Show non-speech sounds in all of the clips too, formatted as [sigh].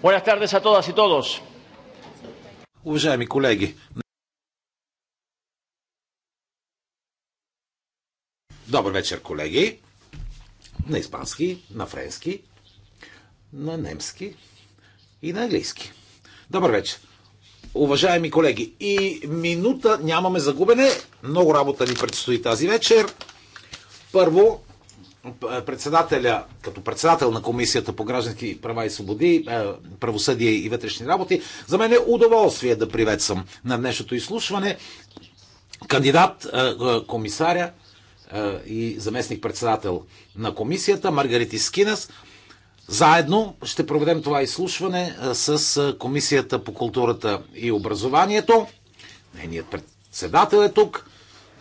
Buenas tardes a todas y todos. Уважаеми колеги, добър вечер, колеги. На испански, на френски, на немски и на английски. Добър вечер. Уважаеми колеги, и минута нямаме загубене. Много работа ни предстои тази вечер. Първо, е, председателя, като председател на Комисията по граждански права и свободи, е, правосъдие и вътрешни работи, за мен е удоволствие да приветствам на днешното изслушване кандидат, е, комисаря и заместник-председател на Комисията Маргарити Скинас. Заедно ще проведем това изслушване с Комисията по културата и образованието. Нейният председател е тук.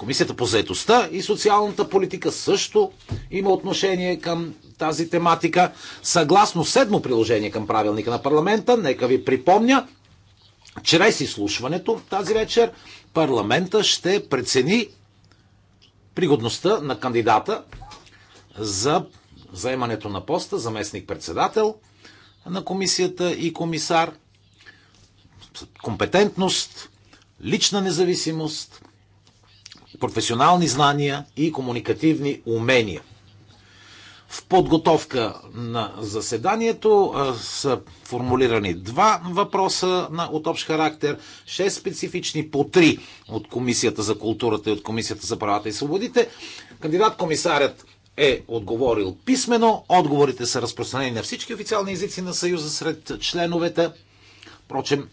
Комисията по заетостта и социалната политика също има отношение към тази тематика. Съгласно седмо приложение към правилника на парламента, нека ви припомня, чрез изслушването тази вечер парламента ще прецени пригодността на кандидата за заемането на поста заместник-председател на комисията и комисар, компетентност, лична независимост, професионални знания и комуникативни умения. В подготовка на заседанието са формулирани два въпроса на, от общ характер, шест специфични по три от Комисията за културата и от Комисията за правата и свободите. Кандидат-комисарят е отговорил писменно. Отговорите са разпространени на всички официални езици на Съюза сред членовете. Впрочем,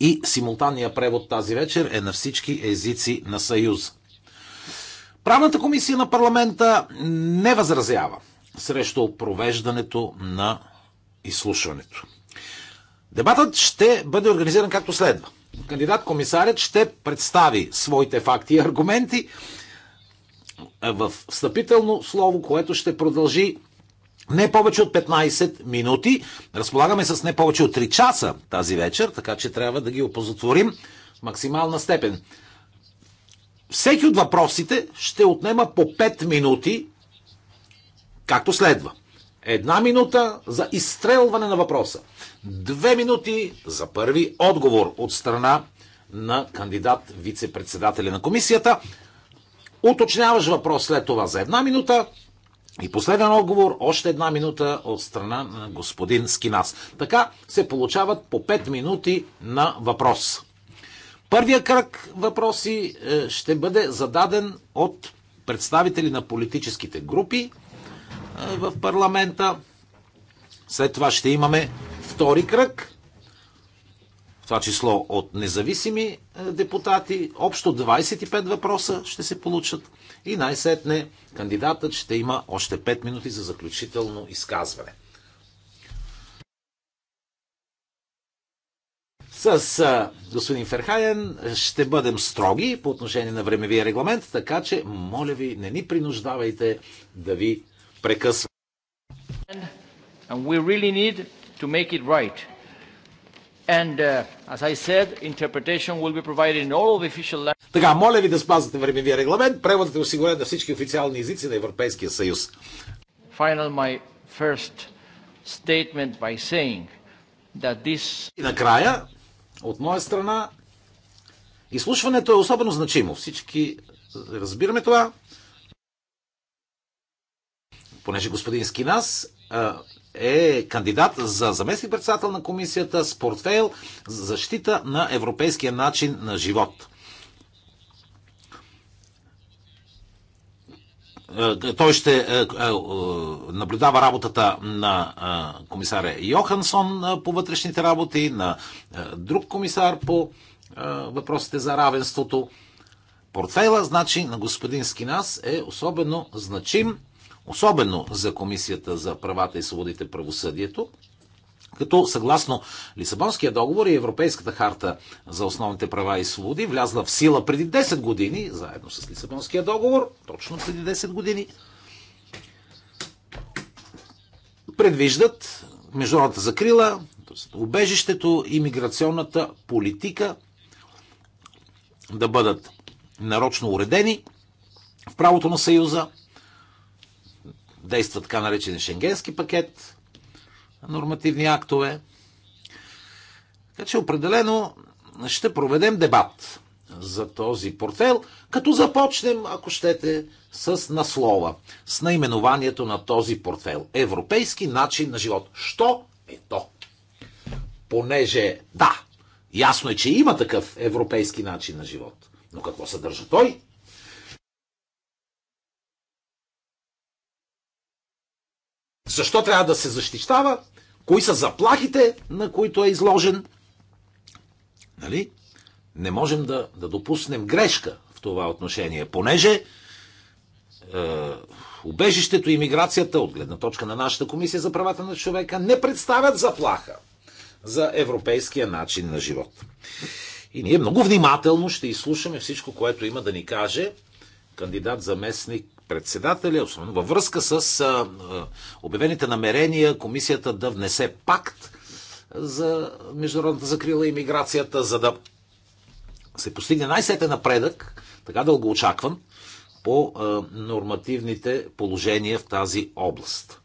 и симултанния превод тази вечер е на всички езици на Съюз. Правната комисия на парламента не възразява срещу провеждането на изслушването. Дебатът ще бъде организиран както следва. Кандидат-комисарят ще представи своите факти и аргументи в встъпително слово, което ще продължи не повече от 15 минути. Разполагаме с не повече от 3 часа тази вечер, така че трябва да ги опозотворим в максимална степен. Всеки от въпросите ще отнема по 5 минути, както следва. Една минута за изстрелване на въпроса. Две минути за първи отговор от страна на кандидат вице-председателя на комисията. Уточняваш въпрос след това за една минута, и последен отговор, още една минута от страна на господин Скинас. Така се получават по 5 минути на въпрос. Първия кръг въпроси е, ще бъде зададен от представители на политическите групи е, в парламента. След това ще имаме втори кръг това число от независими е, депутати. Общо 25 въпроса ще се получат и най-сетне кандидатът ще има още 5 минути за заключително изказване. С а, господин Ферхайен ще бъдем строги по отношение на времевия регламент, така че, моля ви, не ни принуждавайте да ви прекъсваме. And we really need to make it right. And, uh, said, official... Така, моля ви да спазвате времевия регламент. Преводът е осигурен на всички официални езици на Европейския съюз. Final, this... И накрая, от моя страна, изслушването е особено значимо. Всички разбираме това. Понеже господин Скинас е кандидат за заместник председател на комисията с портфейл защита на европейския начин на живот. Е, той ще е, е, наблюдава работата на комисаря Йохансон по вътрешните работи, на друг комисар по въпросите за равенството. Портфейла, значи, на господин Скинас е особено значим особено за Комисията за правата и свободите правосъдието, като съгласно Лисабонския договор и Европейската харта за основните права и свободи, влязла в сила преди 10 години, заедно с Лисабонския договор, точно преди 10 години, предвиждат международната закрила, убежището и миграционната политика да бъдат нарочно уредени в правото на Съюза – действа така наречен шенгенски пакет нормативни актове. Така че определено ще проведем дебат за този портфел, като започнем, ако щете, с наслова, с наименованието на този портфел. Европейски начин на живот. Що е то? Понеже, да, ясно е, че има такъв европейски начин на живот. Но какво съдържа той? Защо трябва да се защищава? Кои са заплахите, на които е изложен? Нали? Не можем да, да допуснем грешка в това отношение, понеже е, убежището и миграцията, от гледна точка на нашата комисия за правата на човека, не представят заплаха за европейския начин на живот. И ние много внимателно ще изслушаме всичко, което има да ни каже кандидат за местник председателя, особено във връзка с обявените намерения комисията да внесе пакт за международната закрила и миграцията, за да се постигне най-сетен напредък, така дълго очакван, по нормативните положения в тази област.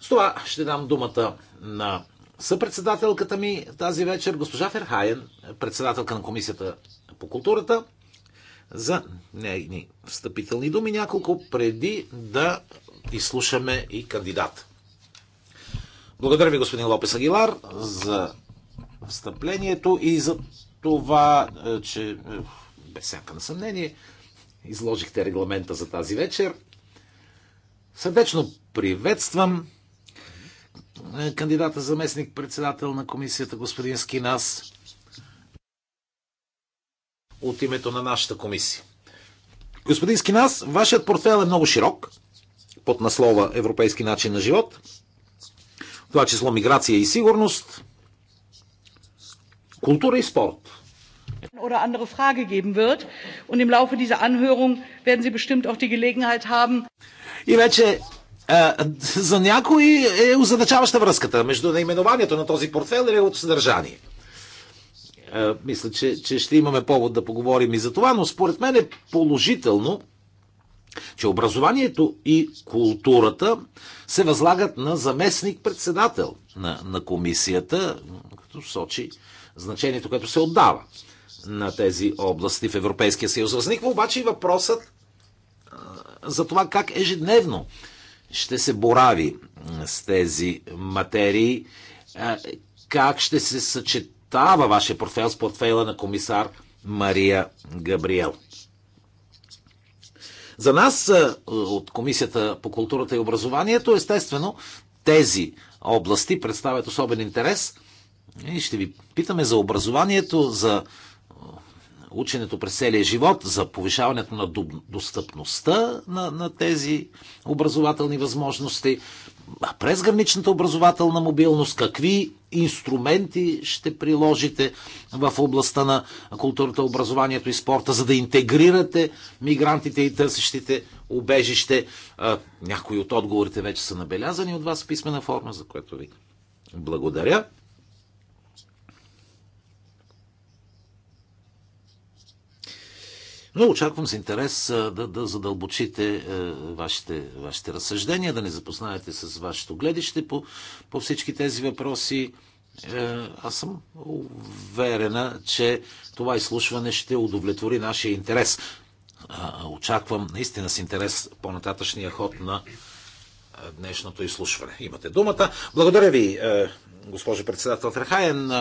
С това ще дам думата на съпредседателката ми тази вечер, госпожа Ферхайен, председателка на Комисията по културата за нейни встъпителни думи, няколко преди да изслушаме и кандидат. Благодаря ви, господин Лопес Агилар, за встъплението и за това, е, че е, без всяка на съмнение изложихте регламента за тази вечер. Сърдечно приветствам е, кандидата за местник председател на комисията господин Скинас от името на нашата комисия. Господин Скинас, вашият портфел е много широк, под наслова Европейски начин на живот, това число миграция и сигурност, култура и спорт oder andere Frage geben wird. Und im Laufe dieser Anhörung werden Sie bestimmt auch die Gelegenheit haben. И вече е, за някои е озадачаваща връзката между наименованието на този портфел и неговото съдържание мисля, че, че ще имаме повод да поговорим и за това, но според мен е положително, че образованието и културата се възлагат на заместник-председател на, на комисията, като сочи значението, което се отдава на тези области в Европейския съюз. Възниква обаче и въпросът за това как ежедневно ще се борави с тези материи, как ще се съчетат та във вашия портфел с портфела на комисар Мария Габриел. За нас е, от Комисията по културата и образованието, естествено, тези области представят особен интерес. И ще ви питаме за образованието, за е, ученето през целия живот, за повишаването на достъпността на, на тези образователни възможности, През граничната образователна мобилност, какви инструменти ще приложите в областта на културата, образованието и спорта, за да интегрирате мигрантите и търсещите убежище. Някои от отговорите вече са набелязани от вас в писмена форма, за което ви благодаря. Но очаквам с интерес да, да задълбочите е, вашите, вашите разсъждения, да не запознаете с вашето гледище по, по всички тези въпроси. Е, аз съм уверена, че това изслушване ще удовлетвори нашия интерес. Очаквам наистина с интерес по-нататъчния ход на е, днешното изслушване. Имате думата. Благодаря ви, госпожо председател Трехаен,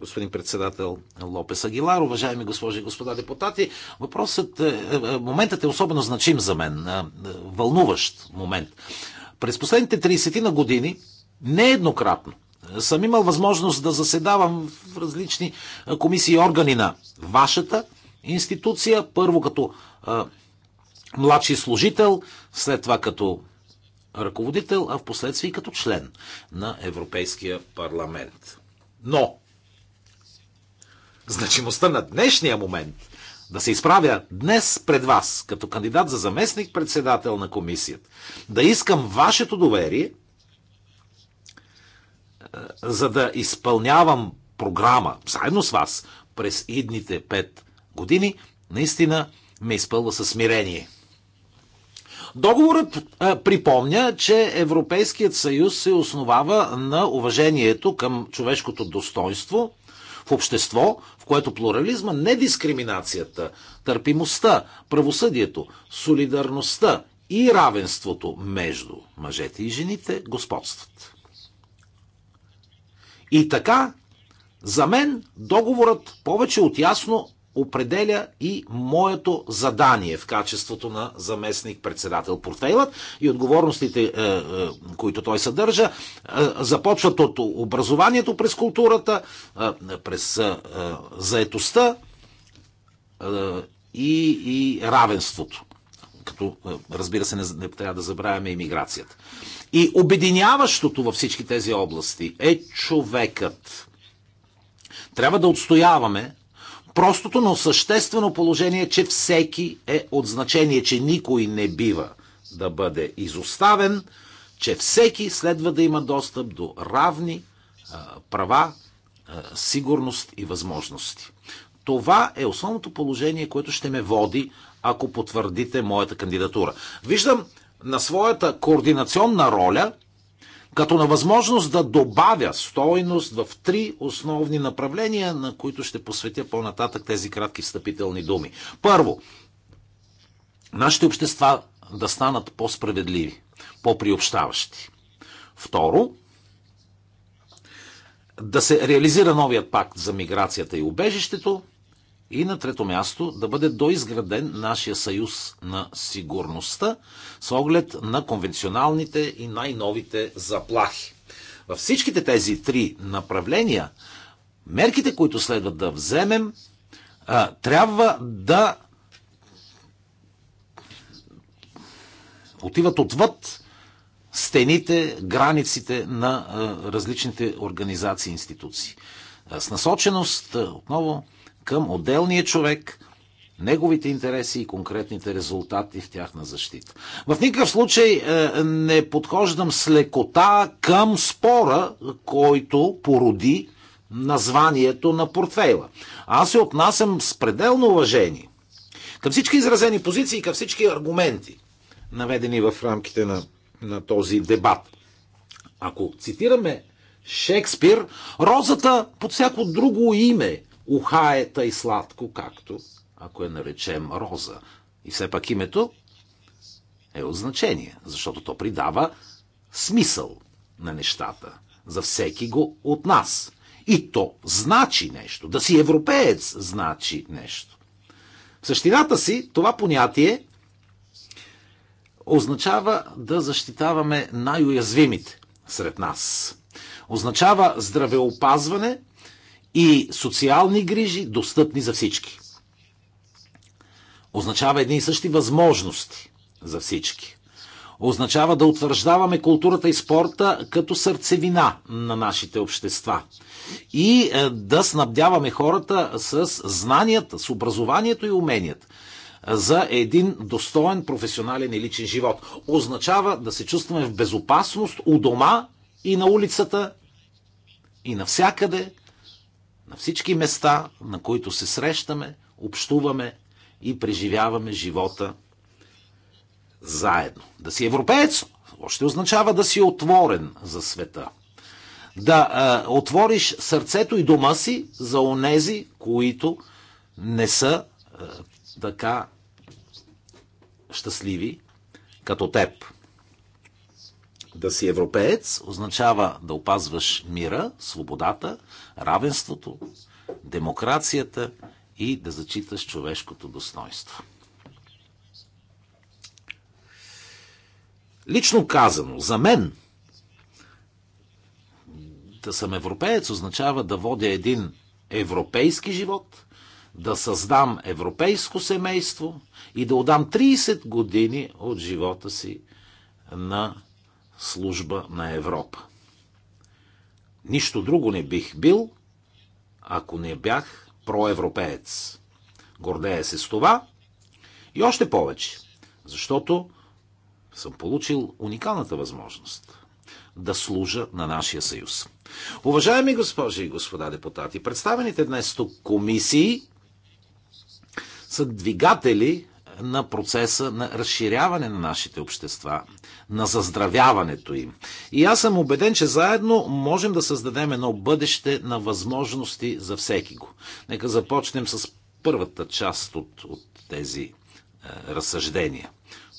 господин председател Лопес Агилар, уважаеми госпожи и господа депутати. Въпросът, е, е, е, моментът е особено значим за мен, вълнуващ момент. През последните 30 на години нееднократно съм имал възможност да заседавам в различни комисии и органи на вашата институция, първо като младши служител, след това като ръководител, а в последствие и като член на Европейския парламент. Но значимостта на днешния момент да се изправя днес пред вас като кандидат за заместник председател на комисията, да искам вашето доверие, е, за да изпълнявам програма заедно с вас през идните пет години, наистина ме изпълва със смирение. Договорът а, припомня, че Европейският съюз се основава на уважението към човешкото достоинство в общество, в което плурализма, недискриминацията, търпимостта, правосъдието, солидарността и равенството между мъжете и жените господстват. И така, за мен договорът повече от ясно определя и моето задание в качеството на заместник-председател. Портфейлът и отговорностите, е, е, които той съдържа, е, започват от образованието през културата, през заетостта и, и равенството. Като, разбира се, не, не трябва да забравяме иммиграцията. И обединяващото във всички тези области е човекът. Трябва да отстояваме простото, но съществено положение, че всеки е от значение, че никой не бива да бъде изоставен, че всеки следва да има достъп до равни права, сигурност и възможности. Това е основното положение, което ще ме води, ако потвърдите моята кандидатура. Виждам на своята координационна роля – като на възможност да добавя стойност в три основни направления, на които ще посветя по-нататък тези кратки встъпителни думи. Първо, нашите общества да станат по-справедливи, по-приобщаващи. Второ, да се реализира новият пакт за миграцията и убежището, и на трето място да бъде доизграден нашия съюз на сигурността с оглед на конвенционалните и най-новите заплахи. Във всичките тези три направления, мерките, които следва да вземем, трябва да отиват отвъд стените, границите на различните организации и институции. С насоченост, отново, към отделния човек, неговите интереси и конкретните резултати в тяхна защита. В никакъв случай е, не подхождам с лекота към спора, който породи названието на портфейла. Аз се отнасям с пределно уважение към всички изразени позиции, към всички аргументи, наведени в рамките на, на този дебат. Ако цитираме Шекспир, розата под всяко друго име Уха е тъй сладко, както, ако я наречем роза. И все пак името е от значение, защото то придава смисъл на нещата за всеки го от нас. И то значи нещо. Да си европеец значи нещо. В същината си това понятие означава да защитаваме най-уязвимите сред нас. Означава здравеопазване и социални грижи, достъпни за всички. Означава едни и същи възможности за всички. Означава да утвърждаваме културата и спорта като сърцевина на нашите общества. И е, да снабдяваме хората с знанията, с образованието и уменията е, за един достоен професионален и личен живот. Означава да се чувстваме в безопасност у дома и на улицата и навсякъде, на всички места, на които се срещаме, общуваме и преживяваме живота заедно. Да си европеец, още означава да си отворен за света. Да е, отвориш сърцето и дома си за онези, които не са е, така щастливи като теб. Да си европеец означава да опазваш мира, свободата, равенството, демокрацията и да зачиташ човешкото достоинство. Лично казано, за мен да съм европеец означава да водя един европейски живот, да създам европейско семейство и да отдам 30 години от живота си на служба на Европа. Нищо друго не бих бил, ако не бях проевропеец. Гордея се с това и още повече, защото съм получил уникалната възможност да служа на нашия съюз. Уважаеми госпожи и господа депутати, представените днес тук комисии са двигатели на процеса на разширяване на нашите общества на заздравяването им. И аз съм убеден, че заедно можем да създадем едно бъдеще на възможности за всеки го. Нека започнем с първата част от, от тези е, разсъждения.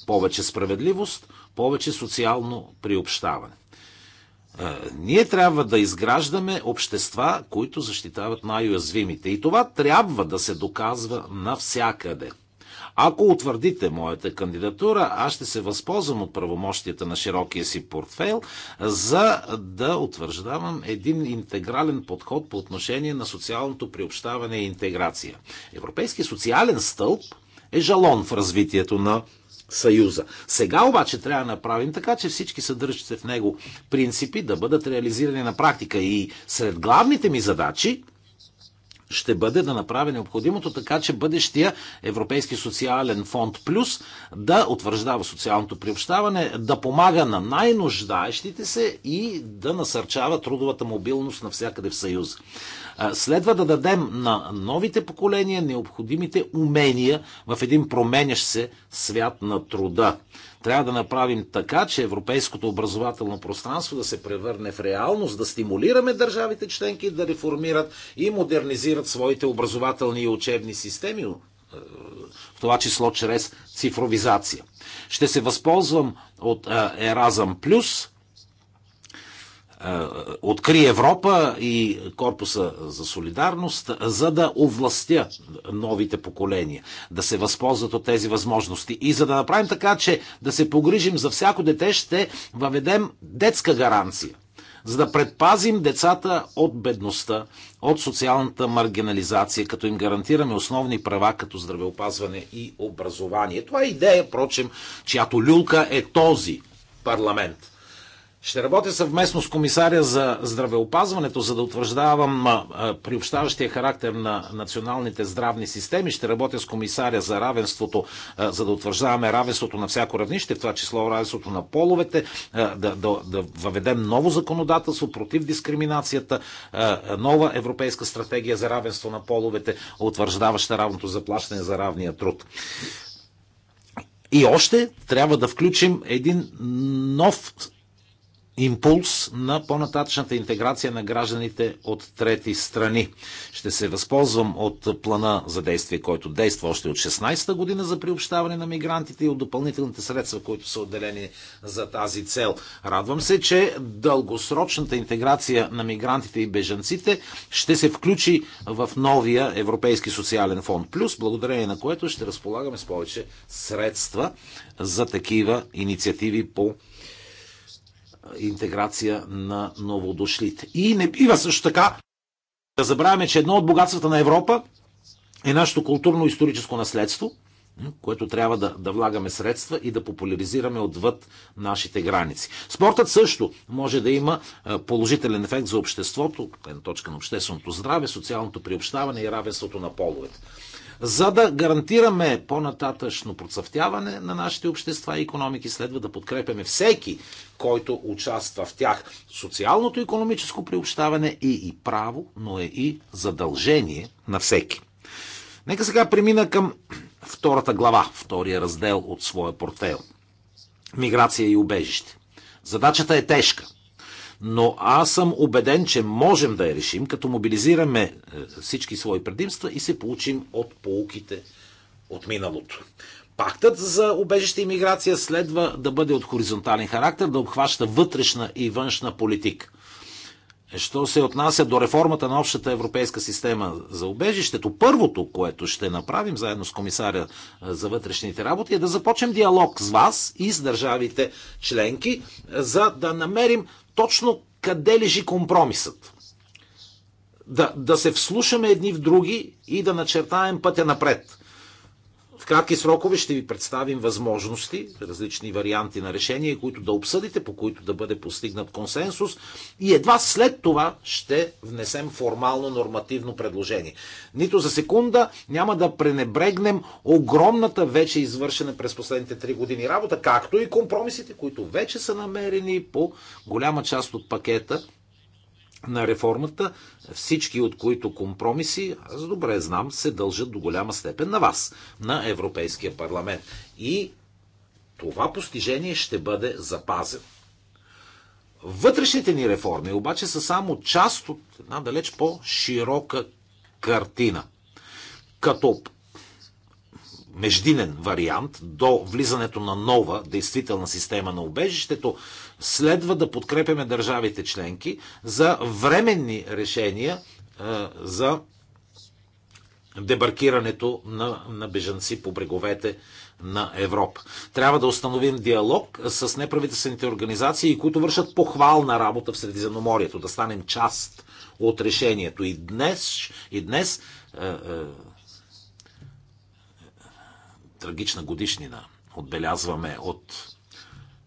Повече справедливост, повече социално приобщаване. Е, ние трябва да изграждаме общества, които защитават най-уязвимите. И това трябва да се доказва навсякъде. Ако утвърдите моята кандидатура, аз ще се възползвам от правомощията на широкия си портфейл, за да утвърждавам един интегрален подход по отношение на социалното приобщаване и интеграция. Европейски социален стълб е жалон в развитието на Съюза. Сега обаче трябва да направим така, че всички съдържащите в него принципи да бъдат реализирани на практика. И сред главните ми задачи ще бъде да направи необходимото, така че бъдещия Европейски социален фонд Плюс да утвърждава социалното приобщаване, да помага на най-нуждаещите се и да насърчава трудовата мобилност навсякъде в Съюза. Следва да дадем на новите поколения необходимите умения в един променящ се свят на труда. Трябва да направим така, че европейското образователно пространство да се превърне в реалност, да стимулираме държавите членки да реформират и модернизират своите образователни и учебни системи, е, в това число чрез цифровизация. Ще се възползвам от е, Еразъм Плюс, е, откри Европа и Корпуса за солидарност, за да овластя новите поколения, да се възползват от тези възможности. И за да направим така, че да се погрижим за всяко дете, ще въведем детска гаранция за да предпазим децата от бедността, от социалната маргинализация, като им гарантираме основни права като здравеопазване и образование. Това е идея, прочим, чиято люлка е този парламент. Ще работя съвместно с комисаря за здравеопазването, за да утвърждавам приобщаващия характер на националните здравни системи. Ще работя с комисаря за равенството, за да утвърждаваме равенството на всяко равнище, в това число равенството на половете, да, да, да въведем ново законодателство против дискриминацията, нова европейска стратегия за равенство на половете, утвърждаваща равното заплащане за равния труд. И още трябва да включим един нов импулс на по-нататъчната интеграция на гражданите от трети страни. Ще се възползвам от плана за действие, който действа още от 16-та година за приобщаване на мигрантите и от допълнителните средства, които са отделени за тази цел. Радвам се, че дългосрочната интеграция на мигрантите и бежанците ще се включи в новия Европейски социален фонд Плюс, благодарение на което ще разполагаме с повече средства за такива инициативи по интеграция на новодошлите. И не бива също така да забравяме, че едно от богатствата на Европа е нашето културно-историческо наследство, което трябва да, да влагаме средства и да популяризираме отвъд нашите граници. Спортът също може да има положителен ефект за обществото, точка на общественото здраве, социалното приобщаване и равенството на половете. За да гарантираме по-нататъчно процъфтяване на нашите общества и економики, следва да подкрепяме всеки, който участва в тях. Социалното и економическо приобщаване е и право, но е и задължение на всеки. Нека сега премина към втората глава, втория раздел от своя портфел. Миграция и убежище. Задачата е тежка – но аз съм убеден, че можем да я решим, като мобилизираме е, всички свои предимства и се получим от полуките от миналото. Пактът за убежище и миграция следва да бъде от хоризонтален характер, да обхваща вътрешна и външна политика. Е, що се отнася до реформата на общата европейска система за убежището, първото, което ще направим заедно с комисаря е, за вътрешните работи, е да започнем диалог с вас и с държавите членки, за да намерим точно къде лежи компромисът. Да, да се вслушаме едни в други и да начертаем пътя напред кратки срокове ще ви представим възможности, различни варианти на решение, които да обсъдите, по които да бъде постигнат консенсус и едва след това ще внесем формално нормативно предложение. Нито за секунда няма да пренебрегнем огромната вече извършена през последните три години работа, както и компромисите, които вече са намерени по голяма част от пакета на реформата, всички от които компромиси, аз добре знам, се дължат до голяма степен на вас, на Европейския парламент. И това постижение ще бъде запазено. Вътрешните ни реформи обаче са само част от една далеч по-широка картина. Като междинен вариант до влизането на нова действителна система на убежището, следва да подкрепяме държавите членки за временни решения за дебаркирането на, на бежанци по бреговете на Европа. Трябва да установим диалог с неправителствените организации, които вършат похвална работа в Средиземноморието, да станем част от решението. И днес, и днес е, е, трагична годишнина отбелязваме от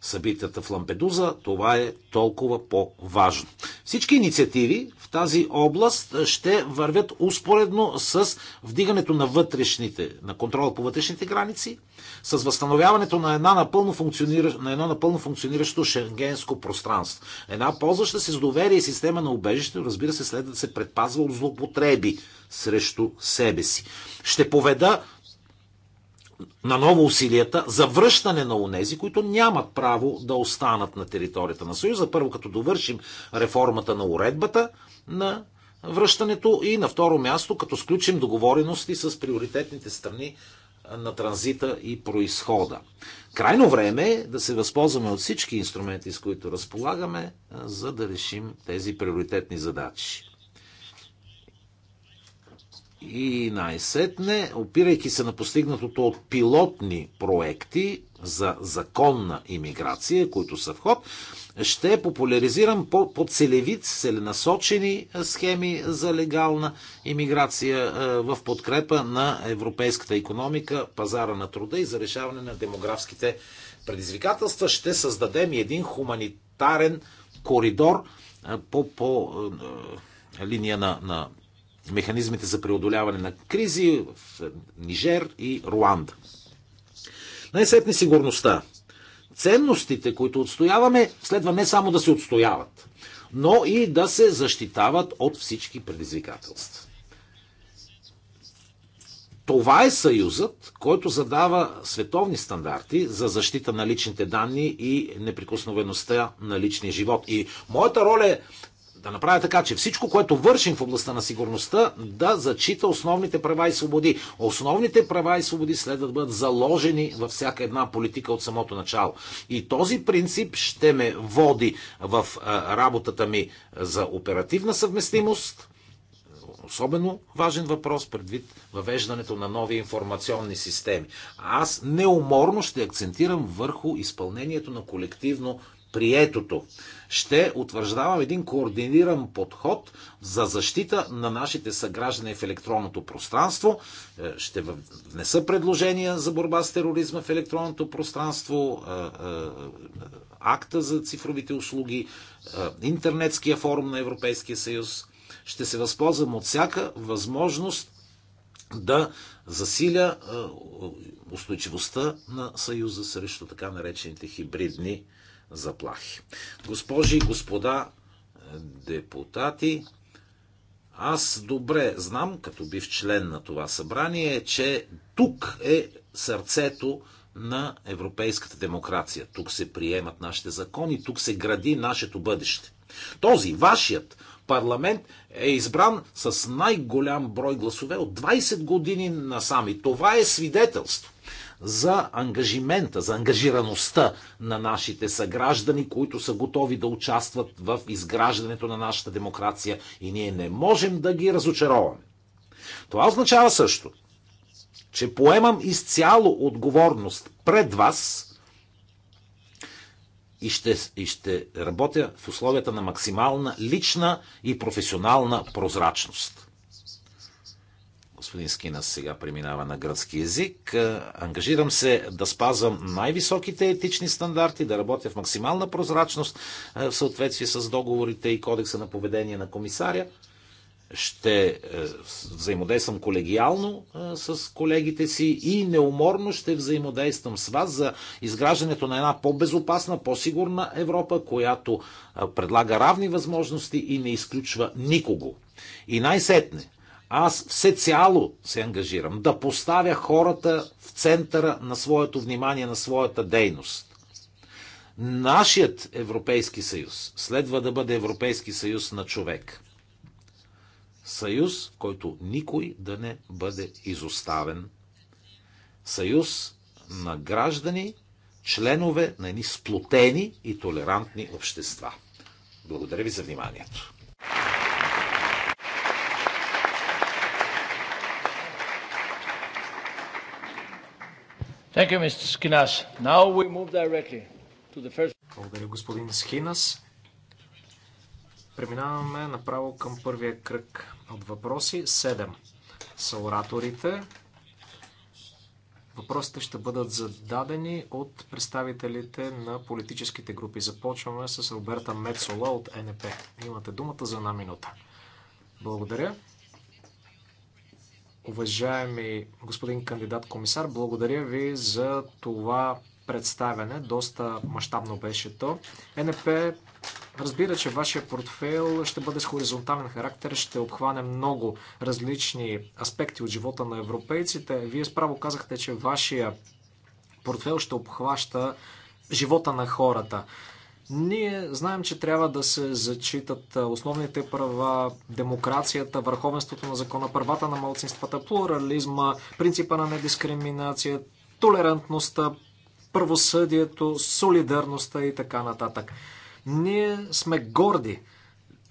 събитията в Лампедуза, това е толкова по-важно. Всички инициативи в тази област ще вървят успоредно с вдигането на вътрешните, на контрола по вътрешните граници, с възстановяването на, една напълно функционира, на едно напълно функциониращо шенгенско пространство. Една ползваща се с доверие и система на убежище, разбира се, следва да се предпазва от злоупотреби срещу себе си. Ще поведа на ново усилията за връщане на унези, които нямат право да останат на територията на Съюза. Първо, като довършим реформата на уредбата на връщането и на второ място, като сключим договорености с приоритетните страни на транзита и происхода. Крайно време е да се възползваме от всички инструменти, с които разполагаме, за да решим тези приоритетни задачи. И най-сетне, опирайки се на постигнатото от пилотни проекти за законна иммиграция, които са в ход, ще популяризирам по, по целеви, целенасочени схеми за легална иммиграция е, в подкрепа на европейската економика, пазара на труда и за решаване на демографските предизвикателства. Ще създадем един хуманитарен коридор е, по, по е, линия на, на механизмите за преодоляване на кризи в Нижер и Руанда. Най-сетне сигурността. Ценностите, които отстояваме, следва не само да се отстояват, но и да се защитават от всички предизвикателства. Това е съюзът, който задава световни стандарти за защита на личните данни и неприкосновеността на личния живот. И моята роля е да направя така, че всичко, което вършим в областта на сигурността, да зачита основните права и свободи. Основните права и свободи следва да бъдат заложени във всяка една политика от самото начало. И този принцип ще ме води в работата ми за оперативна съвместимост, особено важен въпрос предвид въвеждането на нови информационни системи. Аз неуморно ще акцентирам върху изпълнението на колективно приетото. Ще утвърждавам един координиран подход за защита на нашите съграждани в електронното пространство. Е, ще внеса предложения за борба с тероризма в електронното пространство, е, е, акта за цифровите услуги, интернетския форум на Европейския съюз. Ще се възползвам от всяка възможност да засиля устойчивостта на Съюза срещу така наречените хибридни заплахи. Госпожи и господа е, депутати, аз добре знам, като бив член на това събрание, че тук е сърцето на европейската демокрация. Тук се приемат нашите закони, тук се гради нашето бъдеще. Този, вашият парламент е избран с най-голям брой гласове от 20 години насами. Това е свидетелство за ангажимента, за ангажираността на нашите съграждани, които са готови да участват в изграждането на нашата демокрация и ние не можем да ги разочароваме. Това означава също, че поемам изцяло отговорност пред вас и ще, и ще работя в условията на максимална лична и професионална прозрачност. Господин Скина сега преминава на гръцки язик. Е, ангажирам се да спазвам най-високите етични стандарти, да работя в максимална прозрачност е, в съответствие с договорите и кодекса на поведение на комисаря. Ще е, взаимодействам колегиално с колегите си и неуморно ще взаимодействам с вас за изграждането на една по-безопасна, по-сигурна Европа, която предлага равни възможности и не изключва никого. И най-сетне – аз всецяло се ангажирам да поставя хората в центъра на своето внимание, на своята дейност. Нашият Европейски съюз следва да бъде Европейски съюз на човек. Съюз, в който никой да не бъде изоставен. Съюз на граждани, членове на едни сплотени и толерантни общества. Благодаря ви за вниманието. Thank you, Mr. Skinas. Now we move directly to the first... Благодаря, господин Скинас. Преминаваме направо към първия кръг от въпроси. Седем са ораторите. Въпросите ще бъдат зададени от представителите на политическите групи. Започваме с Роберта Мецола от НП. Имате думата за една минута. Благодаря. Уважаеми господин кандидат комисар, благодаря ви за това представяне. Доста мащабно беше то. Е НП разбира, че вашия портфейл ще бъде с хоризонтален характер, ще обхване много различни аспекти от живота на европейците. Вие справо казахте, че вашия портфейл ще обхваща живота на хората. Ние знаем, че трябва да се зачитат основните права, демокрацията, върховенството на закона, правата на малцинствата, плурализма, принципа на недискриминация, толерантността, правосъдието, солидарността и така нататък. Ние сме горди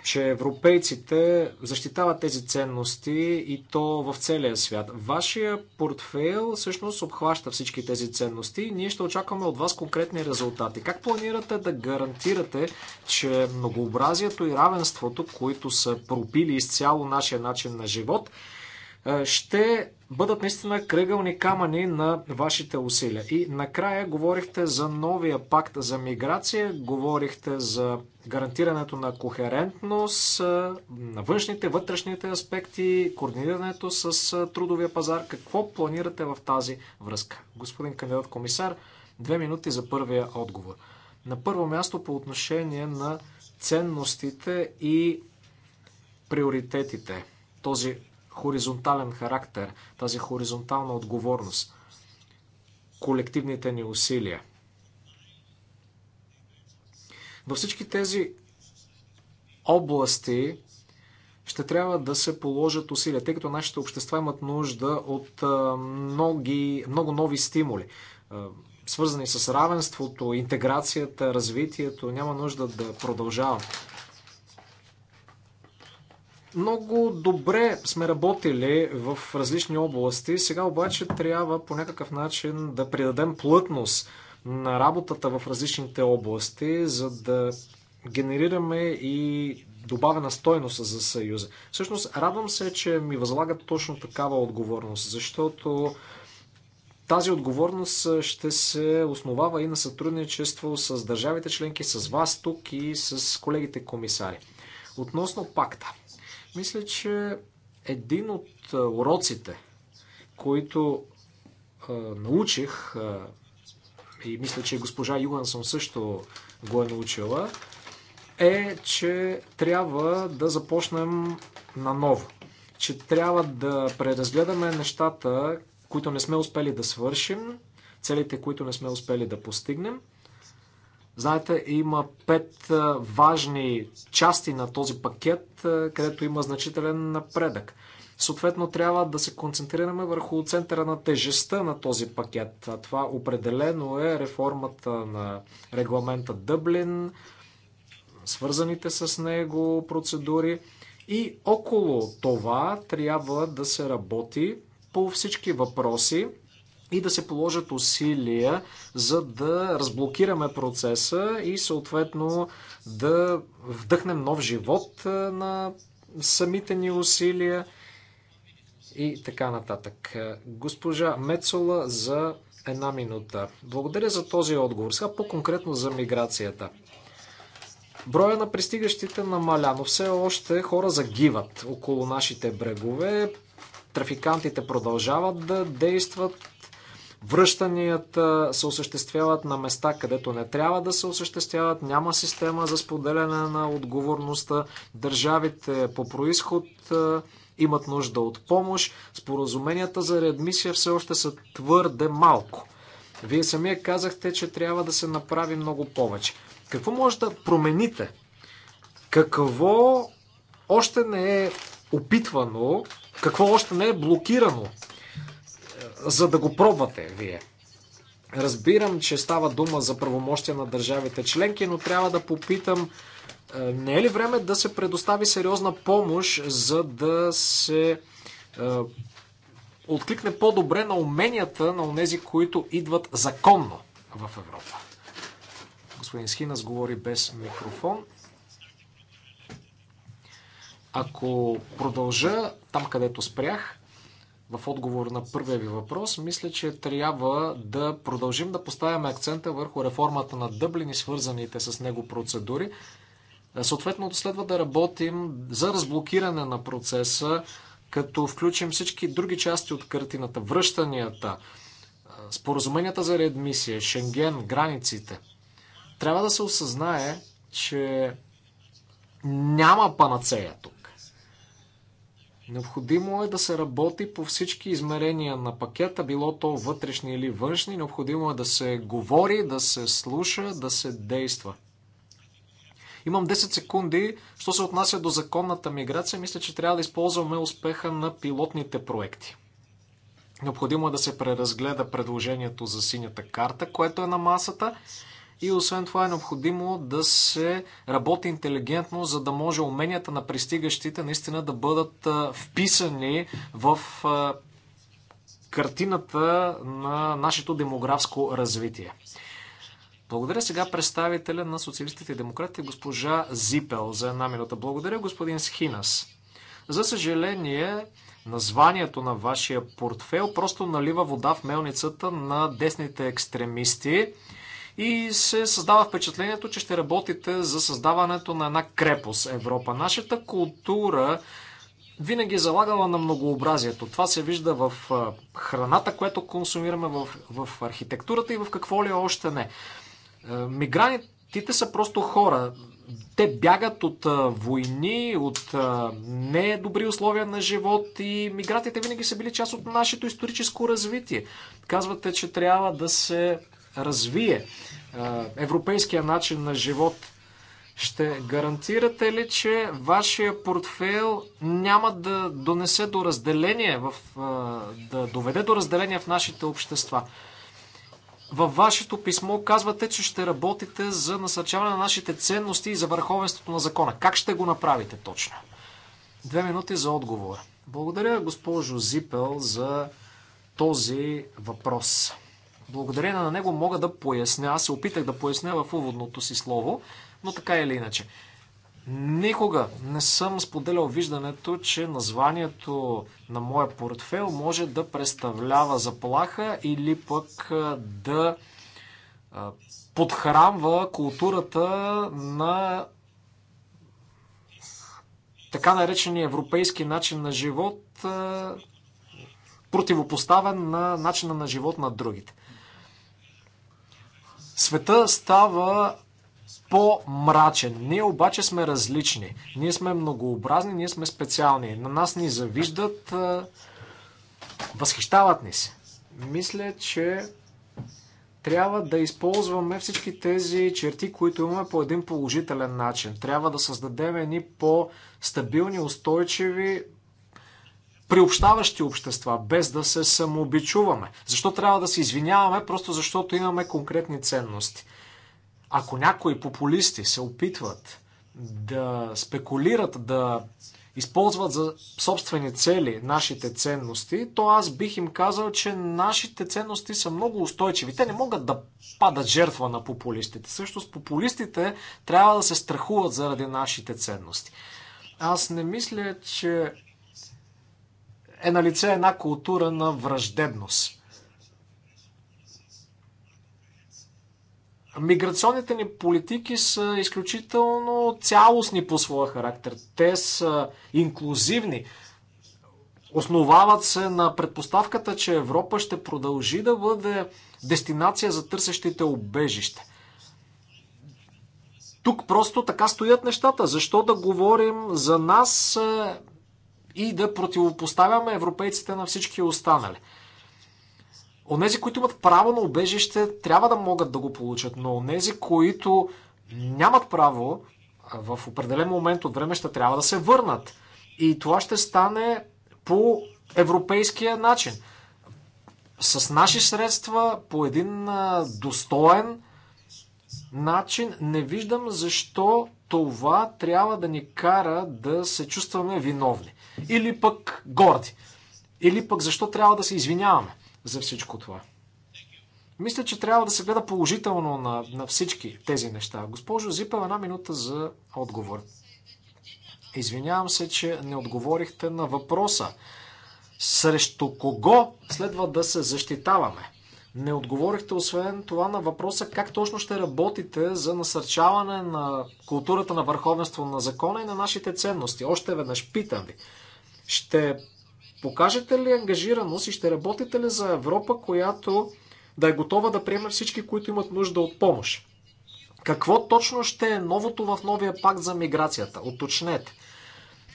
че европейците защитават тези ценности и то в целия свят. Вашия портфейл всъщност обхваща всички тези ценности и ние ще очакваме от вас конкретни резултати. Как планирате да гарантирате, че многообразието и равенството, които са пропили изцяло нашия начин на живот, е, ще бъдат наистина кръгълни камъни на вашите усилия. И накрая говорихте за новия пакт за миграция, говорихте за гарантирането на кохерентност, на външните, вътрешните аспекти, координирането с трудовия пазар. Какво планирате в тази връзка? Господин кандидат комисар, две минути за първия отговор. На първо място по отношение на ценностите и приоритетите. Този хоризонтален характер, тази хоризонтална отговорност, колективните ни усилия. Във всички тези области ще трябва да се положат усилия, тъй като нашите общества имат нужда от многи, много нови стимули, свързани с равенството, интеграцията, развитието. Няма нужда да продължавам. Много добре сме работили в различни области, сега обаче трябва по някакъв начин да придадем плътност на работата в различните области, за да генерираме и добавена стойност за Съюза. Всъщност, радвам се, че ми възлагат точно такава отговорност, защото тази отговорност ще се основава и на сътрудничество с държавите членки, с вас тук и с колегите комисари. Относно пакта. Мисля, че един от уроците, които а, научих, а, и мисля, че госпожа Югансон също го е научила, е, че трябва да започнем наново. Че трябва да преразгледаме нещата, които не сме успели да свършим, целите, които не сме успели да постигнем – Знаете, има пет важни части на този пакет, където има значителен напредък. Съответно, трябва да се концентрираме върху центъра на тежестта на този пакет. Това определено е реформата на регламента Дъблин, свързаните с него процедури. И около това трябва да се работи по всички въпроси, и да се положат усилия, за да разблокираме процеса и съответно да вдъхнем нов живот на самите ни усилия и така нататък. Госпожа Мецола за една минута. Благодаря за този отговор. Сега по-конкретно за миграцията. Броя на пристигащите намаля, но все още хора загиват около нашите брегове. Трафикантите продължават да действат Връщанията се осъществяват на места, където не трябва да се осъществяват. Няма система за споделяне на отговорността. Държавите по происход имат нужда от помощ. Споразуменията за реадмисия все още са твърде малко. Вие самия казахте, че трябва да се направи много повече. Какво може да промените? Какво още не е опитвано? Какво още не е блокирано за да го пробвате вие. Разбирам, че става дума за правомощия на държавите членки, но трябва да попитам, е, не е ли време да се предостави сериозна помощ, за да се е, откликне по-добре на уменията на онези, които идват законно в Европа? Господин Схинас говори без микрофон. Ако продължа там, където спрях, в отговор на първия ви въпрос, мисля, че трябва да продължим да поставяме акцента върху реформата на Дъблин и свързаните с него процедури. Е, съответно, следва да работим за разблокиране на процеса, като включим всички други части от картината, връщанията, е, споразуменията за реадмисия, Шенген, границите. Трябва да се осъзнае, че няма панацея тук. Необходимо е да се работи по всички измерения на пакета, било то вътрешни или външни. Необходимо е да се говори, да се слуша, да се действа. Имам 10 секунди. Що се отнася до законната миграция, мисля, че трябва да използваме успеха на пилотните проекти. Необходимо е да се преразгледа предложението за синята карта, което е на масата. И освен това е необходимо да се работи интелигентно, за да може уменията на пристигащите наистина да бъдат вписани в картината на нашето демографско развитие. Благодаря сега представителя на социалистите и демократите госпожа Зипел за една минута. Благодаря господин Схинас. За съжаление, названието на вашия портфел просто налива вода в мелницата на десните екстремисти и се създава впечатлението, че ще работите за създаването на една крепост Европа. Нашата култура винаги е залагала на многообразието. Това се вижда в храната, която консумираме, в, в архитектурата и в какво ли още не. Мигрантите са просто хора. Те бягат от войни, от недобри условия на живот и мигрантите винаги са били част от нашето историческо развитие. Казвате, че трябва да се развие европейския начин на живот. Ще гарантирате ли, че вашия портфейл няма да донесе до разделение, в, да доведе до разделение в нашите общества? Във вашето писмо казвате, че ще работите за насърчаване на нашите ценности и за върховенството на закона. Как ще го направите точно? Две минути за отговор. Благодаря, госпожо Зипел, за този въпрос. Благодарение на него мога да поясня, аз се опитах да поясня в уводното си слово, но така или иначе. Никога не съм споделял виждането, че названието на моя портфел може да представлява заплаха или пък да подхранва културата на така наречения европейски начин на живот, противопоставен на начина на живот на другите. Света става по-мрачен. Ние обаче сме различни. Ние сме многообразни, ние сме специални. На нас ни завиждат, възхищават ни се. Мисля, че трябва да използваме всички тези черти, които имаме по един положителен начин. Трябва да създадем едни по-стабилни, устойчиви, приобщаващи общества, без да се самообичуваме. Защо трябва да се извиняваме? Просто защото имаме конкретни ценности. Ако някои популисти се опитват да спекулират, да използват за собствени цели нашите ценности, то аз бих им казал, че нашите ценности са много устойчиви. Те не могат да падат жертва на популистите. Също с популистите трябва да се страхуват заради нашите ценности. Аз не мисля, че е на лице една култура на враждебност. Миграционните ни политики са изключително цялостни по своя характер. Те са инклюзивни. Основават се на предпоставката, че Европа ще продължи да бъде дестинация за търсещите обежище. Тук просто така стоят нещата. Защо да говорим за нас е, и да противопоставяме европейците на всички останали. Онези, които имат право на убежище, трябва да могат да го получат, но онези, които нямат право, в определен момент от време ще трябва да се върнат. И това ще стане по европейския начин. С наши средства, по един достоен начин, не виждам защо това трябва да ни кара да се чувстваме виновни. Или пък горди. Или пък защо трябва да се извиняваме за всичко това. Мисля, че трябва да се гледа положително на, на всички тези неща. Госпожо Зипа, една минута за отговор. Извинявам се, че не отговорихте на въпроса. Срещу кого следва да се защитаваме? Не отговорихте освен това на въпроса как точно ще работите за насърчаване на културата на върховенство на закона и на нашите ценности. Още веднъж питам ви. Ще покажете ли ангажираност и ще работите ли за Европа, която да е готова да приеме всички, които имат нужда от помощ? Какво точно ще е новото в новия пакт за миграцията? Оточнете.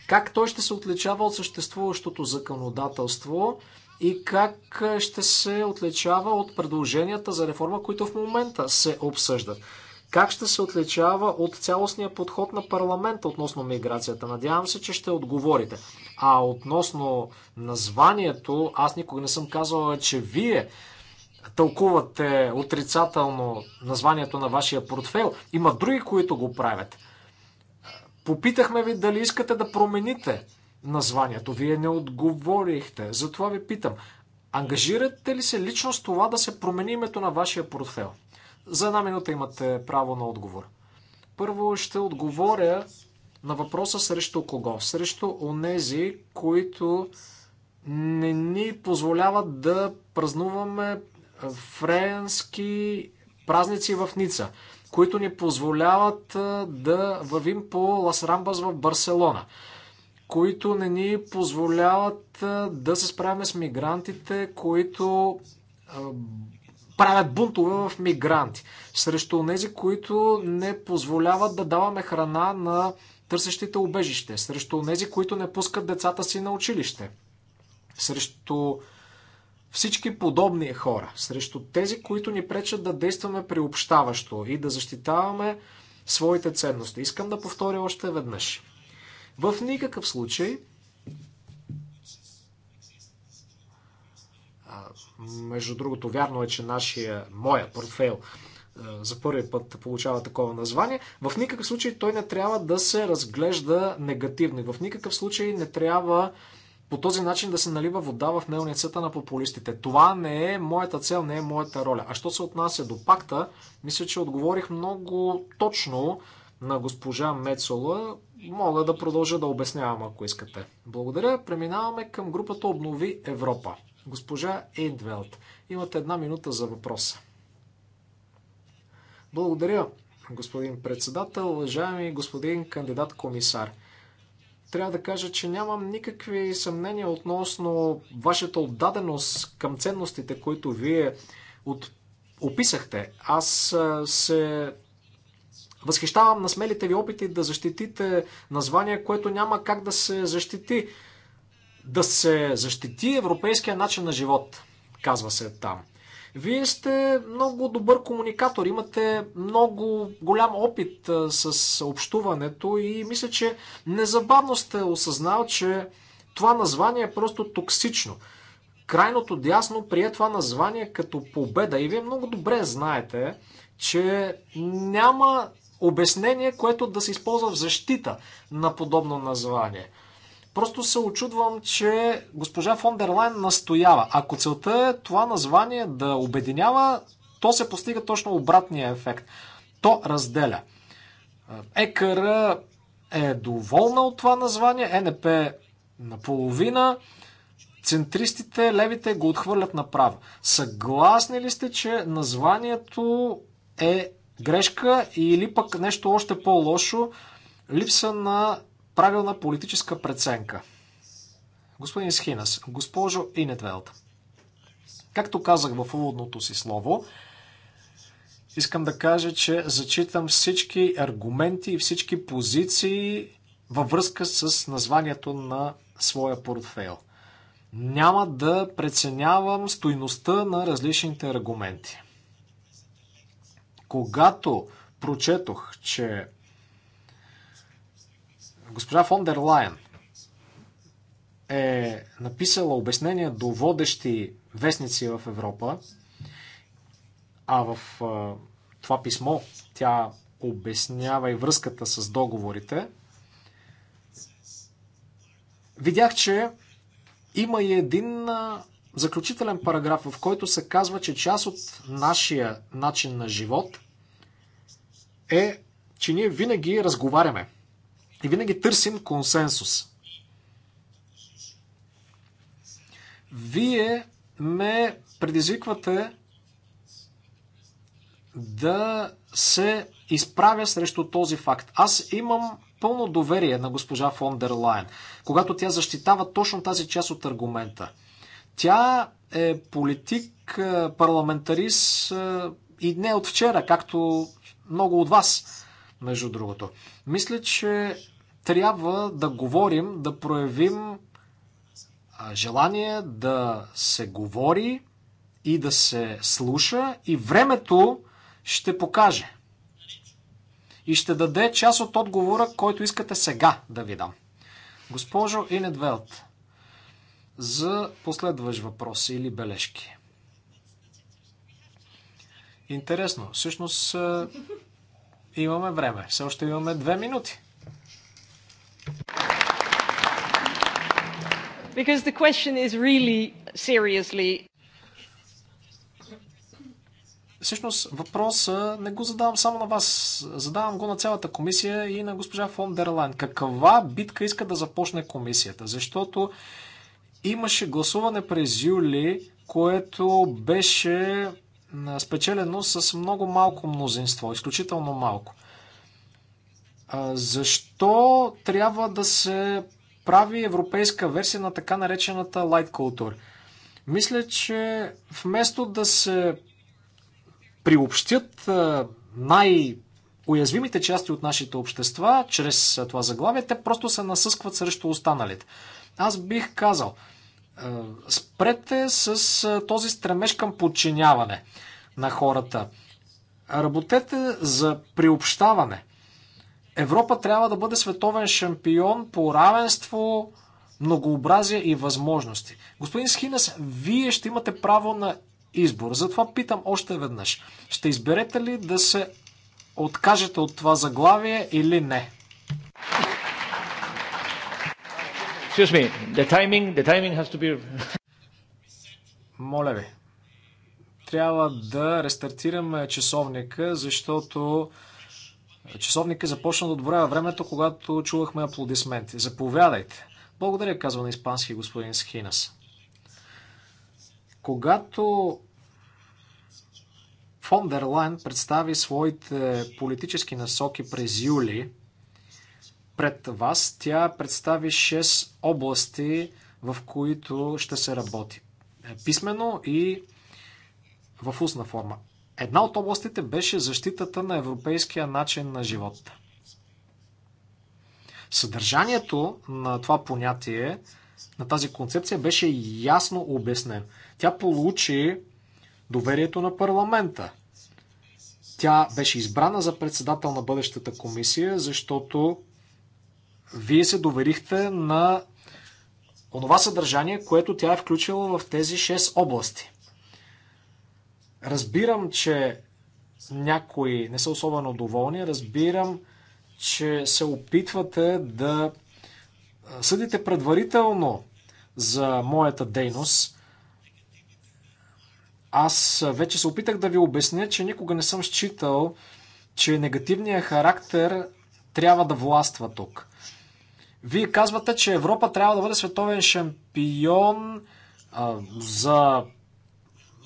Как той ще се отличава от съществуващото законодателство и как е, ще се отличава от предложенията за реформа, които в момента се обсъждат? Как ще се отличава от цялостния подход на парламента относно миграцията? Надявам се, че ще отговорите. А относно названието, аз никога не съм казвал, че вие тълкувате отрицателно названието на вашия портфел. Има други, които го правят. Попитахме ви дали искате да промените названието. Вие не отговорихте. Затова ви питам. Ангажирате ли се лично с това да се промени името на вашия портфел? За една минута имате право на отговор. Първо ще отговоря на въпроса срещу кого? Срещу онези, които не ни позволяват да празнуваме френски празници в Ница, които ни позволяват да вървим по Лас Рамбас в Барселона, които не ни позволяват да се справяме с мигрантите, които правят бунтове в мигранти, срещу тези, които не позволяват да даваме храна на търсещите убежище, срещу тези, които не пускат децата си на училище, срещу всички подобни хора, срещу тези, които ни пречат да действаме приобщаващо и да защитаваме своите ценности. Искам да повторя още веднъж. В никакъв случай между другото, вярно е, че нашия, моя портфейл е, за първи път получава такова название, в никакъв случай той не трябва да се разглежда негативно и в никакъв случай не трябва по този начин да се налива вода в мелницата на популистите. Това не е моята цел, не е моята роля. А що се отнася до пакта, мисля, че отговорих много точно на госпожа Мецола. Мога да продължа да обяснявам, ако искате. Благодаря. Преминаваме към групата Обнови Европа. Госпожа Ейндвелт, имате една минута за въпроса. Благодаря, господин председател, уважаеми господин кандидат комисар. Трябва да кажа, че нямам никакви съмнения относно вашата отдаденост към ценностите, които вие от... описахте. Аз се възхищавам на смелите ви опити да защитите название, което няма как да се защити. Да се защити европейския начин на живот, казва се там. Вие сте много добър комуникатор, имате много голям опит с общуването и мисля, че незабавно сте осъзнал, че това название е просто токсично. Крайното дясно прие това название като победа и вие много добре знаете, че няма обяснение, което да се използва в защита на подобно название. Просто се очудвам, че госпожа фон дер Лайн настоява. Ако целта е това название да обединява, то се постига точно обратния ефект. То разделя. ЕКР е доволна от това название, НП е наполовина, центристите, левите го отхвърлят направо. Съгласни ли сте, че названието е грешка или пък нещо още по-лошо, липса на правилна политическа преценка. Господин Схинас, госпожо Инетвелт, както казах в уводното си слово, искам да кажа, че зачитам всички аргументи и всички позиции във връзка с названието на своя портфейл. Няма да преценявам стойността на различните аргументи. Когато прочетох, че Госпожа фон дер Лайен е написала обяснения до водещи вестници в Европа, а в това писмо тя обяснява и връзката с договорите, видях, че има и един заключителен параграф, в който се казва, че част от нашия начин на живот е, че ние винаги разговаряме и винаги търсим консенсус. Вие ме предизвиквате да се изправя срещу този факт. Аз имам пълно доверие на госпожа фон дер Лайен, когато тя защитава точно тази част от аргумента. Тя е политик, е, парламентарист е, и не от вчера, както много от вас между другото. Мисля, че трябва да говорим, да проявим желание да се говори и да се слуша и времето ще покаже. И ще даде част от отговора, който искате сега да ви дам. Госпожо Инедвелт, за последващ въпрос или бележки. Интересно. Всъщност Имаме време. Все още имаме две минути. Because the question is really seriously Всъщност въпроса не го задавам само на вас, задавам го на цялата комисия и на госпожа фон Дерлайн. Каква битка иска да започне комисията? Защото имаше гласуване през юли, което беше спечелено с много малко мнозинство, изключително малко. Защо трябва да се прави европейска версия на така наречената light culture? Мисля, че вместо да се приобщят най- уязвимите части от нашите общества, чрез това заглавие, те просто се насъскват срещу останалите. Аз бих казал, е, спрете с е, този стремеж към подчиняване на хората. Работете за приобщаване. Европа трябва да бъде световен шампион по равенство, многообразие и възможности. Господин Схинес, вие ще имате право на избор. Затова питам още веднъж. Ще изберете ли да се откажете от това заглавие или не? Excuse me, the timing, the timing has to be... Моля ви. Трябва да рестартираме часовника, защото часовника започна да отброя времето, когато чувахме аплодисменти. Заповядайте. Благодаря, казва на испански господин Схинас. Когато Фондерлайн представи своите политически насоки през юли, пред вас. Тя представи 6 области, в които ще се работи. Е, писмено и в устна форма. Една от областите беше защитата на европейския начин на живота. Съдържанието на това понятие, на тази концепция беше ясно обяснен. Тя получи доверието на парламента. Тя беше избрана за председател на бъдещата комисия, защото вие се доверихте на онова съдържание, което тя е включила в тези 6 области. Разбирам, че някои не са особено доволни, разбирам, че се опитвате да съдите предварително за моята дейност. Аз вече се опитах да ви обясня, че никога не съм считал, че негативният характер трябва да властва тук. Вие казвате, че Европа трябва да бъде световен шампион а, за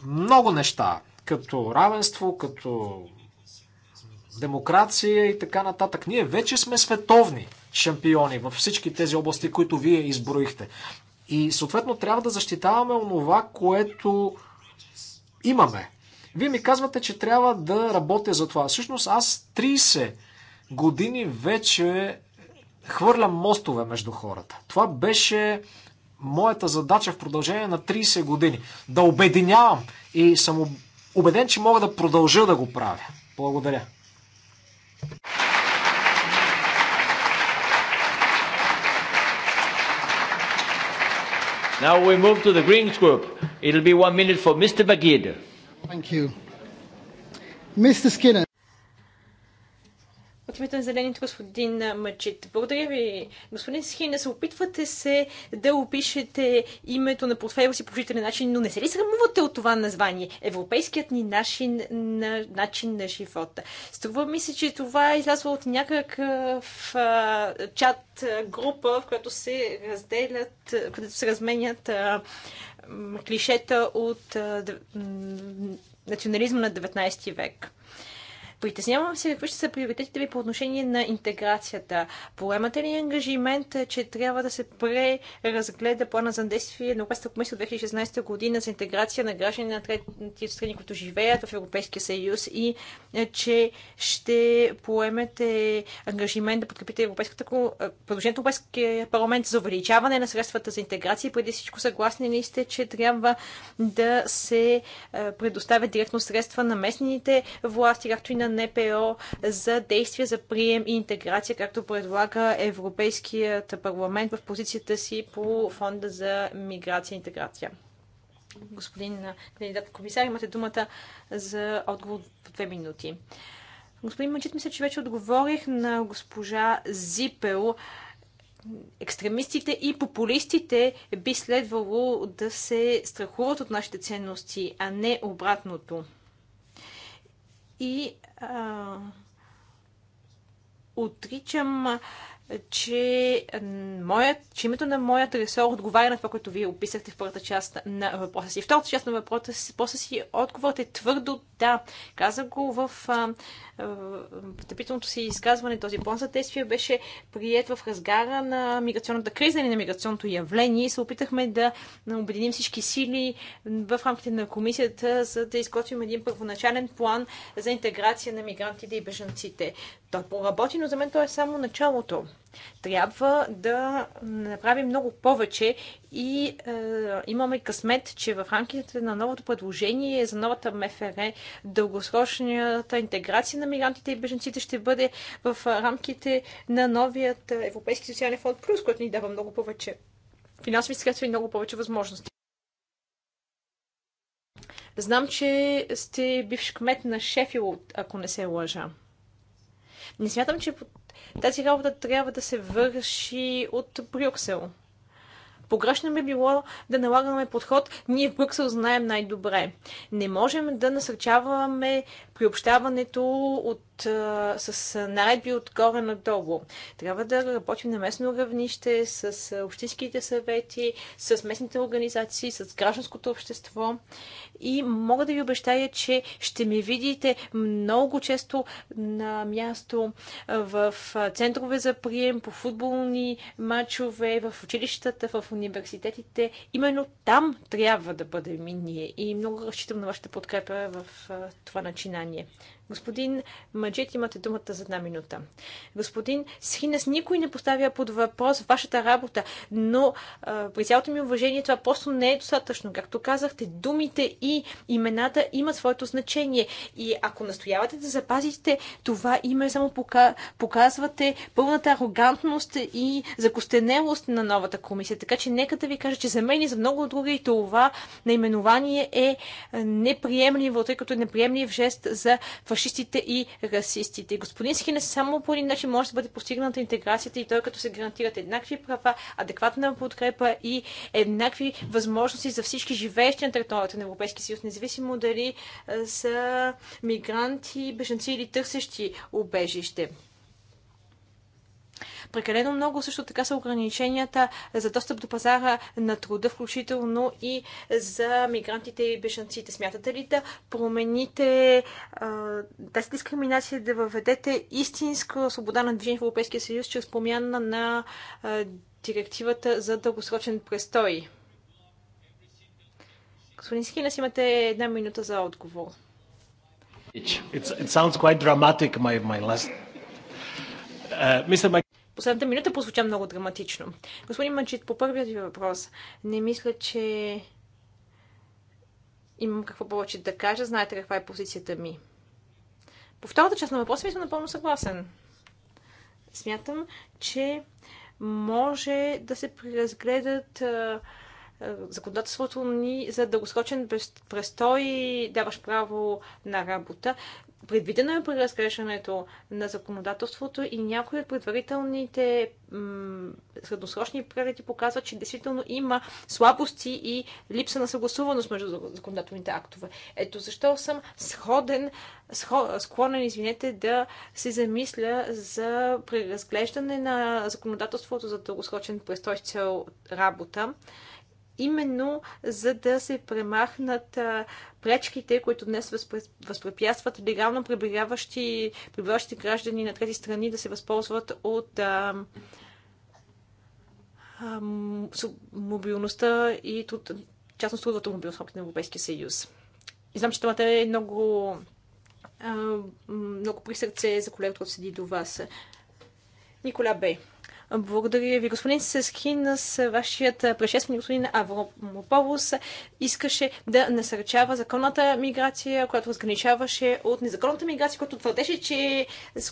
много неща, като равенство, като демокрация и така нататък. Ние вече сме световни шампиони във всички тези области, които вие изброихте. И съответно трябва да защитаваме онова, което имаме. Вие ми казвате, че трябва да работя за това. Всъщност аз 30 години вече хвърля мостове между хората. Това беше моята задача в продължение на 30 години. Да обединявам и съм убеден, че мога да продължа да го правя. Благодаря. Now we move to the Greens group. It'll be one minute for Mr. Bagid. Thank you. Mr. Skinner името на зелените господин Мачит. Благодаря ви, господин Схина. Се опитвате се да опишете името на портфейла си по положителен начин, но не се ли срамувате от това название? Европейският ни начин на, начин на живота. Струва ми се, че това е излязло от някакъв а, чат а, група, в която се разделят, където се разменят а, клишета от а, национализма на 19 век. Притеснявам се какви ще са приоритетите ви по отношение на интеграцията. Поемате ли ангажимент, че трябва да се преразгледа плана за действие на Европейската комисия от 2016 година за интеграция на граждани на трети страни, които живеят в Европейския съюз и е, че ще поемете ангажимент да подкрепите Европейската е, предложението на Европейския парламент за увеличаване на средствата за интеграция. Преди всичко съгласни ли сте, че трябва да се е, предоставят директно средства на местните власти, както и на НПО за действия за прием и интеграция, както предлага Европейският парламент в позицията си по фонда за миграция и интеграция. Господин кандидат комисар, имате думата за отговор по две минути. Господин Мачит, мисля, че вече отговорих на госпожа Зипел екстремистите и популистите би следвало да се страхуват от нашите ценности, а не обратното и а, отричам че, моят, че името на моят ресор отговаря на това, което вие описахте в първата част на въпроса си. Втората част на въпроса си, си отговорът е твърдо да. Каза го в встъпителното си изказване. Този план за действие беше прият в разгара на миграционната криза или на миграционното явление. И се опитахме да обединим всички сили в рамките на комисията, за да изготвим един първоначален план за интеграция на мигрантите и бежанците. Той поработи, но за мен то е само началото. Трябва да направим много повече и е, имаме късмет, че в рамките на новото предложение за новата МФР дългосрочната интеграция на мигрантите и беженците ще бъде в рамките на новият Европейски социален фонд Плюс, който ни дава много повече финансови средства и много повече възможности. Знам, че сте бивш кмет на Шефилд, ако не се лъжа. Не смятам, че тази работа трябва да се върши от Брюксел. Погрешно би било да налагаме подход, ние в Брюксел знаем най-добре. Не можем да насърчаваме приобщаването от, а, с наредби отгоре надолу. Трябва да работим на местно равнище, с общинските съвети, с местните организации, с гражданското общество и мога да ви обещая, че ще ме видите много често на място в центрове за прием, по футболни матчове, в училищата, в университетите. Именно там трябва да бъдем и ние. И много разчитам на вашата подкрепа в това начинание. Господин Маджит, имате думата за една минута. Господин Схинес, никой не поставя под въпрос вашата работа, но а, при цялото ми уважение това просто не е достатъчно. Както казахте, думите и имената имат своето значение. И ако настоявате да запазите това име, само пока, показвате пълната арогантност и закостенелост на новата комисия. Така че нека да ви кажа, че за мен и за много други това наименование е, е неприемливо, тъй като е неприемлив жест за фашизъм фашистите и расистите. Господин Схинес, само по един начин може да бъде постигната интеграцията и той като се гарантират еднакви права, адекватна подкрепа и еднакви възможности за всички живеещи на територията на Европейския съюз, независимо дали са мигранти, беженци или търсещи убежище. Прекалено много също така са ограниченията за достъп до пазара на труда, включително и за мигрантите и бежанците. Смятате ли да промените тази дискриминация, да въведете истинска свобода на движение в Европейския съюз чрез промяна на директивата за дългосрочен престой? Господин Скинес, имате една минута за отговор. It sounds quite dramatic, my, my last. Uh, Mr. Последната минута прозвуча много драматично. Господин Маджид, по първият ви въпрос, не мисля, че имам какво повече да кажа. Знаете каква е позицията ми. По втората част на въпроса ми съм напълно съгласен. Смятам, че може да се преразгледат законодателството ни за дългосрочен престой, даваш право на работа, Предвидено е преразглеждането на законодателството и някои от предварителните средносрочни прегледи показват, че действително има слабости и липса на съгласуваност между законодателните актове. Ето защо съм сходен, схо, склонен, извинете, да се замисля за преразглеждане на законодателството за дългосрочен престой с цел работа именно за да се премахнат пречките, които днес възпрепятстват легално пребиваващи, граждани на трети страни да се възползват от а, а, мобилността и труд, частно трудовата мобилност на Европейския съюз. И знам, че темата е много, а, много при сърце за колегата, който седи до вас. Никола Бей. Благодаря ви. Господин с вашият предшественик, господин Аврополос, искаше да насърчава законната миграция, която разграничаваше от незаконната миграция, която твърдеше, че,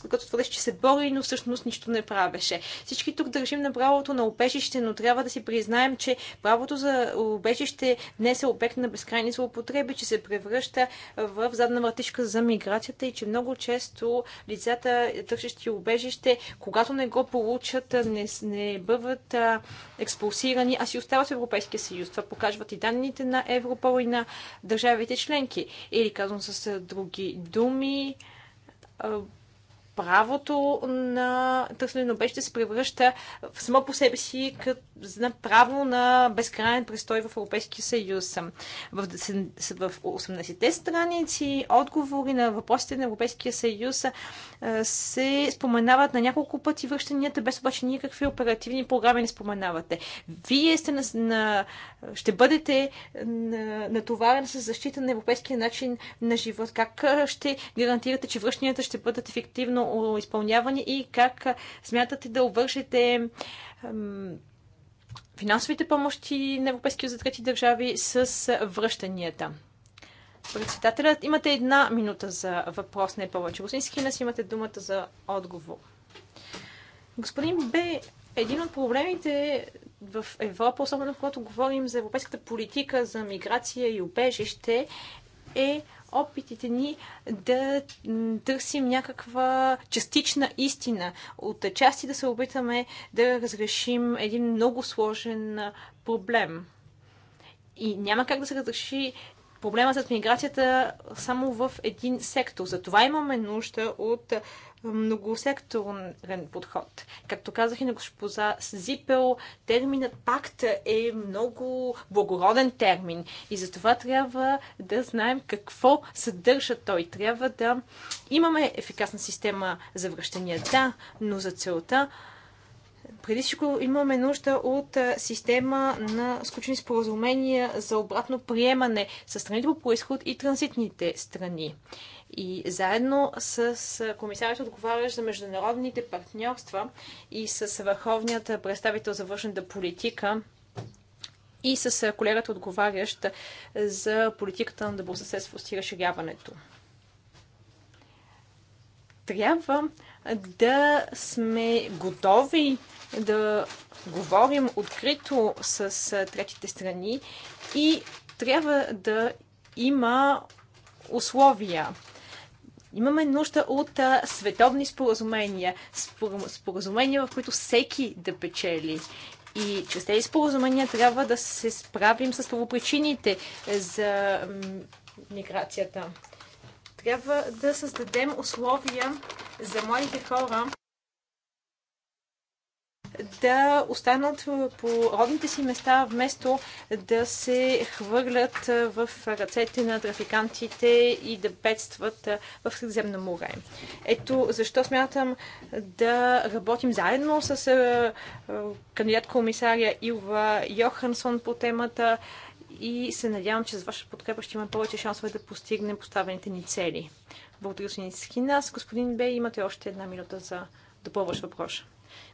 която твърдеше, че се бори, но всъщност нищо не правеше. Всички тук държим на правото на обежище, но трябва да си признаем, че правото за обежище днес е обект на безкрайни злоупотреби, че се превръща в задна вратичка за миграцията и че много често лицата, търсещи обежище, когато не го получат, не, не бъдат а, експулсирани, а си остават в Европейския съюз. Това показват и данните на Европол и на държавите членки. Или казвам с други думи, правото на търсене на обеща се превръща в само по себе си като на право на безкрайен престой в Европейския съюз. В, в 18-те страници отговори на въпросите на Европейския съюз се споменават на няколко пъти връщанията, без обаче никакви оперативни програми не споменавате. Вие сте на, на, ще бъдете натоварен с защита на европейския начин на живот. Как ще гарантирате, че връщанията ще бъдат ефективно Изпълняване изпълнявани и как смятате да обвършите финансовите помощи на Европейския за трети държави с връщанията? Председателят, имате една минута за въпрос, не повече. Господин Скинес, имате думата за отговор. Господин Б, един от проблемите в Европа, особено когато говорим за европейската политика за миграция и убежище, е опитите ни да търсим някаква частична истина. От части да се опитаме да разрешим един много сложен проблем. И няма как да се разреши проблема с миграцията само в един сектор. Затова имаме нужда от многосекторен подход. Както казах и на госпожа Зипел, терминът пакт е много благороден термин и затова трябва да знаем какво съдържа той. Трябва да имаме ефикасна система за връщания, да, но за целта преди всичко имаме нужда от система на сключени споразумения за обратно приемане с страните по происход и транзитните страни. И заедно с комисарят отговарящ за международните партньорства и с върховният представител за външната политика и с колегата отговарящ за политиката на добросъседство и разширяването. Трябва да сме готови да говорим открито с третите страни и трябва да има условия. Имаме нужда от а, световни споразумения, споразумения, в които всеки да печели. И чрез тези споразумения трябва да се справим с правопричините за миграцията. Трябва да създадем условия за младите хора да останат по родните си места, вместо да се хвърлят в ръцете на трафикантите и да бедстват в Средиземно море. Ето защо смятам да работим заедно с кандидат-комисаря Илва Йохансон по темата и се надявам, че с ваша подкрепа ще имаме повече шансове да постигнем поставените ни цели. Благодаря, господин нас, Господин Бей, имате още една минута за допълваш въпрос.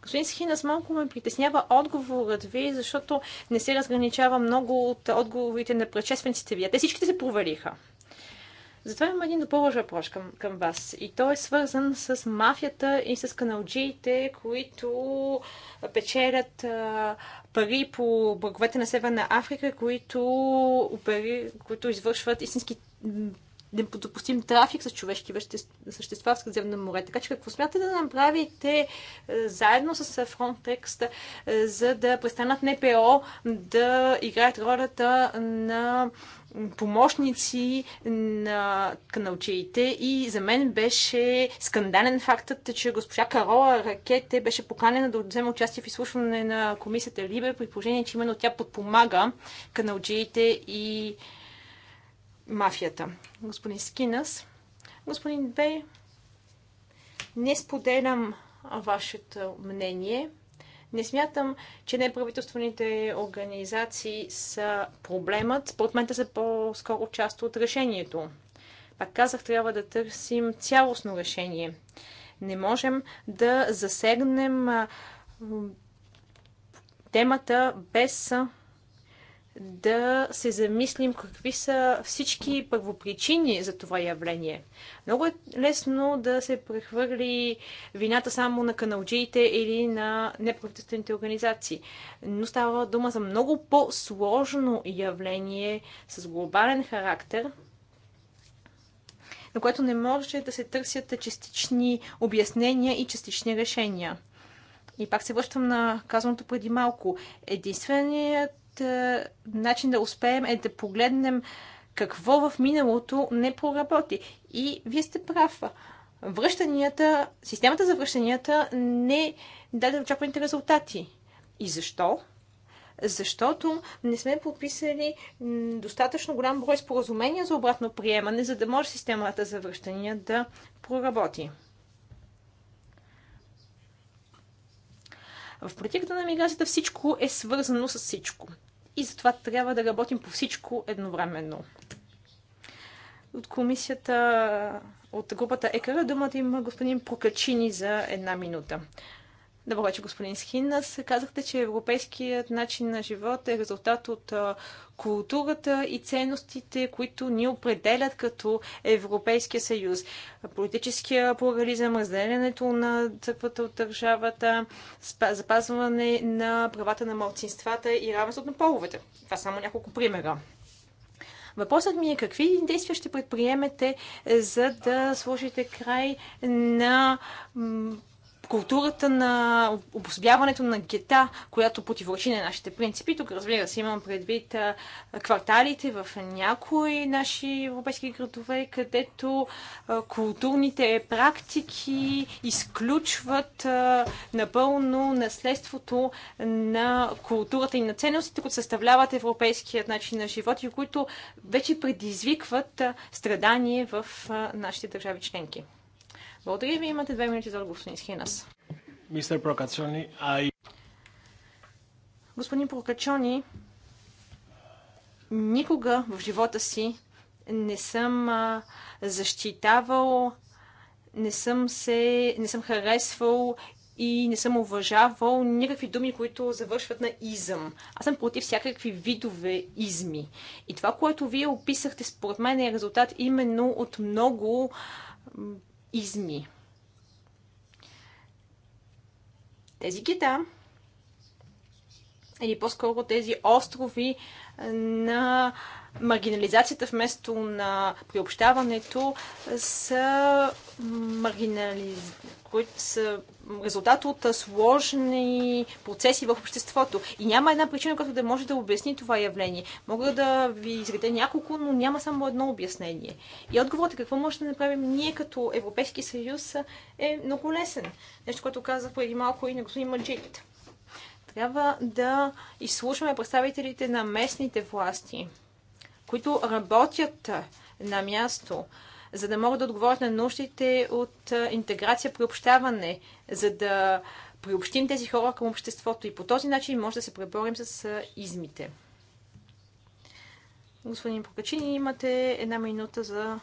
Господин Схинас, малко ме притеснява отговорът ви, защото не се разграничава много от отговорите на предшествениците ви. Те всичките се провалиха. Затова имам един допълващ въпрос към, към вас. И той е свързан с мафията и с каналджиите, които печелят а, пари по бъговете на Северна Африка, които, опери, които извършват истински неподопустим трафик с човешки същества в Средиземно море. Така че какво смятате да направите е, заедно с е, Frontex, е, за да престанат НПО да играят ролята на помощници на каналчиите и за мен беше скандален фактът, че госпожа Карола Ракете беше поканена да вземе участие в изслушване на комисията Либе, при положение, че именно тя подпомага каналчиите и мафията. Господин Скинас, господин Бей, не споделям вашето мнение. Не смятам, че неправителствените организации са проблемът. Според мен те са по-скоро част от решението. Пак казах, трябва да търсим цялостно решение. Не можем да засегнем темата без да се замислим какви са всички първопричини за това явление. Много е лесно да се прехвърли вината само на каналджиите или на неправителствените организации, но става дума за много по-сложно явление с глобален характер, на което не може да се търсят частични обяснения и частични решения. И пак се връщам на казаното преди малко. Единственият е, начин да успеем е да погледнем какво в миналото не проработи. И вие сте прав. Връщанията, системата за връщанията не даде очакваните резултати. И защо? Защото не сме подписали достатъчно голям брой споразумения за обратно приемане, за да може системата за връщания да проработи. В политиката на миграцията всичко е свързано с всичко. И затова трябва да работим по всичко едновременно. От комисията, от групата ЕКР, думата има господин Прокачини за една минута. Добро вече, господин Схинас. Казахте, че европейският начин на живот е резултат от културата и ценностите, които ни определят като Европейския съюз. Политическия плурализъм, разделянето на църквата от държавата, запазване на правата на младсинствата и равенството на половете. Това само няколко примера. Въпросът ми е какви действия ще предприемете, за да сложите край на културата на обособяването на гета, която противоречи на нашите принципи. Тук, разбира се, имам предвид кварталите в някои наши европейски градове, където културните практики изключват напълно наследството на културата и на ценностите, които съставляват европейският начин на живот и които вече предизвикват страдание в нашите държави членки. Благодаря ви. Имате две минути за отговор, господин Схинас. Мистер Прокачони, ай... Господин Прокачони, никога в живота си не съм защитавал, не съм, се, не съм харесвал и не съм уважавал никакви думи, които завършват на изъм. Аз съм против всякакви видове изми. И това, което вие описахте, според мен е резултат именно от много изми. Тези гита, или по-скоро тези острови е, на маргинализацията вместо на приобщаването са маргинализ... които са резултат от сложни процеси в обществото. И няма една причина, която да може да обясни това явление. Мога да ви изреда няколко, но няма само едно обяснение. И отговорът е какво може да направим ние като Европейски съюз е много лесен. Нещо, което казах преди малко и на господин Маджит. Трябва да изслушаме представителите на местните власти, които работят на място, за да могат да отговорят на нуждите от интеграция, приобщаване, за да приобщим тези хора към обществото и по този начин може да се преборим с измите. Господин Покачини, имате една минута за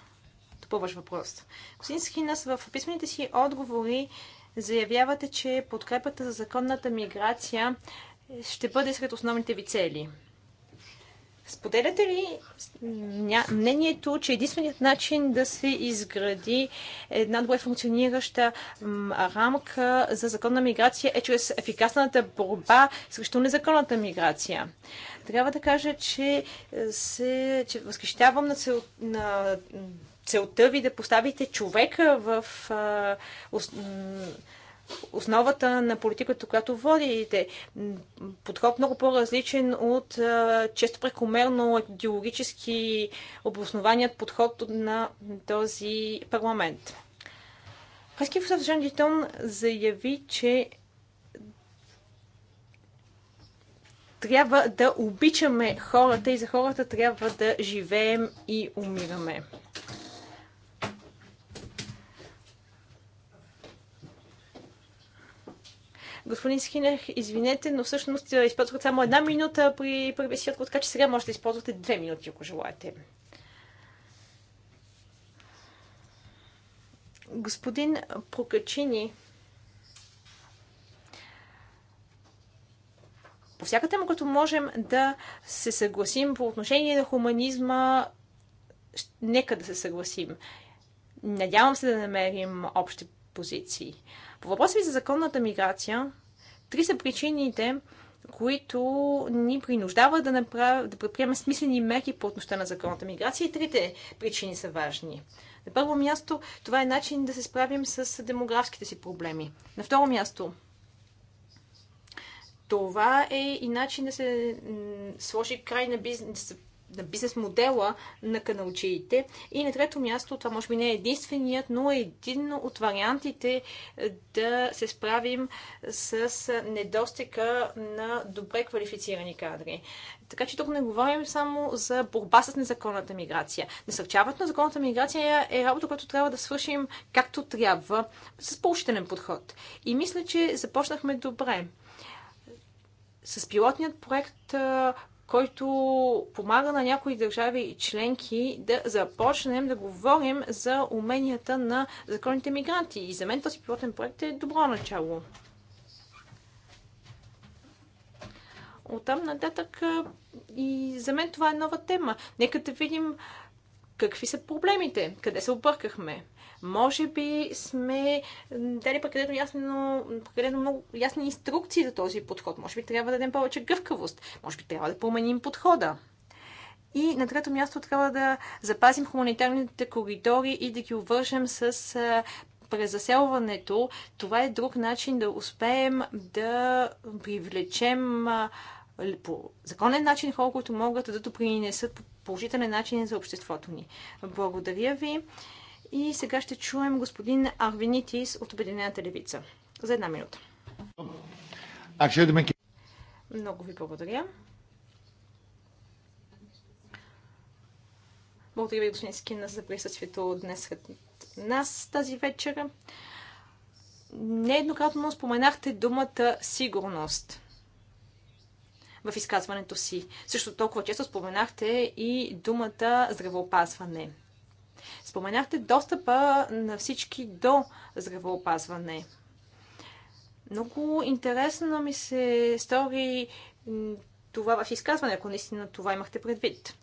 допълваш въпрос. Господин Схинас, в писмените си отговори заявявате, че подкрепата за законната миграция ще бъде сред основните ви цели. Споделяте ли мнението, че единственият начин да се изгради една добре функционираща рамка за законна миграция е чрез ефикасната борба срещу незаконната миграция? Трябва да кажа, че, е, се, че възхищавам на, цел, на целта ви да поставите човека в а, основата на политиката, която водите. Подход много по-различен от често прекомерно идеологически обоснованият подход на този парламент. Хайски посланник Жан Дитон заяви, че трябва да обичаме хората и за хората трябва да живеем и умираме. Господин Скинер, извинете, но всъщност използвате само една минута при първия си отговор, така че сега можете да използвате две минути, ако желаете. Господин Прокачини, по всяка тема, като можем да се съгласим по отношение на хуманизма, нека да се съгласим. Надявам се да намерим общи позиции. По въпроса ви за законната миграция, три са причините, които ни принуждават да, направ... да предприемем смислени мерки по отношение на законната миграция. И трите причини са важни. На първо място, това е начин да се справим с демографските си проблеми. На второ място, това е и начин да се сложи край на бизнес, на бизнес модела на каналчиите. И на трето място, това може би не е единственият, но е един от вариантите е, да се справим с е, недостига на добре квалифицирани кадри. Така че тук не говорим само за борба с незаконната миграция. Насърчаването на законната миграция е работа, която трябва да свършим както трябва, с поучителен подход. И мисля, че започнахме добре с пилотният проект е, който помага на някои държави и членки да започнем да говорим за уменията на законните мигранти. И за мен този пилотен проект е добро начало. Оттам нататък и за мен това е нова тема. Нека да видим какви са проблемите, къде се объркахме. Може би сме дали прекалено, ясно, прекалено много ясни инструкции за този подход. Може би трябва да дадем повече гъвкавост. Може би трябва да променим подхода. И на трето място трябва да запазим хуманитарните коридори и да ги обвържем с презаселването. Това е друг начин да успеем да привлечем по законен начин хора, които могат да допринесат по положителен начин за обществото ни. Благодаря ви. И сега ще чуем господин Арвинитис от Обединената левица. За една минута. Много ви благодаря. Благодаря ви, господин Скина, за присъствието днес сред нас тази вечер. Нееднократно споменахте думата сигурност в изказването си. Също толкова често споменахте и думата здравеопазване. Споменахте достъпа на всички до здравеопазване. Много интересно ми се стори това в изказване, ако наистина това имахте предвид.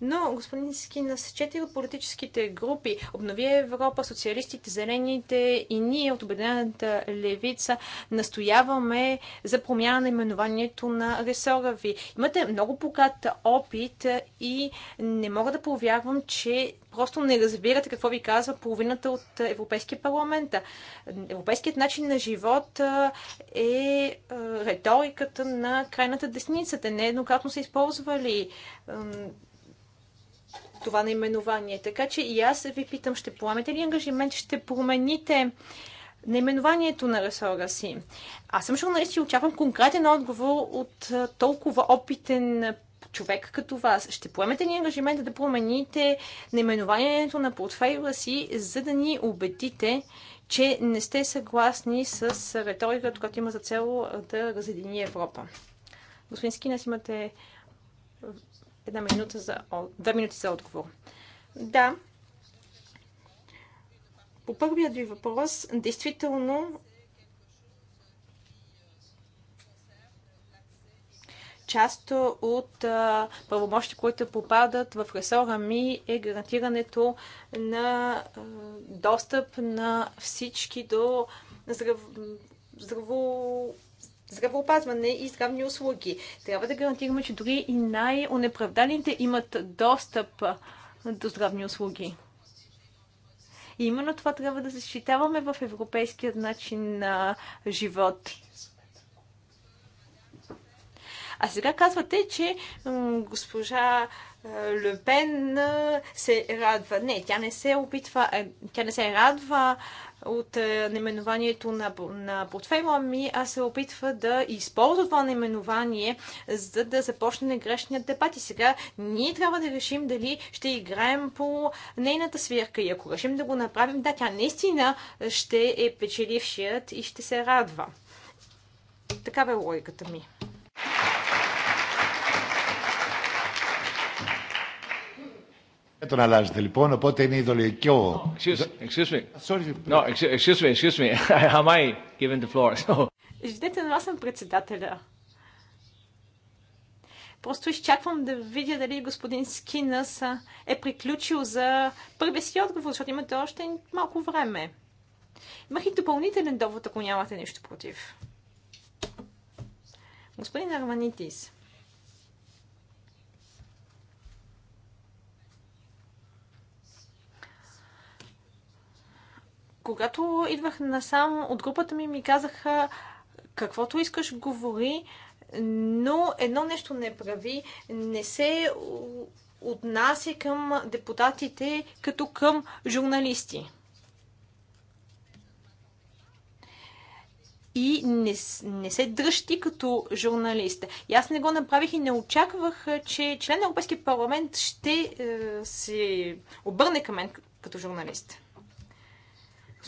Но господин Скина с четири политическите групи Обнови Европа, социалистите, зелените и ние от Обединената левица настояваме за промяна на именованието на ресора ви. Имате много богат опит и не мога да повярвам, че просто не разбирате какво ви казва половината от Европейския парламент. Европейският начин на живот е риториката на крайната десница. Те нееднократно са използвали това наименование. Така че и аз ви питам, ще поемете ли ангажимент, ще промените наименованието на ресора си. Аз съм журналист и очаквам конкретен отговор от толкова опитен човек като вас. Ще поемете ли ангажимент, да промените наименованието на портфейла си, за да ни убедите, че не сте съгласни с риториката, която има за цел да разедини Европа? Господин Скинес, имате Една минута за, две минути за отговор. Да. По първият ви въпрос, действително част от правомощите, които попадат в ресора ми е гарантирането на достъп на всички до здраво здравеопазване и здравни услуги. Трябва да гарантираме, че дори и най-онеправданите имат достъп до здравни услуги. И именно това трябва да защитаваме в европейският начин на живот. А сега казвате, че госпожа е, Лепен е, се радва. Не, тя не се опитва, е, тя не се радва от наименованието на, на портфейла ми, а се опитва да използва това наименование, за да започне грешният дебат. И сега ние трябва да решим дали ще играем по нейната свирка. И ако решим да го направим, да, тя наистина ще е печелившият и ще се радва. Такава е логиката ми. Δεν τον αλλάζετε λοιπόν, οπότε είναι ιδεολογικό. Excuse me. excuse me. Sorry. No, excuse me, excuse me. Am I given the floor? [laughs] So... Извинете, но аз съм председателя. Просто изчаквам да видя дали господин Скинас е приключил за първи си отговор, защото имате още малко време. Имах и допълнителен довод, ако нямате нещо против. Господин Арманитис. Когато идвах насам, от групата ми ми казаха каквото искаш говори, но едно нещо не прави, не се отнася към депутатите като към журналисти. и не, не се дръжти като журналист. И аз не го направих и не очаквах, че член на Европейския парламент ще е, се обърне към мен като журналист.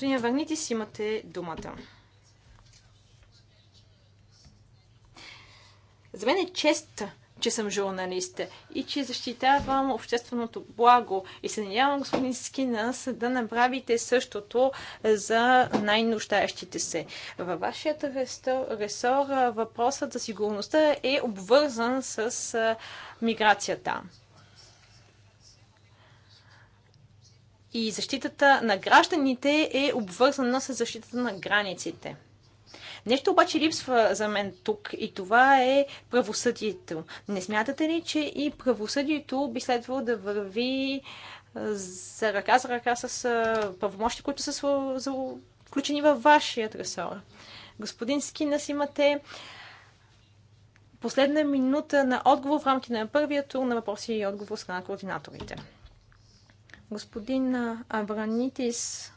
Господин си, имате думата. За мен е чест, че съм журналист и че защитавам общественото благо. И се надявам, господин Скинас, да направите същото за най-нуждаещите се. Във вашият ресор въпросът за сигурността е обвързан с миграцията. и защитата на гражданите е обвързана с защитата на границите. Нещо обаче липсва за мен тук и това е правосъдието. Не смятате ли, че и правосъдието би следвало да върви за ръка за ръка с правомощите, които са включени във вашия ресор? Господин Скинас, имате последна минута на отговор в рамките на първия тур на въпроси и отговор с на координаторите. Господин Абранитис,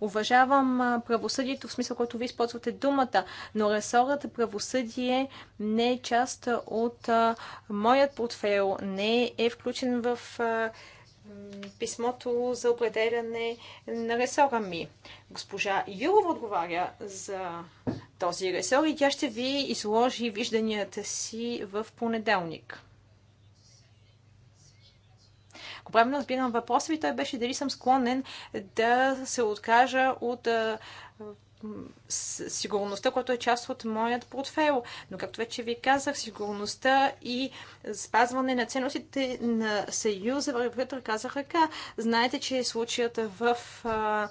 уважавам правосъдието в смисъл, който ви използвате думата, но ресорът правосъдие не е част от моят портфел, не е включен в писмото за определяне на ресора ми. Госпожа Юрова отговаря за този ресор и тя ще ви изложи вижданията си в понеделник. Ако разбирам въпроса ви, той беше дали съм склонен да се откажа от сигурността, която е част от моят портфел. Но, както вече ви казах, сигурността и спазване на ценностите на Съюза вървят ръка за ръка. Знаете, че е случаят в а,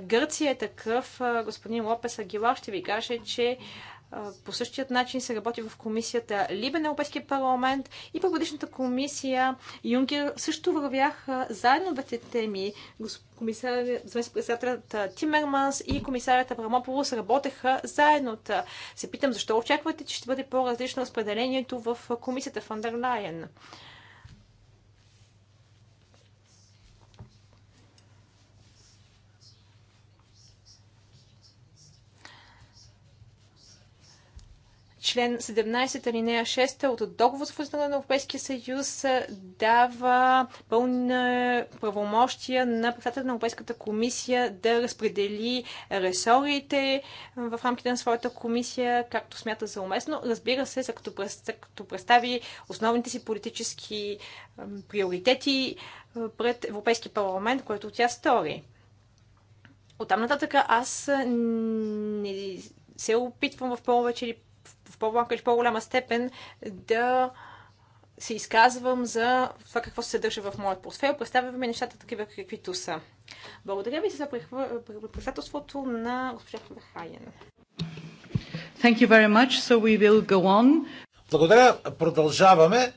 Гърция е такъв. Господин Лопес Агилар ще ви каже, че по същият начин се работи в комисията Либе на Европейския парламент и по годишната комисия Юнкер също вървяха заедно двете теми. Комисарят председателят Тимерманс и комисарят Абрамополос работеха заедно. Се питам защо очаквате, че ще бъде по-различно разпределението в комисията Фандерлайен. Лайен. Член 17 алинея 6 от договор за функциониране на Европейския съюз дава пълна правомощия на председателя на Европейската комисия да разпредели ресорите в рамките на своята комисия, както смята за уместно. Разбира се, за като, като представи основните си политически приоритети пред Европейски парламент, което тя стори. Оттам нататък аз не се опитвам в повече или по-малка или по-голяма степен да се изказвам за това какво се съдържа в моят портфел. Представяме нещата такива, каквито са. Благодаря ви за председателството на госпожа Хайен. Thank you very much. So we will go on. Благодаря. Продължаваме е,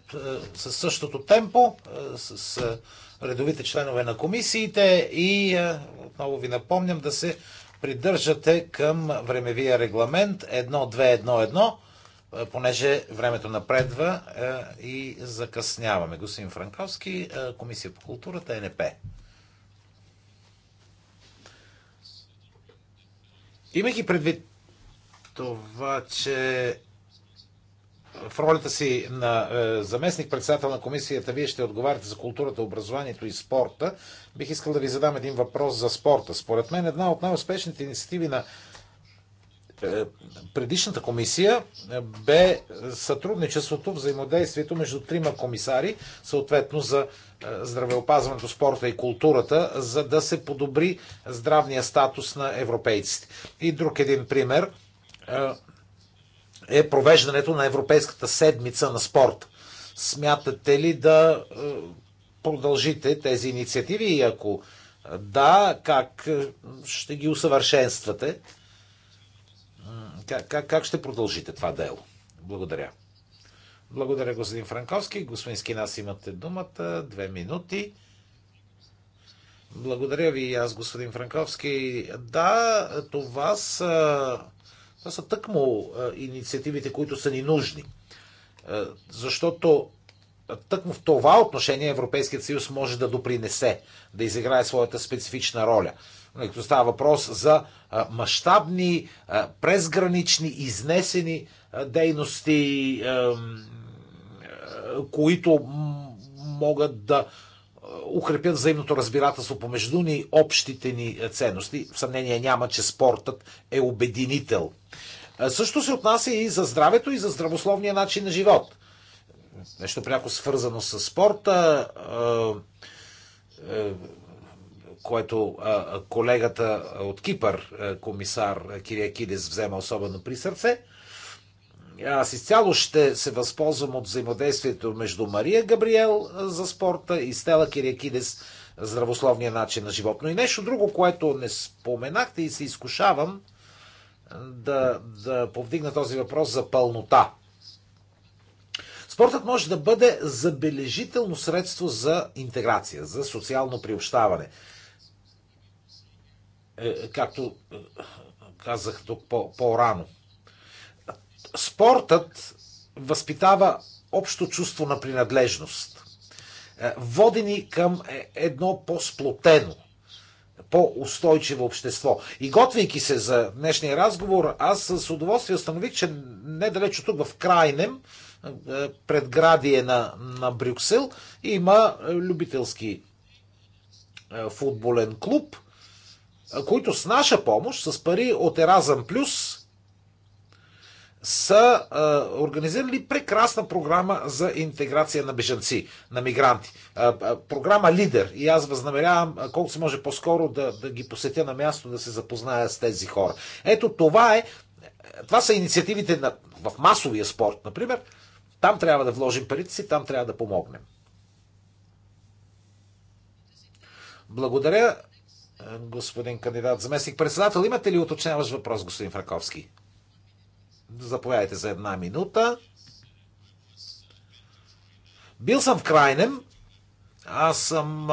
със същото темпо, е, с е, редовите членове на комисиите и отново ви напомням да се придържате към времевия регламент 1211 е, понеже времето напредва е, и закъсняваме. Господин Франковски, е, Комисия по културата, НП. Имайки предвид това, че в ролята си на заместник-председател на комисията вие ще отговаряте за културата, образованието и спорта, бих искал да ви задам един въпрос за спорта. Според мен една от най-успешните инициативи на е, предишната комисия е, бе сътрудничеството, взаимодействието между трима комисари, съответно за е, здравеопазването, спорта и културата, за да се подобри здравния статус на европейците. И друг един пример е провеждането на Европейската седмица на спорт. Смятате ли да продължите тези инициативи и ако да, как ще ги усъвършенствате? Как, как, как ще продължите това дело? Благодаря. Благодаря, господин Франковски. Господин Скинас, имате думата. Две минути. Благодаря ви и аз, господин Франковски. Да, това са, това са тъкмо инициативите, които са ни нужни. Защото тъкмо в това отношение Европейският съюз може да допринесе, да изиграе своята специфична роля – като нали, става въпрос за мащабни, презгранични, изнесени дейности, които могат да укрепят взаимното разбирателство помежду ни общите ни ценности. В съмнение няма, че спортът е обединител. Също се отнася и за здравето и за здравословния начин на живот. Нещо пряко свързано с спорта, което колегата от Кипър, комисар Кириакидис, взема особено при сърце. Аз изцяло ще се възползвам от взаимодействието между Мария Габриел за спорта и Стела Кириакидис здравословния начин на живот. Но и нещо друго, което не споменахте и се изкушавам да, да повдигна този въпрос за пълнота. Спортът може да бъде забележително средство за интеграция, за социално приобщаване. Е, както е, казах тук по-рано. Спортът възпитава общо чувство на принадлежност, е, водени към едно по-сплотено, по-устойчиво общество. И готвейки се за днешния разговор, аз с удоволствие установих, че недалеч от тук в Крайнем, предградие на, на Брюксел, има любителски футболен клуб – които с наша помощ, с пари от Еразъм Плюс, са а, организирали прекрасна програма за интеграция на бежанци, на мигранти. А, а, програма Лидер. И аз възнамерявам колко се може по-скоро да, да ги посетя на място, да се запозная с тези хора. Ето това е. Това са инициативите на, в масовия спорт, например. Там трябва да вложим парите си, там трябва да помогнем. Благодаря господин кандидат заместник председател. Имате ли уточняващ въпрос, господин Фраковски? Заповядайте за една минута. Бил съм в Крайнем. Аз съм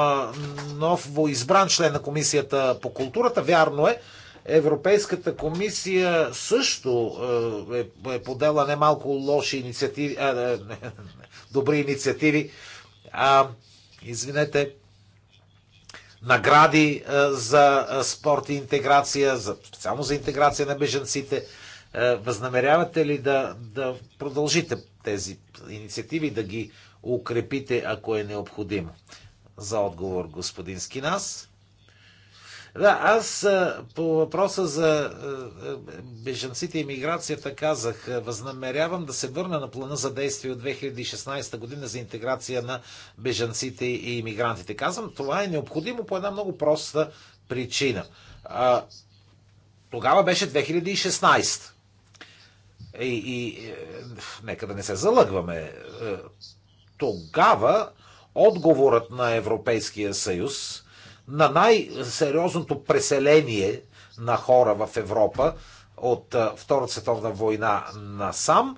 ново избран член на Комисията по културата. Вярно е, Европейската комисия също е, е подела немалко лоши инициативи, а, добри инициативи. А, извинете, награди е, за е, спорт и интеграция, за, специално за интеграция на беженците, е, Възнамерявате ли да, да продължите тези инициативи, да ги укрепите, ако е необходимо? За отговор господин Скинас. Да, аз по въпроса за беженците и миграцията казах, възнамерявам да се върна на плана за действие от 2016 година за интеграция на беженците и иммигрантите. Казвам, това е необходимо по една много проста причина. Тогава беше 2016. И, и е, нека да не се залъгваме. Е, тогава отговорът на Европейския съюз на най-сериозното преселение на хора в Европа от Втората световна война насам,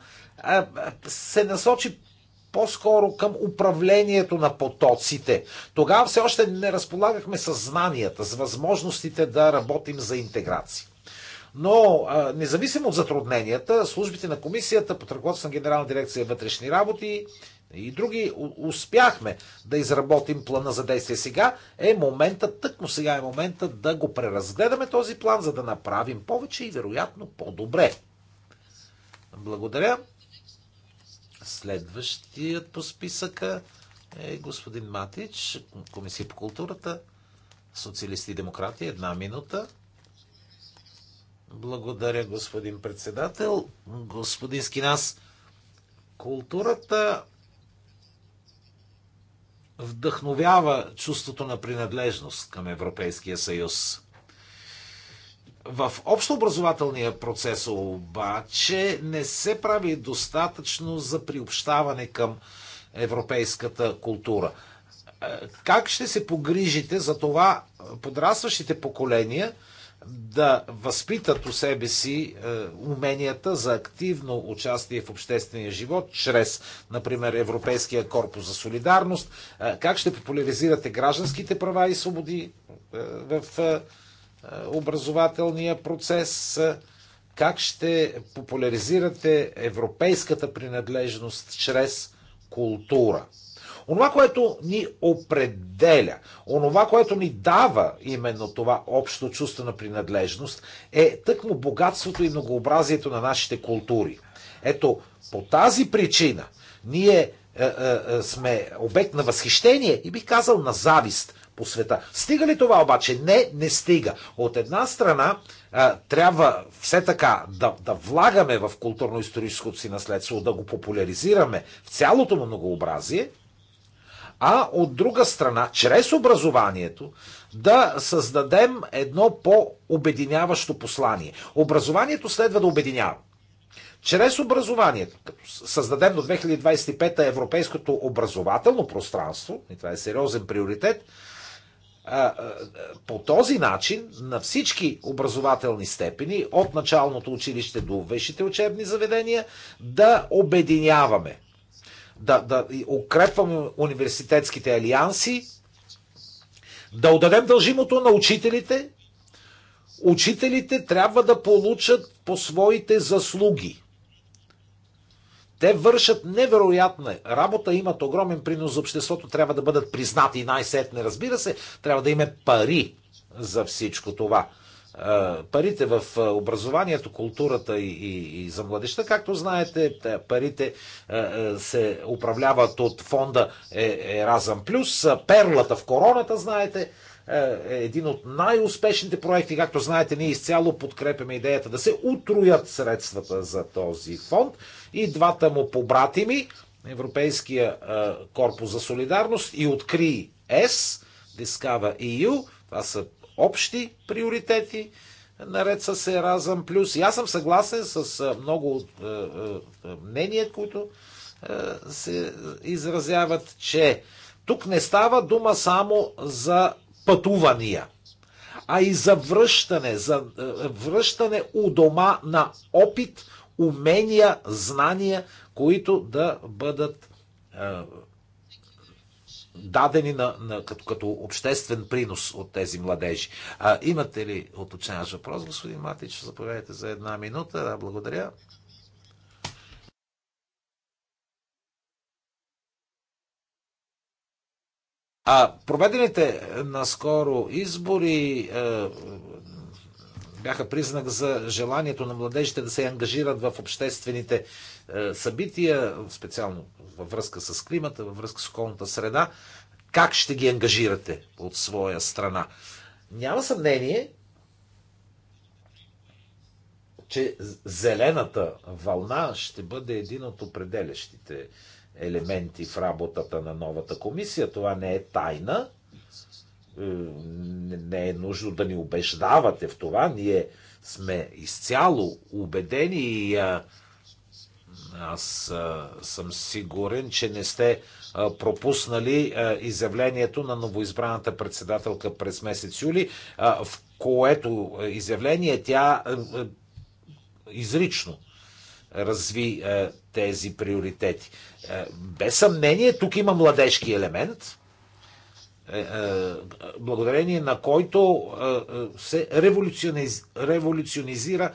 се насочи по-скоро към управлението на потоците. Тогава все още не разполагахме с знанията, с възможностите да работим за интеграция. Но, независимо от затрудненията, службите на комисията под ръководство на Генерална дирекция вътрешни работи и други успяхме да изработим плана за действие. Сега е момента, тъкмо сега е момента да го преразгледаме този план, за да направим повече и вероятно по-добре. Благодаря. Следващият по списъка е господин Матич, Комисия по културата, Социалисти и демократи, една минута. Благодаря, господин председател. Господин Скинас, културата вдъхновява чувството на принадлежност към Европейския съюз. В общообразователния процес обаче не се прави достатъчно за приобщаване към европейската култура. Е, как ще се погрижите за това подрастващите поколения – да възпитат у себе си е, уменията за активно участие в обществения живот, чрез, например, Европейския корпус за солидарност, е, как ще популяризирате гражданските права и свободи е, в образователния процес, как ще популяризирате европейската принадлежност чрез култура. Онова, което ни определя, онова, което ни дава именно това общо чувство на принадлежност, е тъкмо богатството и многообразието на нашите култури. Ето, по тази причина ние е, е, е, сме обект на възхищение и бих казал на завист по света. Стига ли това обаче? Не, не стига. От една страна е, трябва все така да, да влагаме в културно-историческото си наследство, да го популяризираме в цялото му многообразие, а от друга страна, чрез образованието, да създадем едно по-обединяващо послание. Образованието следва да обединява. Чрез образованието, като създадем до 2025 европейското образователно пространство, и това е сериозен приоритет, по този начин на всички образователни степени, от началното училище до висшите учебни заведения, да обединяваме да, да укрепваме университетските алианси, да отдадем дължимото на учителите. Учителите трябва да получат по своите заслуги. Те вършат невероятна работа, имат огромен принос за обществото, трябва да бъдат признати най-сетне, разбира се, трябва да има е пари за всичко това парите в образованието, културата и, и, и за младеща. Както знаете, парите се управляват от фонда е, Еразъм Плюс. Перлата в короната, знаете, е един от най-успешните проекти. Както знаете, ние изцяло подкрепяме идеята да се утроят средствата за този фонд. И двата му побратими, Европейския корпус за солидарност и Откри С, Discover EU, това са общи приоритети, наред с Еразъм Плюс. И аз съм съгласен с много от мнения, които се изразяват, че тук не става дума само за пътувания, а и за връщане, за връщане у дома на опит, умения, знания, които да бъдат дадени на, на, като, като обществен принос от тези младежи. А, имате ли уточняващ въпрос, господин Матич? Заповядайте за една минута. Да, благодаря. А проведените е, наскоро избори е, бяха признак за желанието на младежите да се ангажират в обществените е, събития, специално във връзка с климата, във връзка с околната среда. Как ще ги ангажирате от своя страна? Няма съмнение, че зелената вълна ще бъде един от определящите елементи в работата на новата комисия. Това не е тайна не е нужно да ни убеждавате в това. Ние сме изцяло убедени и а, аз а, съм сигурен, че не сте а, пропуснали а, изявлението на новоизбраната председателка през месец юли, а, в което изявление тя а, а, изрично разви а, тези приоритети. А, без съмнение, тук има младежки елемент е, е, благодарение на който е, се революциониз, революционизира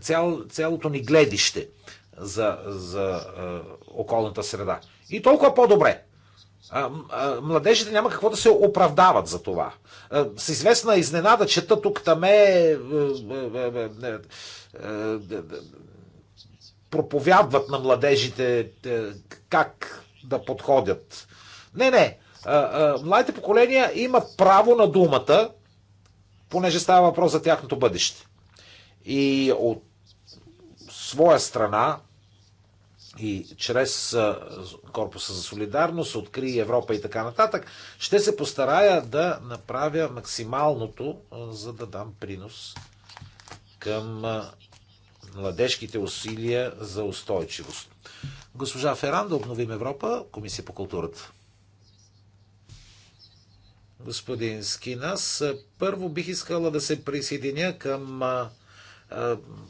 цял, цялото ни гледище за, за околната среда. И толкова по-добре. Младежите няма какво да се оправдават за това. С известна изненада чета тук таме проповядват на младежите как да подходят. Не, не младите поколения имат право на думата, понеже става въпрос за тяхното бъдеще. И от своя страна и чрез Корпуса за солидарност, Откри Европа и така нататък, ще се постарая да направя максималното, за да дам принос към младежките усилия за устойчивост. Госпожа Феран, да обновим Европа, Комисия по културата господин Скинас. Първо бих искала да се присъединя към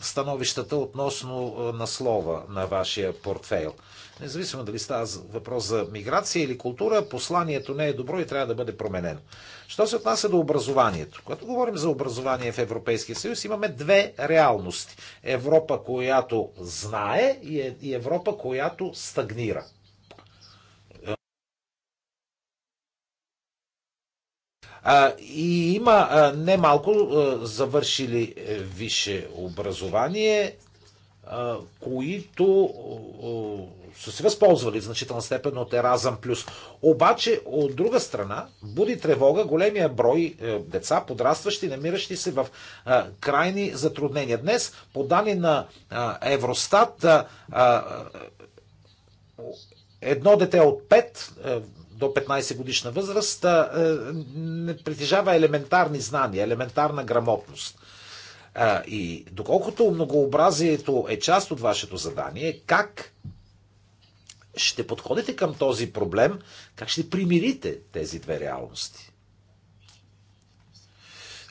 становищата относно наслова на вашия портфейл. Независимо дали става въпрос за миграция или култура, посланието не е добро и трябва да бъде променено. Що се отнася до образованието? Когато говорим за образование в Европейския съюз, имаме две реалности. Европа, която знае и е, Европа, която стагнира. И има немалко завършили е, висше образование, които са се възползвали в значителна степен от Еразъм Плюс. Обаче, от друга страна, буди тревога големия брой е, деца, подрастващи, намиращи се в крайни затруднения. Днес, по данни на Евростат, едно дете от пет е, до 15 годишна възраст е, не притежава елементарни знания, елементарна грамотност. И доколкото многообразието е част от вашето задание, как ще подходите към този проблем, как ще примирите тези две реалности?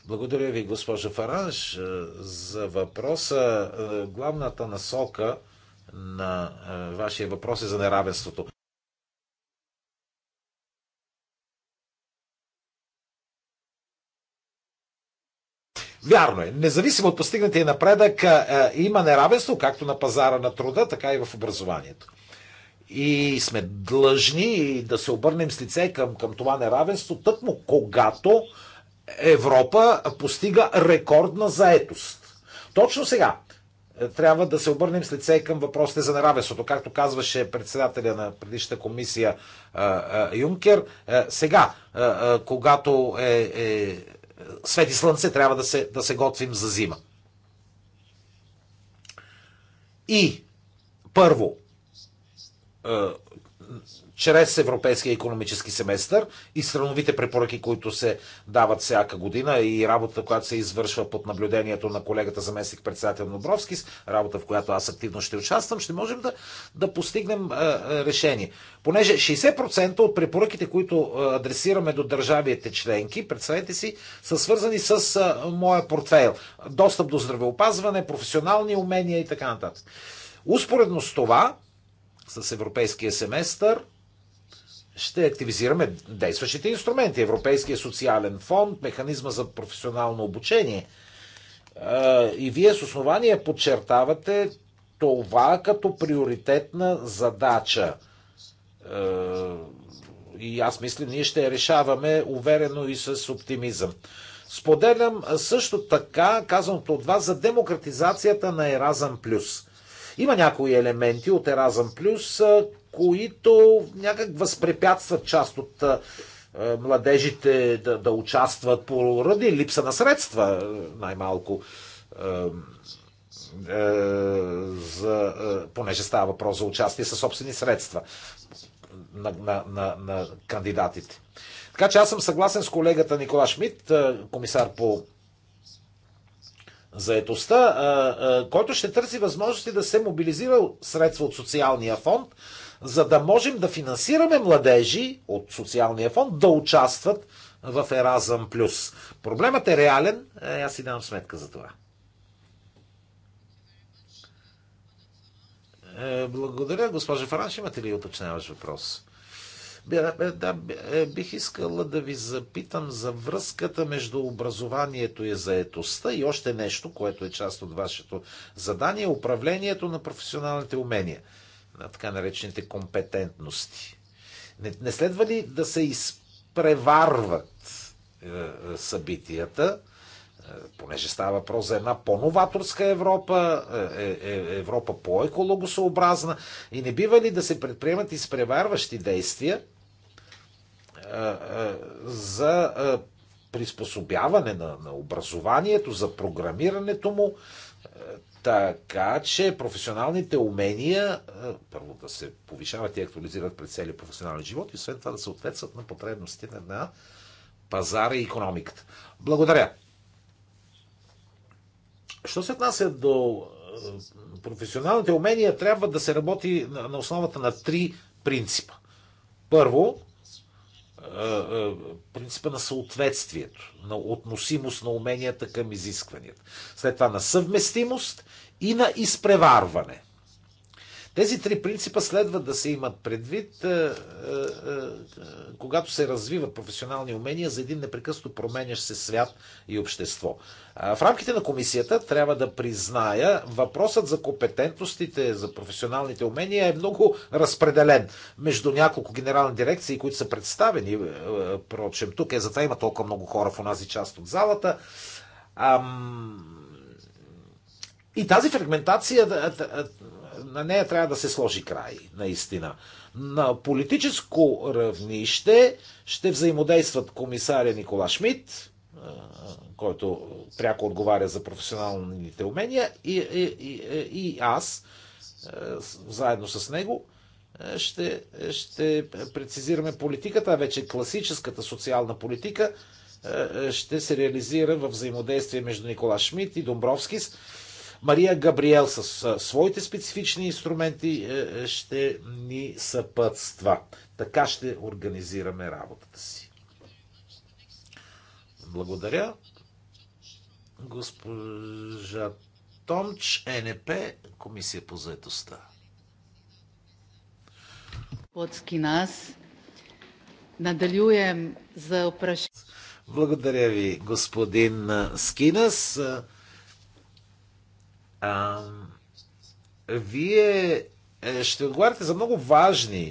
Благодаря ви, госпожо Фаранш, е, за въпроса. Е, главната насока на вашия въпрос е за неравенството. Вярно е. Независимо от постигнатия напредък, има неравенство както на пазара на труда, така и в образованието. И сме длъжни да се обърнем с лице към, към това неравенство, тъкмо когато Европа постига рекордна заетост. Точно сега е, трябва да се обърнем с лице към въпросите за неравенството. Както казваше председателя на предишната комисия Юнкер, е, сега, е, когато е, е свети слънце, трябва да се, да се готвим за зима. И първо, е, чрез Европейския економически семестър и страновите препоръки, които се дават всяка година и работата, която се извършва под наблюдението на колегата заместник председател Нобровски, работа, в която аз активно ще участвам, ще можем да, да постигнем а, решение. Понеже 60% от препоръките, които адресираме до държавите членки, представете си, са свързани с а, моя портфейл. Достъп до здравеопазване, професионални умения и така нататък. Успоредно с това, с европейския семестър, ще активизираме действащите инструменти. Европейския социален фонд, механизма за професионално обучение. И вие с основание подчертавате това като приоритетна задача. И аз мисля, ние ще я решаваме уверено и с оптимизъм. Споделям също така казаното от вас за демократизацията на Еразъм Плюс. Има някои елементи от Еразъм Плюс, които някак възпрепятстват част от младежите да, да участват поради липса на средства, най-малко. За, понеже става въпрос за участие със собствени средства на, на, на, на кандидатите. Така че аз съм съгласен с колегата Никола Шмидт, комисар по заетостта, който ще търси възможности да се мобилизира средства от социалния фонд, за да можем да финансираме младежи от социалния фонд да участват в Еразъм Плюс. Проблемът е реален, е, аз си давам сметка за това. Е, благодаря, госпожа Фаранш. Имате ли уточняваш въпрос? Да, е, бих искала да ви запитам за връзката между образованието и заетостта и още нещо, което е част от вашето задание управлението на професионалните умения на така наречените компетентности. Не, не следва ли да се изпреварват е, е събитията, е, понеже става въпрос за една по-новаторска Европа, е, е, е Европа по екологосообразна и не бива ли да се предприемат изпреварващи действия е, е, за е, приспособяване на, на образованието, за програмирането му, е, така че професионалните умения е, първо да се повишават и актуализират през целия професионален живот и освен това да съответстват на потребностите на пазара и економиката. Благодаря. Що се отнася до е, професионалните умения, трябва да се работи на основата на три принципа. Първо, принципа на съответствието, на относимост на уменията към изискванията. След това на съвместимост и на изпреварване. Тези три принципа следва да се имат предвид, е, е, е, когато се развиват професионални умения за един непрекъснато променящ се свят и общество. В рамките на комисията трябва да призная, въпросът за компетентностите, за професионалните умения е много разпределен между няколко генерални дирекции, които са представени, прочем, тук е затова има толкова много хора в онази част от залата. И тази фрагментация на нея трябва да се сложи край, наистина. На политическо равнище ще взаимодействат комисаря Никола Шмидт, който пряко отговаря за професионалните умения, и, и, и, и аз, заедно с него, ще, ще прецизираме политиката, а вече класическата социална политика ще се реализира в взаимодействие между Никола Шмидт и Домбровскис Мария Габриел с своите специфични инструменти е, е, ще ни съпътства. Така ще организираме работата си. Благодаря. Госпожа Томч, е НП, Комисия по заедостта. Подски нас. Надалюем за упрашение. Благодаря ви, господин Скинас. А, вие е, ще отговаряте за много важни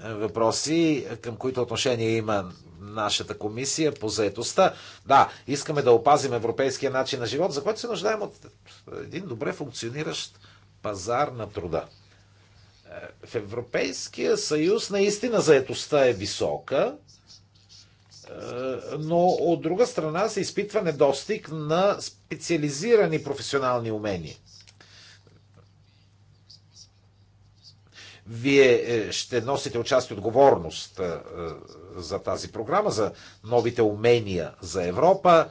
е, въпроси, към които отношение има нашата комисия по заедостта. Да, искаме да опазим европейския начин на живот, за който се нуждаем от един добре функциониращ пазар на труда. Е, в Европейския съюз наистина заедостта е висока, е, но от друга страна се изпитва недостиг на специализирани професионални умения. Вие е, ще носите участие отговорност е, за тази програма, за новите умения за Европа,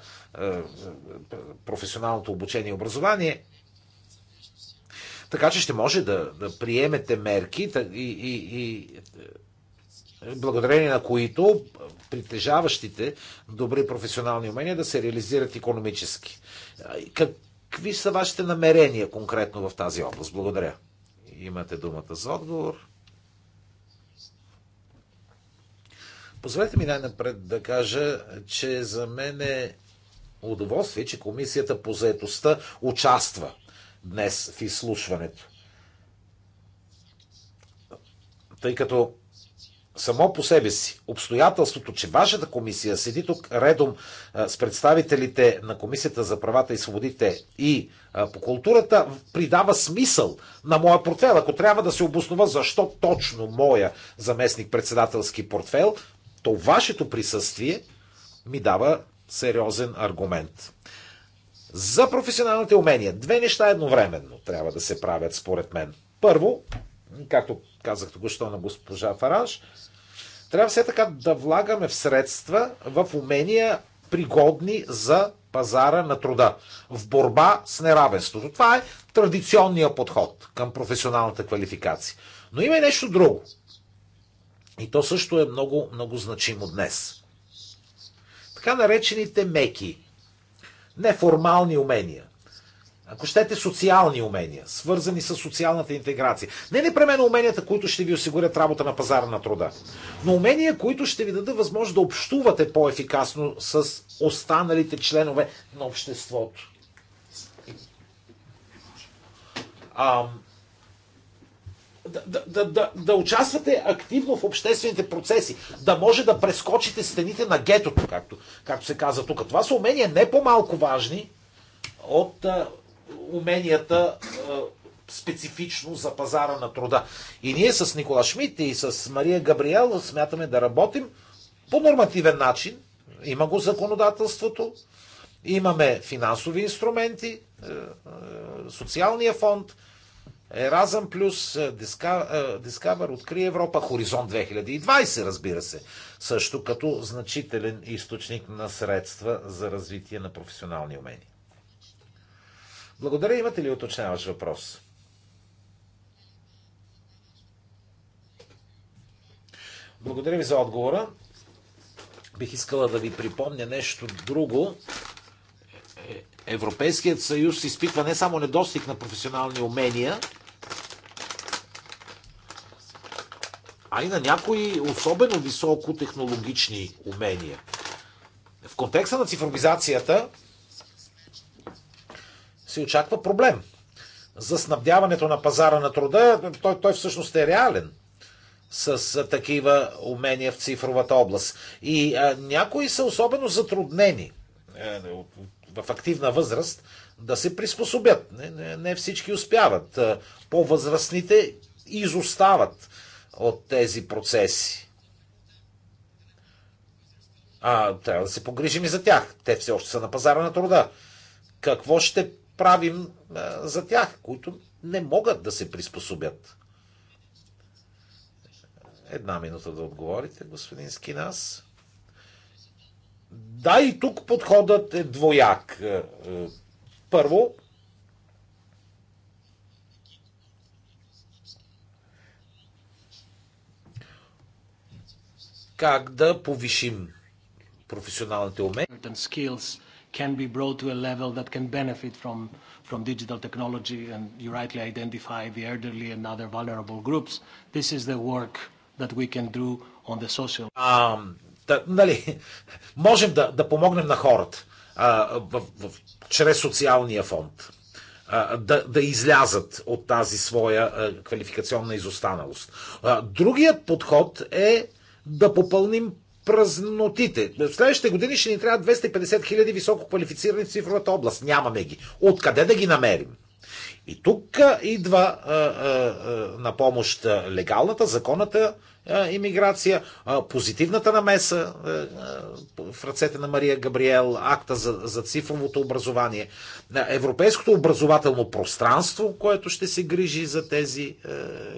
професионалното обучение и образование. Така че ще може да, да приемете мерки и, и, и благодарение на които притежаващите добри професионални умения да се реализират економически. Какви са вашите намерения конкретно в тази област? Благодаря. Имате думата за отговор. Позволете ми най-напред да кажа, че за мен е удоволствие, че Комисията по заедостта участва днес в изслушването. Тъй като само по себе си обстоятелството, че вашата комисия седи тук редом с представителите на Комисията за правата и свободите и по културата, придава смисъл на моя портфел. Ако трябва да се обоснова защо точно моя заместник-председателски портфел, то вашето присъствие ми дава сериозен аргумент. За професионалните умения. Две неща едновременно трябва да се правят, според мен. Първо, както казах току-що на госпожа Фараж, трябва все така да влагаме в средства, в умения, пригодни за пазара на труда, в борба с неравенството. Това е традиционния подход към професионалната квалификация. Но има и нещо друго. И то също е много, много значимо днес. Така наречените меки, неформални умения – ако щете, социални умения, свързани с социалната интеграция. Не непременно уменията, които ще ви осигурят работа на пазара на труда, но умения, които ще ви дадат възможност да общувате по-ефикасно с останалите членове на обществото. А, да, да, да, да участвате активно в обществените процеси, да може да прескочите стените на гетото, както, както се каза тук. Това са умения не по-малко важни от уменията специфично за пазара на труда. И ние с Никола Шмидт и с Мария Габриел смятаме да работим по нормативен начин. Има го законодателството, имаме финансови инструменти, е, е, социалния фонд, Еразъм плюс, е, Discover, Откри Европа, Хоризонт 2020, разбира се, също като значителен източник на средства за развитие на професионални умения. Благодаря. Имате ли уточняваш въпрос? Благодаря ви за отговора. Бих искала да ви припомня нещо друго. Е, Европейският съюз изпитва не само недостиг на професионални умения, а и на някои особено високо технологични умения. В контекста на цифровизацията, се очаква проблем за снабдяването на пазара на труда. Той, той всъщност е реален с такива умения в цифровата област. И а, някои са особено затруднени е, в активна възраст да се приспособят. Не, не, не всички успяват. По-възрастните изостават от тези процеси. А трябва да се погрижим и за тях. Те все още са на пазара на труда. Какво ще правим за тях, които не могат да се приспособят. Една минута да отговорите, господин Скинас. Да, и тук подходът е двояк. Е, е, първо, как да повишим професионалните умения can be brought to a level that can benefit from, from digital technology. And you rightly identify the elderly and other vulnerable groups. This is the work that we can do on the social. Um, да, нали, можем да, да помогнем на хората а, в, в, в, чрез социалния фонд а, да, да излязат от тази своя а, квалификационна изостаналост. А, Другият подход е да попълним празнотите. В следващите години ще ни трябва 250 хиляди високо квалифицирани в цифровата област. Нямаме ги. Откъде да ги намерим? И тук идва а, а, а, на помощ легалната, законната а, а, позитивната намеса а, в ръцете на Мария Габриел, акта за, за цифровото образование, европейското образователно пространство, което ще се грижи за тези а,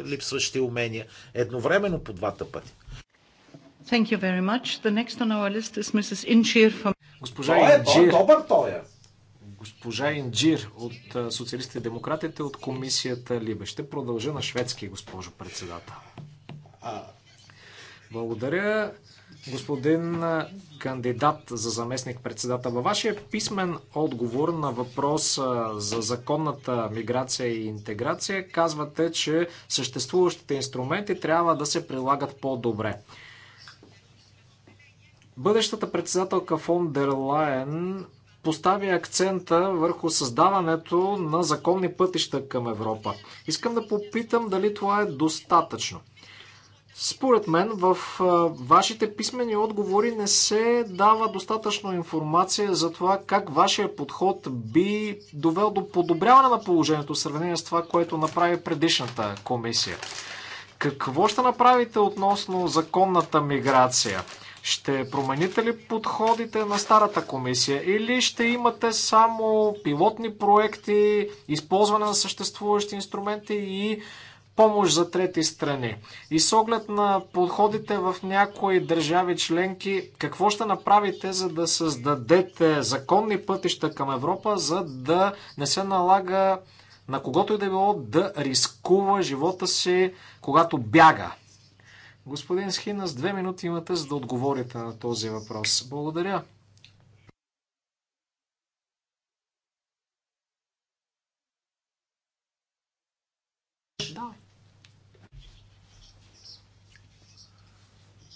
липсващи умения, едновременно по двата пъти. Thank you very much. The next on our list is Mrs. from... Госпожа той е, Инджир. Добър той е. Госпожа Инджир от Социалистите и демократите от комисията Либе. Ще продължа на шведски, госпожо председател. Благодаря, господин кандидат за заместник председател. Във вашия писмен отговор на въпрос за законната миграция и интеграция казвате, че съществуващите инструменти трябва да се прилагат по-добре. Бъдещата председателка фон дер Лайен постави акцента върху създаването на законни пътища към Европа. Искам да попитам дали това е достатъчно. Според мен в вашите писмени отговори не се дава достатъчно информация за това как вашия подход би довел до подобряване на положението в сравнение с това, което направи предишната комисия. Какво ще направите относно законната миграция? Ще промените ли подходите на старата комисия или ще имате само пилотни проекти, използване на съществуващи инструменти и помощ за трети страни? И с оглед на подходите в някои държави членки, какво ще направите, за да създадете законни пътища към Европа, за да не се налага на когото и да било да рискува живота си, когато бяга Господин Схинас, две минути имате за да отговорите на този въпрос. Благодаря.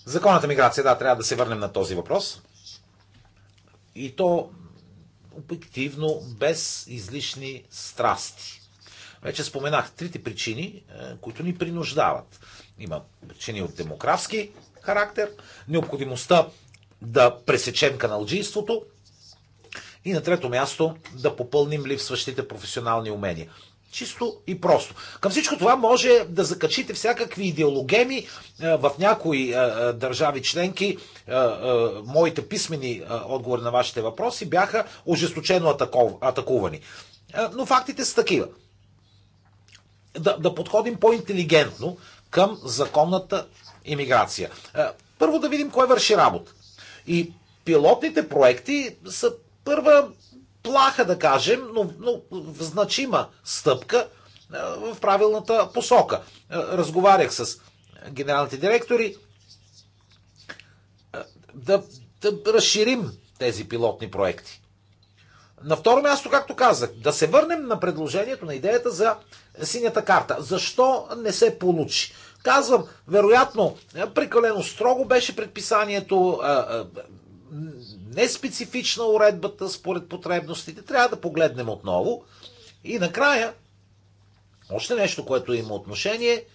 Законната миграция, да, трябва да се върнем на този въпрос. И то обективно, без излишни страсти. Вече споменах трите причини, е, които ни принуждават има причини от демографски характер, необходимостта да пресечем каналджийството и на трето място да попълним липсващите професионални умения. Чисто и просто. Към всичко това може да закачите всякакви идеологеми е, в някои е, е, държави членки. Моите писмени отговори на вашите въпроси бяха ожесточено атакувани. Но фактите са такива. Да, да подходим по-интелигентно към законната иммиграция. Е, първо да видим кой върши работа. И пилотните проекти са първа плаха, да кажем, но, но значима стъпка е, в правилната посока. Е, разговарях с генералните директори да, да разширим тези пилотни проекти. На второ място, както казах, да се върнем на предложението, на идеята за синята карта. Защо не се получи? Казвам, вероятно, е, прекалено строго беше предписанието, е, е, неспецифична уредбата според потребностите. Трябва да погледнем отново. И накрая, още нещо, което има отношение –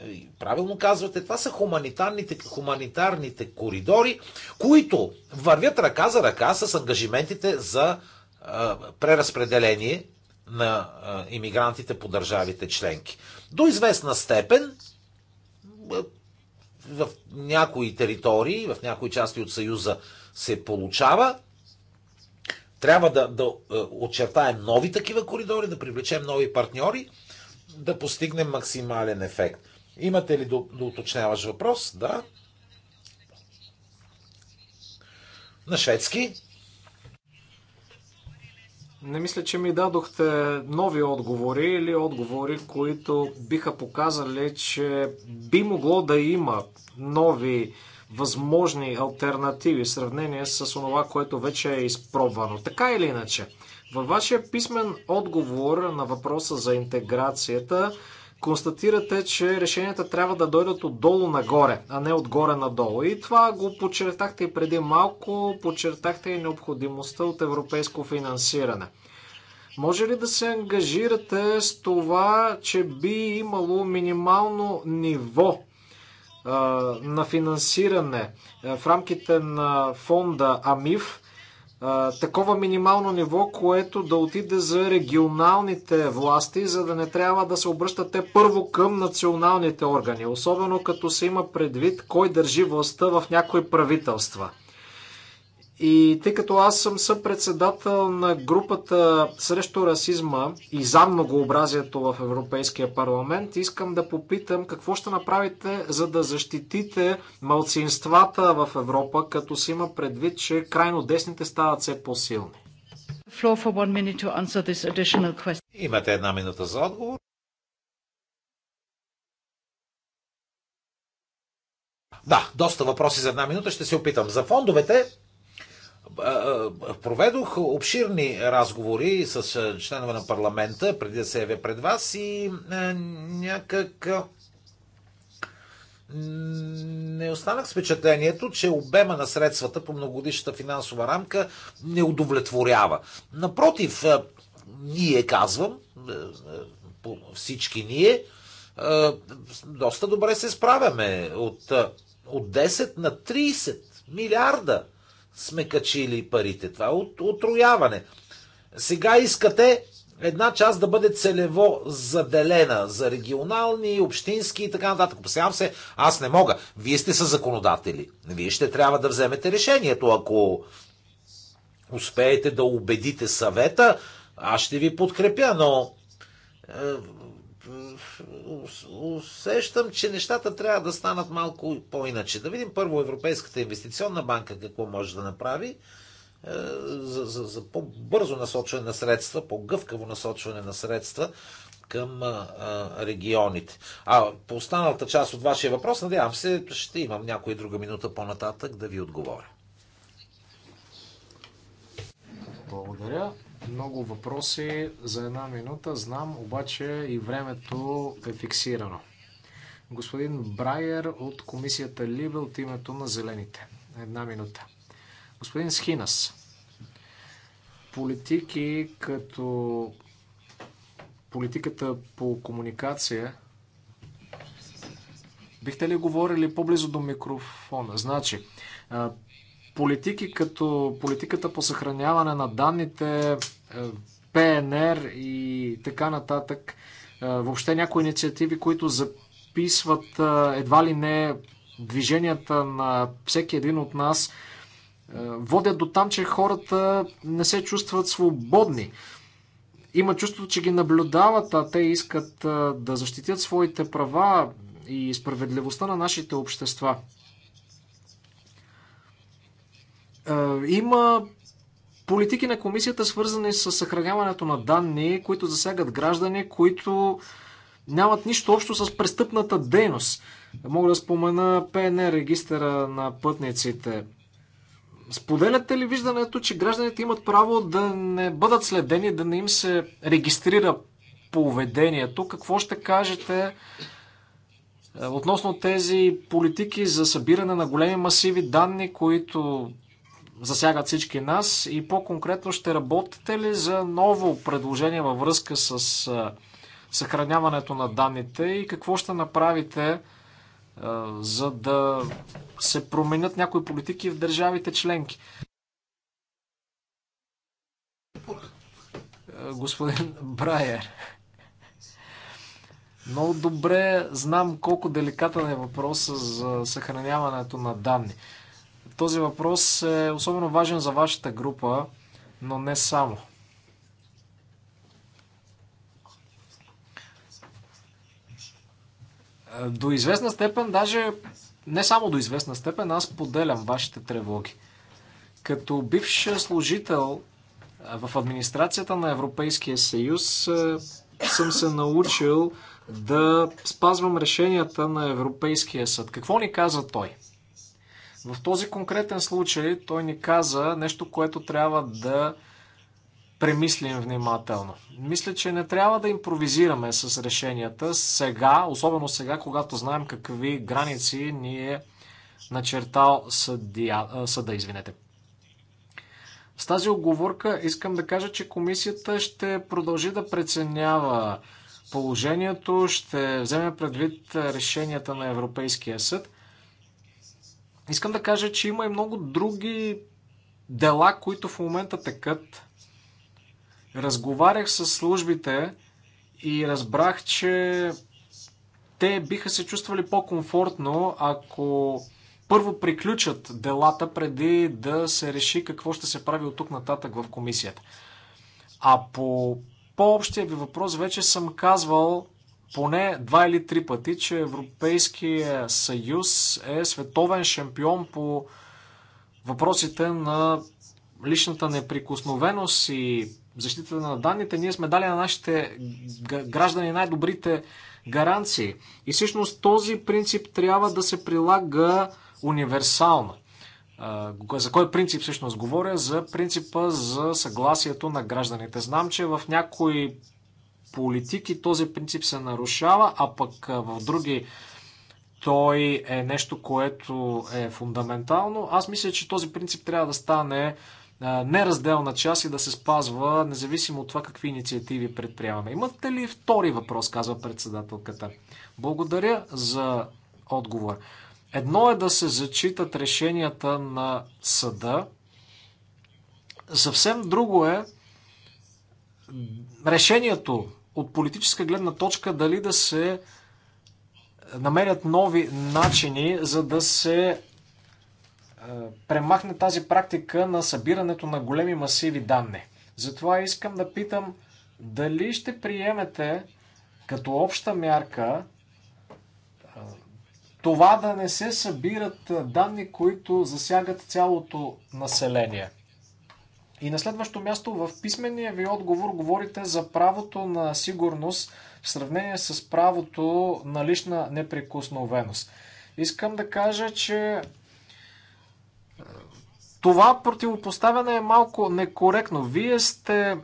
Нали, правилно казвате, това са хуманитарните, хуманитарните коридори, които вървят ръка за ръка с ангажиментите за а, преразпределение на а, иммигрантите по държавите членки. До известна степен в някои територии, в някои части от Съюза се получава. Трябва да, да очертаем нови такива коридори, да привлечем нови партньори да постигнем максимален ефект. Имате ли да, уточняваш въпрос? Да. На шведски? Не мисля, че ми дадохте нови отговори или отговори, които биха показали, че би могло да има нови възможни альтернативи в сравнение с това, което вече е изпробвано. Така или иначе, във вашия писмен отговор на въпроса за интеграцията, констатирате, че решенията трябва да дойдат отдолу нагоре, а не отгоре надолу. И това го подчертахте и преди малко, подчертахте и необходимостта от европейско финансиране. Може ли да се ангажирате с това, че би имало минимално ниво а, на финансиране в рамките на фонда АМИФ, такова минимално ниво, което да отиде за регионалните власти, за да не трябва да се обръщат те първо към националните органи, особено като се има предвид кой държи властта в някои правителства – и тъй като аз съм съпредседател на групата срещу расизма и за многообразието в Европейския парламент, искам да попитам какво ще направите, за да защитите малцинствата в Европа, като си има предвид, че крайно десните стават все по-силни. Имате една минута за отговор. Да, доста въпроси за една минута. Ще се опитам. За фондовете проведох обширни разговори с членове на парламента, преди да се явя пред вас и някак не останах с впечатлението, че обема на средствата по многодишната финансова рамка не удовлетворява. Напротив, ние казвам, всички ние, доста добре се справяме. От, от 10 на 30 милиарда сме качили парите. Това е от, отрояване. Сега искате една част да бъде целево заделена за регионални, общински и така нататък. Посявам се, аз не мога. Вие сте са законодатели. Вие ще трябва да вземете решението. Ако успеете да убедите съвета, аз ще ви подкрепя, но е, усещам, че нещата трябва да станат малко по-иначе. Да видим първо Европейската инвестиционна банка какво може да направи е, за, за, за по-бързо насочване на средства, по-гъвкаво насочване на средства към регионите. А по останалата част от вашия въпрос, надявам се, ще имам някоя друга минута по-нататък да ви отговоря. Благодаря много въпроси за една минута. Знам, обаче и времето е фиксирано. Господин Брайер от комисията Либе от името на Зелените. Една минута. Господин Схинас, политики като политиката по комуникация Бихте ли говорили по-близо до микрофона? Значи, политики като политиката по съхраняване на данните, е, ПНР и така нататък. Е, въобще някои инициативи, които записват е, едва ли не движенията на всеки един от нас, водят до там, че хората не се чувстват свободни. Има чувството, че ги наблюдават, а те искат да защитят своите права и справедливостта на нашите общества. Има политики на комисията, свързани с съхраняването на данни, които засягат граждани, които нямат нищо общо с престъпната дейност. Мога да спомена ПНР, регистъра на пътниците. Споделяте ли виждането, че гражданите имат право да не бъдат следени, да не им се регистрира поведението? Какво ще кажете е, относно тези политики за събиране на големи масиви данни, които засягат всички нас и по-конкретно ще работите ли за ново предложение във връзка с съхраняването на данните и какво ще направите за да се променят някои политики в държавите членки? Господин Брайер. Много добре знам колко деликатен е въпросът за съхраняването на данни. Този въпрос е особено важен за вашата група, но не само. До известна степен, даже не само до известна степен, аз поделям вашите тревоги. Като бивш служител в администрацията на Европейския съюз съм се научил да спазвам решенията на Европейския съд. Какво ни каза той? В този конкретен случай той ни каза нещо, което трябва да премислим внимателно. Мисля, че не трябва да импровизираме с решенията сега, особено сега, когато знаем какви граници ни е начертал съдия, съда. Извинете. С тази оговорка искам да кажа, че комисията ще продължи да преценява положението, ще вземе предвид решенията на Европейския съд Искам да кажа, че има и много други дела, които в момента текат. Разговарях с службите и разбрах, че те биха се чувствали по-комфортно, ако първо приключат делата, преди да се реши какво ще се прави от тук нататък в комисията. А по по-общия ви въпрос вече съм казвал, поне два или три пъти, че Европейския съюз е световен шампион по въпросите на личната неприкосновеност и защита на данните. Ние сме дали на нашите граждани най-добрите гаранции. И всъщност този принцип трябва да се прилага универсално. За кой принцип всъщност говоря? За принципа за съгласието на гражданите. Знам, че в някои политики този принцип се нарушава, а пък в други той е нещо, което е фундаментално. Аз мисля, че този принцип трябва да стане неразделна част и да се спазва, независимо от това какви инициативи предприемаме. Имате ли втори въпрос, казва председателката? Благодаря за отговор. Едно е да се зачитат решенията на съда. Съвсем друго е решението от политическа гледна точка дали да се намерят нови начини, за да се е, премахне тази практика на събирането на големи масиви данни. Затова искам да питам дали ще приемете като обща мярка е, това да не се събират данни, които засягат цялото население. И на следващо място в писмения ви отговор говорите за правото на сигурност в сравнение с правото на лична неприкосновеност. Искам да кажа, че е, това противопоставяне е малко некоректно. Вие сте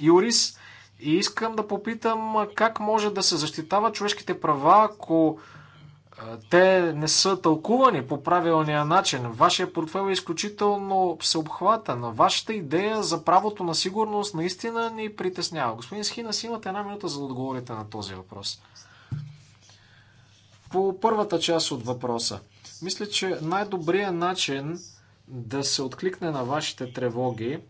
юрист и искам да попитам е, как може да се защитава човешките права, ако те не са тълкувани по правилния начин. Вашия портфел е изключително всеобхватен. Вашата идея за правото на сигурност наистина ни притеснява. Господин Схинас, имате една минута за да отговорите на този въпрос. По първата част от въпроса. Мисля, че най-добрият начин да се откликне на вашите тревоги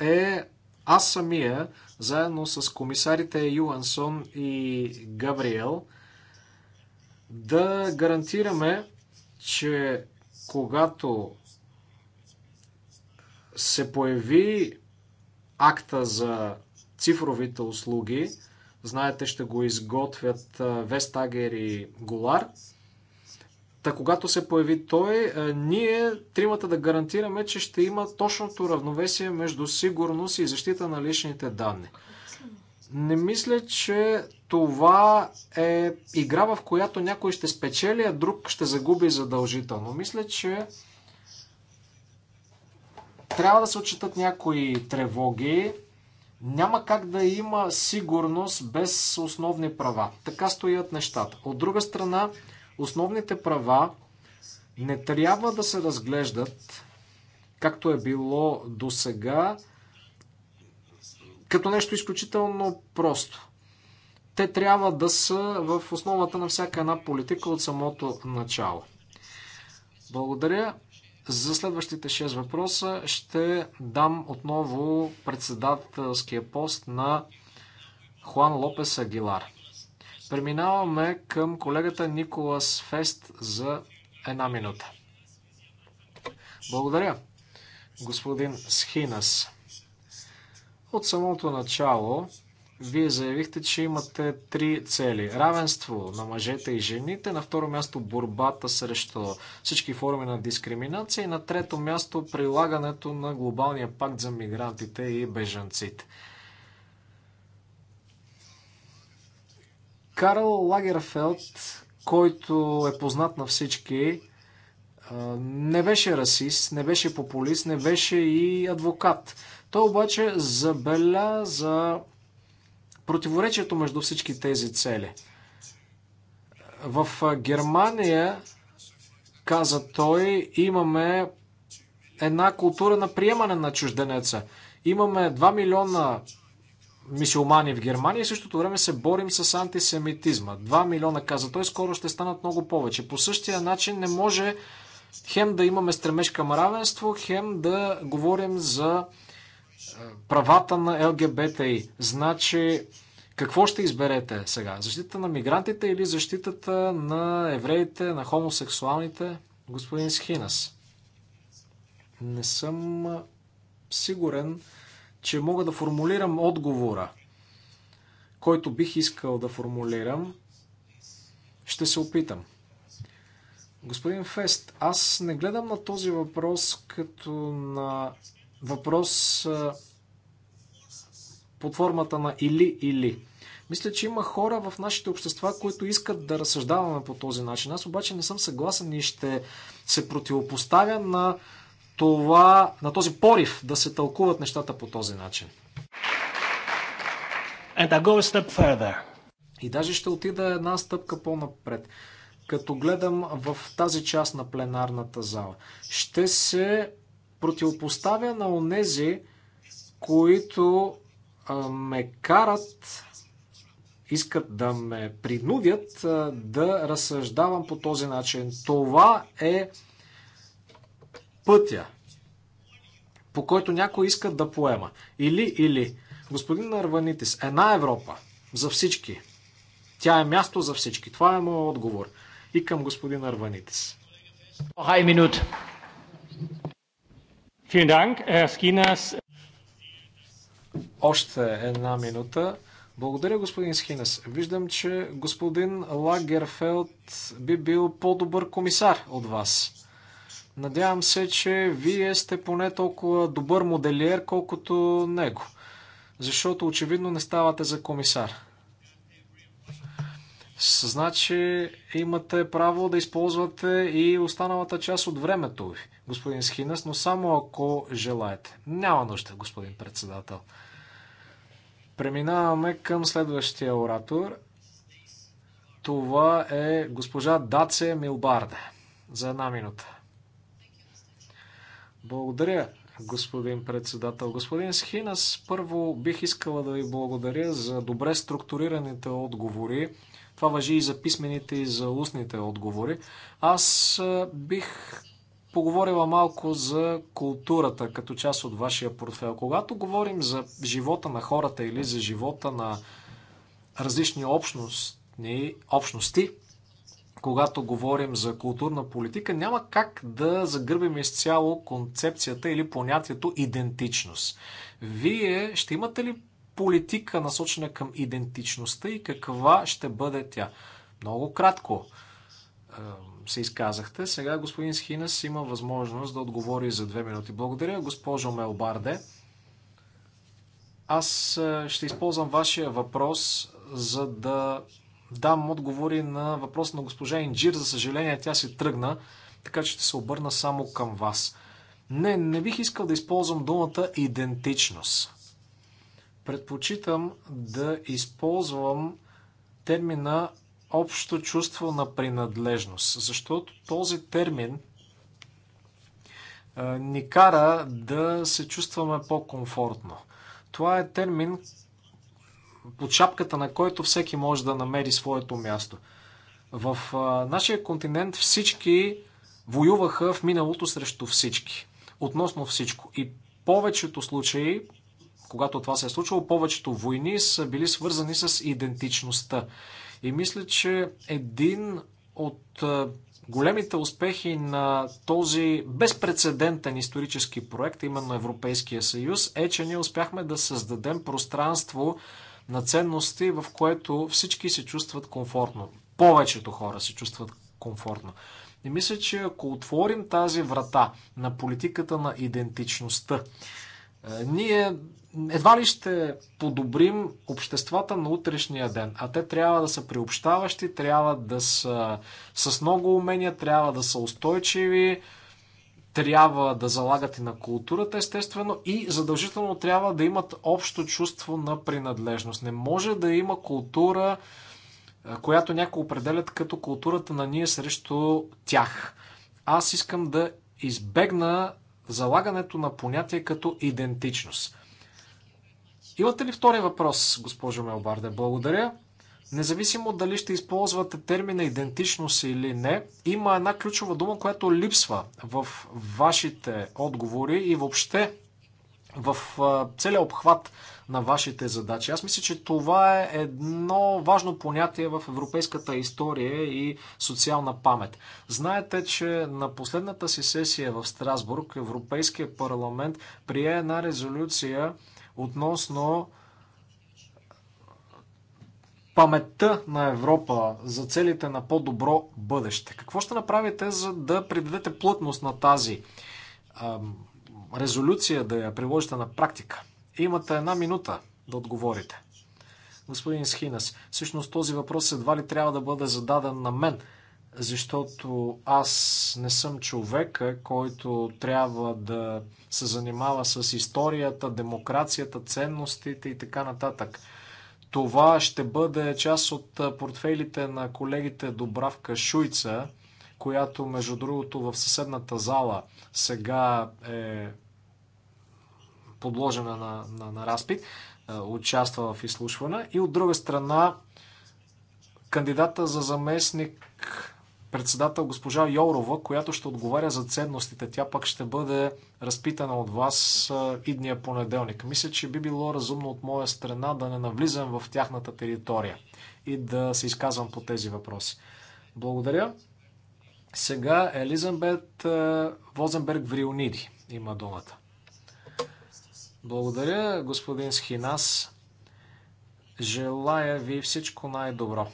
е аз самия заедно с комисарите Юансон и Габриел да гарантираме, че когато се появи акта за цифровите услуги, знаете, ще го изготвят Вестагер и Голар – Та когато се появи той, е, ние тримата да гарантираме, че ще има точното равновесие между сигурност и защита на личните данни. Не мисля, че това е игра, в която някой ще спечели, а друг ще загуби задължително. Мисля, че трябва да се отчитат някои тревоги. Няма как да има сигурност без основни права. Така стоят нещата. От друга страна, Основните права не трябва да се разглеждат, както е било до сега, като нещо изключително просто. Те трябва да са в основата на всяка една политика от самото начало. Благодаря. За следващите 6 въпроса ще дам отново председателския пост на Хуан Лопес Агилар. Преминаваме към колегата Николас Фест за една минута. Благодаря, господин Схинас. От самото начало вие заявихте, че имате три цели. Равенство на мъжете и жените, на второ място борбата срещу всички форми на дискриминация и на трето място прилагането на глобалния пакт за мигрантите и бежанците. Карл Лагерфелд, който е познат на всички, не беше расист, не беше популист, не беше и адвокат. Той обаче забеляза противоречието между всички тези цели. В Германия, каза той, имаме една култура на приемане на чужденеца. Имаме 2 милиона мисиомани в Германия и същото време се борим с антисемитизма. Два милиона, каза той, скоро ще станат много повече. По същия начин не може хем да имаме стремеж към равенство, хем да говорим за е, правата на ЛГБТИ. Значи, какво ще изберете сега? Защита на мигрантите или защитата на евреите, на хомосексуалните? Господин Схинас. Не съм сигурен че мога да формулирам отговора, който бих искал да формулирам. Ще се опитам. Господин Фест, аз не гледам на този въпрос като на въпрос под формата на или-или. Мисля, че има хора в нашите общества, които искат да разсъждаваме по този начин. Аз обаче не съм съгласен и ще се противопоставя на това, на този порив да се тълкуват нещата по този начин. And I go a step further. И даже ще отида една стъпка по-напред. Като гледам в тази част на пленарната зала, ще се противопоставя на онези, които а, ме карат, искат да ме принудят а, да разсъждавам по този начин. Това е а, пътя, по който някой иска да поема. Или, или. Господин Арванитис, една Европа за всички. Тя е място за всички. Това е моят отговор. И към господин Арванитис. Хай минут. Още една минута. Благодаря, господин Схинес. Виждам, че господин Лагерфелд би бил по-добър комисар от вас. Надявам се, че вие сте поне толкова добър моделиер, колкото него. Защото очевидно не ставате за комисар. Значи имате право да използвате и останалата част от времето ви, господин Схинес, но само ако желаете. Няма нужда, господин председател. Преминаваме към следващия оратор. Това е госпожа Даце Милбарде. За една минута. Благодаря, господин председател. Господин Схинас, първо бих искала да ви благодаря за добре структурираните отговори. Това въжи и за писмените, и за устните отговори. Аз бих поговорила малко за културата като част от вашия портфел. Когато говорим за живота на хората или за живота на различни общности, общности когато говорим за културна политика, няма как да загърбим изцяло концепцията или понятието идентичност. Вие ще имате ли политика насочена към идентичността и каква ще бъде тя? Много кратко се изказахте. Сега господин Схинес има възможност да отговори за две минути. Благодаря, госпожо Мелбарде. Аз е, ще използвам вашия въпрос, за да дам отговори на въпрос на госпожа Инджир. За съжаление, тя се тръгна, така че ще се обърна само към вас. Не, не бих искал да използвам думата идентичност. Предпочитам да използвам термина общо чувство на принадлежност, защото този термин ни кара да се чувстваме по-комфортно. Това е термин, под шапката на който всеки може да намери своето място. В нашия континент всички воюваха в миналото срещу всички. Относно всичко. И повечето случаи, когато това се е случило, повечето войни са били свързани с идентичността. И мисля, че един от големите успехи на този безпредседентен исторически проект, именно Европейския съюз, е, че ние успяхме да създадем пространство, на ценности, в което всички се чувстват комфортно. Повечето хора се чувстват комфортно. И мисля, че ако отворим тази врата на политиката на идентичността, е, ние едва ли ще подобрим обществата на утрешния ден, а те трябва да са приобщаващи, трябва да са с много умения, трябва да са устойчиви, трябва да залагат и на културата, естествено, и задължително трябва да имат общо чувство на принадлежност. Не може да има култура, е, която някои определят като културата на ние срещу тях. Аз искам да избегна залагането на понятие като идентичност. Имате ли втори въпрос, госпожо Мелбарде? Благодаря. Независимо дали ще използвате термина идентичност или не, има една ключова дума, която липсва в вашите отговори и въобще в целия обхват на вашите задачи. Аз мисля, че това е едно важно понятие в европейската история и социална памет. Знаете, че на последната си сесия в Страсбург Европейския парламент прие една резолюция относно паметта на Европа за целите на по-добро бъдеще. Какво ще направите, за да придадете плътност на тази а, резолюция, да я приложите на практика? Имате една минута да отговорите. Господин Схинас, всъщност този въпрос едва ли трябва да бъде зададен на мен, защото аз не съм човек, който трябва да се занимава с историята, демокрацията, ценностите и така нататък. Това ще бъде част от портфейлите на колегите Добравка Шуйца, която между другото в съседната зала сега е подложена на, на, на разпит, участва в изслушване. И от друга страна, кандидата за заместник председател госпожа Йорова, която ще отговаря за ценностите. Тя пък ще бъде разпитана от вас идния понеделник. Мисля, че би било разумно от моя страна да не навлизам в тяхната територия и да се изказвам по тези въпроси. Благодаря. Сега Елизабет Возенберг Вриониди има думата. Благодаря, господин Схинас. Желая ви всичко най-добро.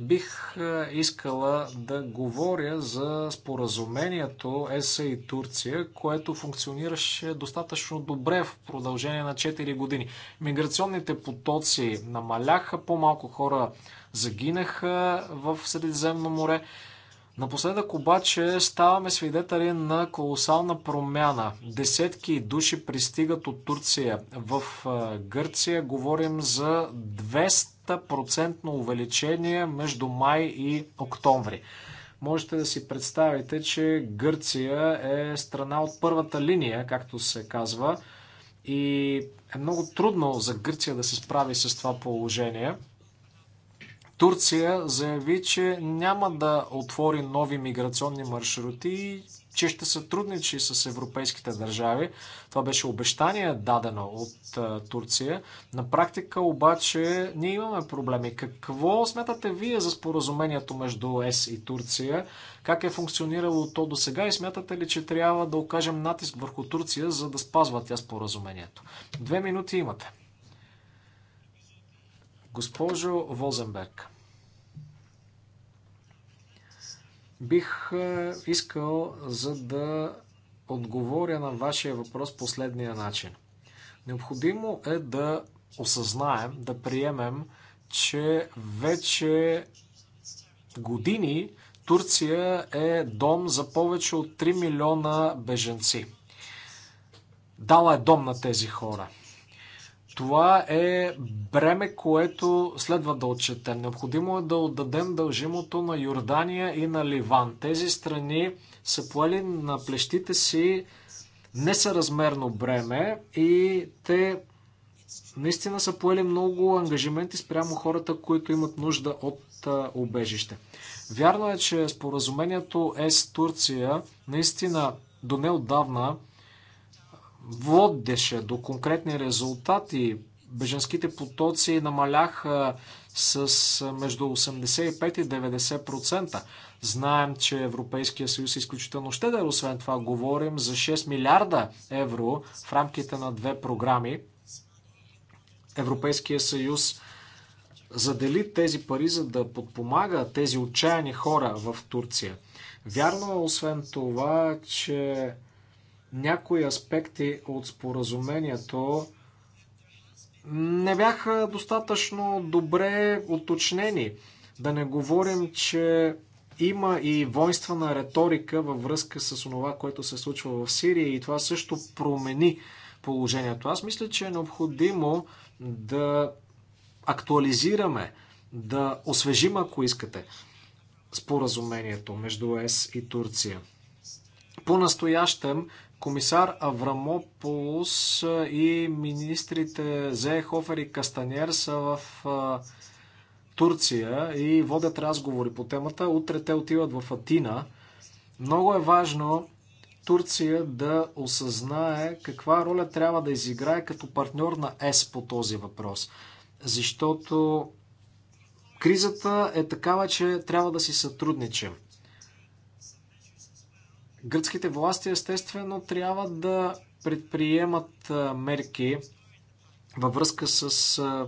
Бих е, искала да говоря за споразумението ЕСА и Турция, което функционираше достатъчно добре в продължение на 4 години. Миграционните потоци намаляха, по-малко хора загинаха в Средиземно море. Напоследък обаче ставаме свидетели на колосална промяна. Десетки души пристигат от Турция в Гърция. Говорим за 200% увеличение между май и октомври. Можете да си представите, че Гърция е страна от първата линия, както се казва, и е много трудно за Гърция да се справи с това положение. Турция заяви, че няма да отвори нови миграционни маршрути и че ще сътрудничи с европейските държави. Това беше обещание дадено от Турция. На практика обаче ние имаме проблеми. Какво смятате вие за споразумението между ЕС и Турция? Как е функционирало то до сега и смятате ли, че трябва да окажем натиск върху Турция, за да спазва тя споразумението? Две минути имате. Госпожо Возенберг, бих е, искал за да отговоря на вашия въпрос последния начин. Необходимо е да осъзнаем, да приемем, че вече години Турция е дом за повече от 3 милиона беженци. Дала е дом на тези хора. Това е бреме, което следва да отчетем. Необходимо е да отдадем дължимото на Йордания и на Ливан. Тези страни са поели на плещите си несъразмерно бреме и те наистина са поели много ангажименти спрямо хората, които имат нужда от убежище. Вярно е, че споразумението е с Турция наистина до неодавна водеше до конкретни резултати. Беженските потоци намаляха с между 85 и 90%. Знаем, че Европейския съюз е изключително щедър. Освен това, говорим за 6 милиарда евро в рамките на две програми. Европейския съюз задели тези пари, за да подпомага тези отчаяни хора в Турция. Вярно е, освен това, че някои аспекти от споразумението не бяха достатъчно добре уточнени. Да не говорим, че има и воинствена риторика във връзка с това, което се случва в Сирия и това също промени положението. Аз мисля, че е необходимо да актуализираме, да освежим, ако искате, споразумението между ЕС и Турция. По-настоящем комисар Аврамополус и министрите Зехофер и Кастанер са в Турция и водят разговори по темата. Утре те отиват в Атина. Много е важно Турция да осъзнае каква роля трябва да изиграе като партньор на ЕС по този въпрос. Защото кризата е такава, че трябва да си сътрудничим. Гръцките власти естествено трябва да предприемат мерки във връзка с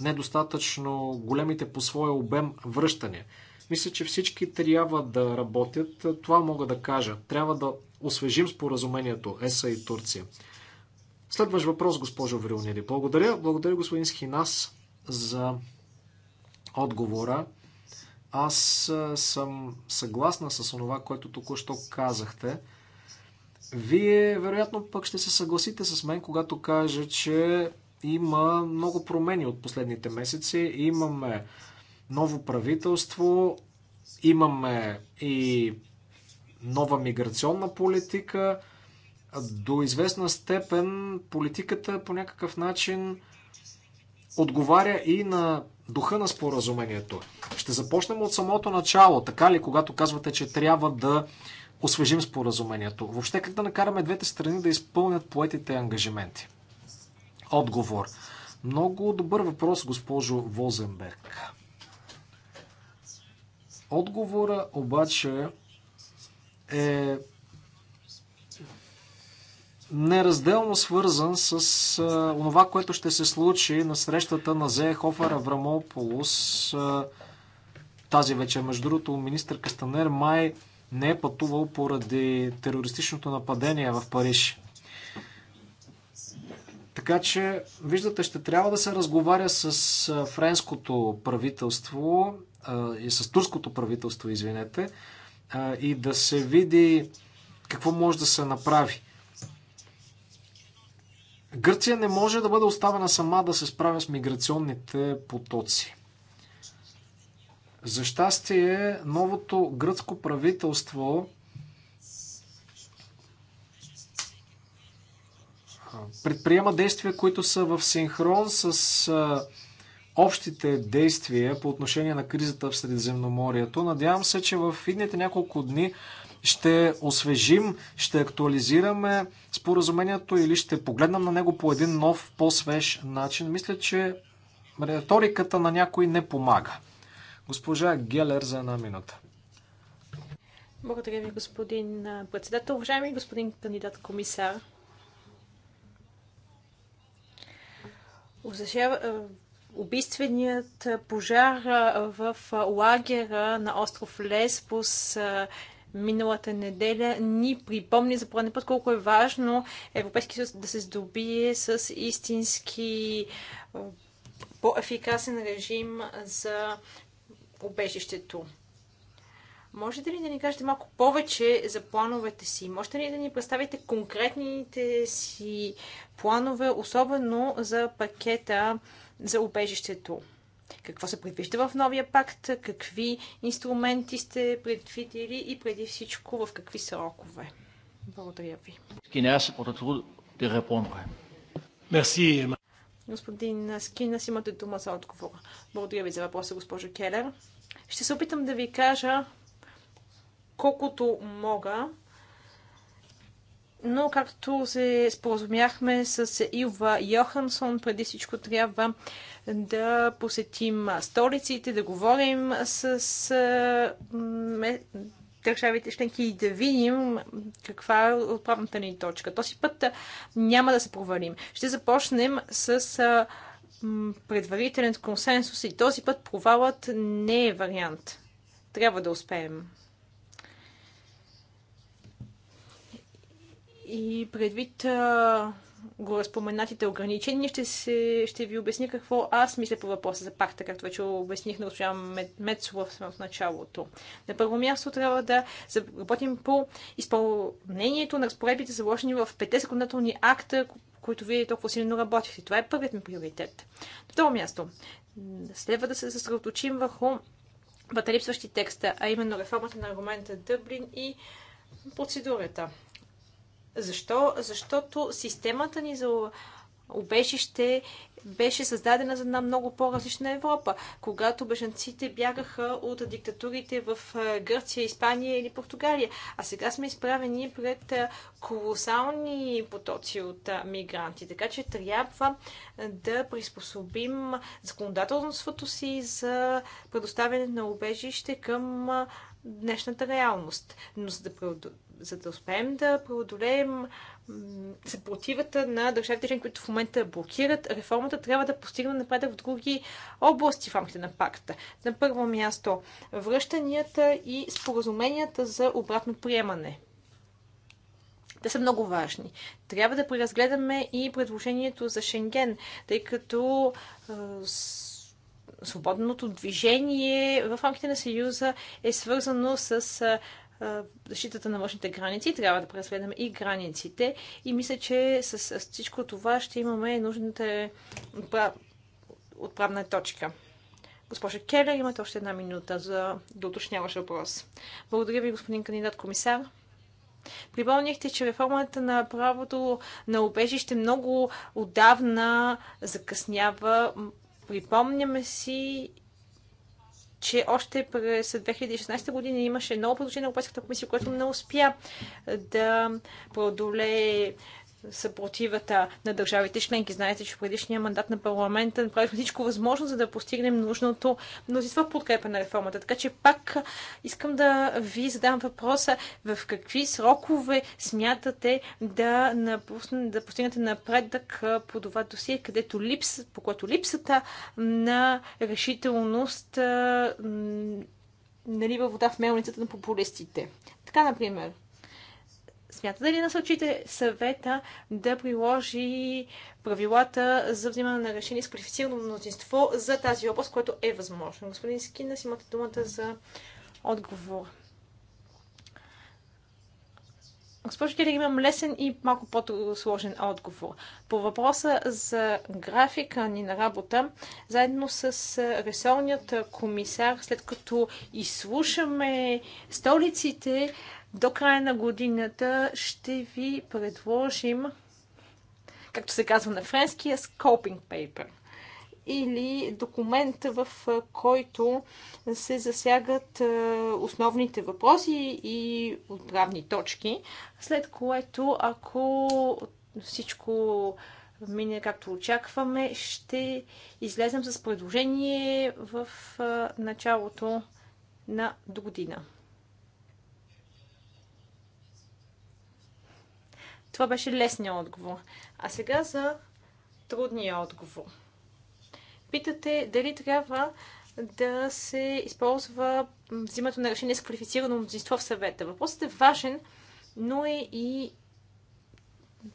недостатъчно големите по своя обем връщания. Мисля, че всички трябва да работят. Това мога да кажа. Трябва да освежим споразумението ЕСА и Турция. Следващ въпрос, госпожо Врилнири. Благодаря. Благодаря, господин Схинас, за отговора. Аз съм съгласна с това, което току-що казахте. Вие, вероятно, пък ще се съгласите с мен, когато кажа, че има много промени от последните месеци. Имаме ново правителство, имаме и нова миграционна политика. До известна степен политиката по някакъв начин отговаря и на духа на споразумението. Ще започнем от самото начало, така ли, когато казвате, че трябва да освежим споразумението? Въобще как да накараме двете страни да изпълнят поетите ангажименти? Отговор. Много добър въпрос, госпожо Возенберг. Отговора обаче е неразделно свързан с а, това, което ще се случи на срещата на Хофер Аврамополус а, тази вечер. Между другото, министър Кастанер май не е пътувал поради терористичното нападение в Париж. Така че, виждате, ще трябва да се разговаря с френското правителство а, и с турското правителство, извинете, а, и да се види какво може да се направи Гърция не може да бъде оставена сама да се справя с миграционните потоци. За щастие, новото гръцко правителство предприема действия, които са в синхрон с общите действия по отношение на кризата в Средиземноморието. Надявам се, че в идните няколко дни ще освежим, ще актуализираме споразумението или ще погледнем на него по един нов, по-свеж начин. Мисля, че риториката на някой не помага. Госпожа Гелер за една минута. Благодаря ви, господин председател. Уважаеми господин кандидат комисар, убийственият пожар в лагера на остров Леспус миналата неделя ни припомни за пореден път колко е важно Европейски съюз да се здобие с истински по-ефикасен режим за убежището. Можете ли да ни кажете малко повече за плановете си? Можете ли да ни представите конкретните си планове, особено за пакета за убежището? Какво се предвижда в новия пакт? Какви инструменти сте предвидили и преди всичко в какви срокове? Благодаря ви. Господин Скинас, имате дума за отговор. Благодаря ви за въпроса, госпожо Келер. Ще се опитам да ви кажа колкото мога, но както се споразумяхме с Илва Йохансон, преди всичко трябва да посетим столиците, да говорим с държавите членки и да видим каква е отправната ни точка. Този път няма да се провалим. Ще започнем с предварителен консенсус и този път провалът не е вариант. Трябва да успеем. И предвид гореспоменатите ограничения, ще, се, ще ви обясня какво аз мисля по въпроса за пакта, както вече обясних на госпожа Мецова в началото. На първо място трябва да работим по изпълнението на разпоредбите, заложени в пете законодателни акта, които вие толкова силно работихте. Това е първият ми приоритет. На второ място, следва да се съсредоточим върху липсващи текста, а именно реформата на аргумента Дъблин и процедурата. Защо? Защото системата ни за обежище беше създадена за една много по-различна Европа, когато бежанците бягаха от диктатурите в е, Гърция, Испания или Португалия. А сега сме изправени пред е, колосални потоци от е, мигранти. Така че трябва да приспособим законодателството си за предоставяне на обежище към днешната реалност. Но за да преодолеем за да успеем да преодолеем съпротивата на държавите членки, които в момента блокират, реформата трябва да постигне напредък в други области в рамките на пакта. На първо място връщанията и споразуменията за обратно приемане. Те са много важни. Трябва да преразгледаме и предложението за Шенген, тъй като свободното движение в рамките на Съюза е свързано с защитата на външните граници, трябва да преследваме и границите. И мисля, че с всичко това ще имаме нужната отправна точка. Госпожа Келер, имате още една минута за да уточняваш въпрос. Благодаря ви, господин кандидат комисар. Припомнихте, че реформата на правото на убежище много отдавна закъснява. Припомняме си че още през 2016 година имаше ново предложение на Европейската комисия, което не успя да преодолее съпротивата на държавите членки. Знаете, че в предишния мандат на парламента направихме всичко възможно, за да постигнем нужното мнозинство подкрепа на реформата. Така че пак искам да ви задам въпроса в какви срокове смятате да, напусне, да постигнете напредък по това досие, където липс, по което липсата на решителност налива вода в мелницата на популистите. Така, например, Смята дали насочите съвета да приложи правилата за взимане на решение с квалифицирано мнозинство за тази област, което е възможно? Господин си имате думата за отговор. Госпожо Келер, имам лесен и малко по-сложен отговор. По въпроса за графика ни на работа, заедно с ресорният комисар, след като изслушаме столиците, до края на годината ще ви предложим, както се казва на френския, scoping paper или документ, в който се засягат основните въпроси и отправни точки, след което, ако всичко мине както очакваме, ще излезем с предложение в началото на до година. Това беше лесният отговор. А сега за трудния отговор. Питате дали трябва да се използва взимането на решение с квалифицирано мнозинство в съвета. Въпросът е важен, но е и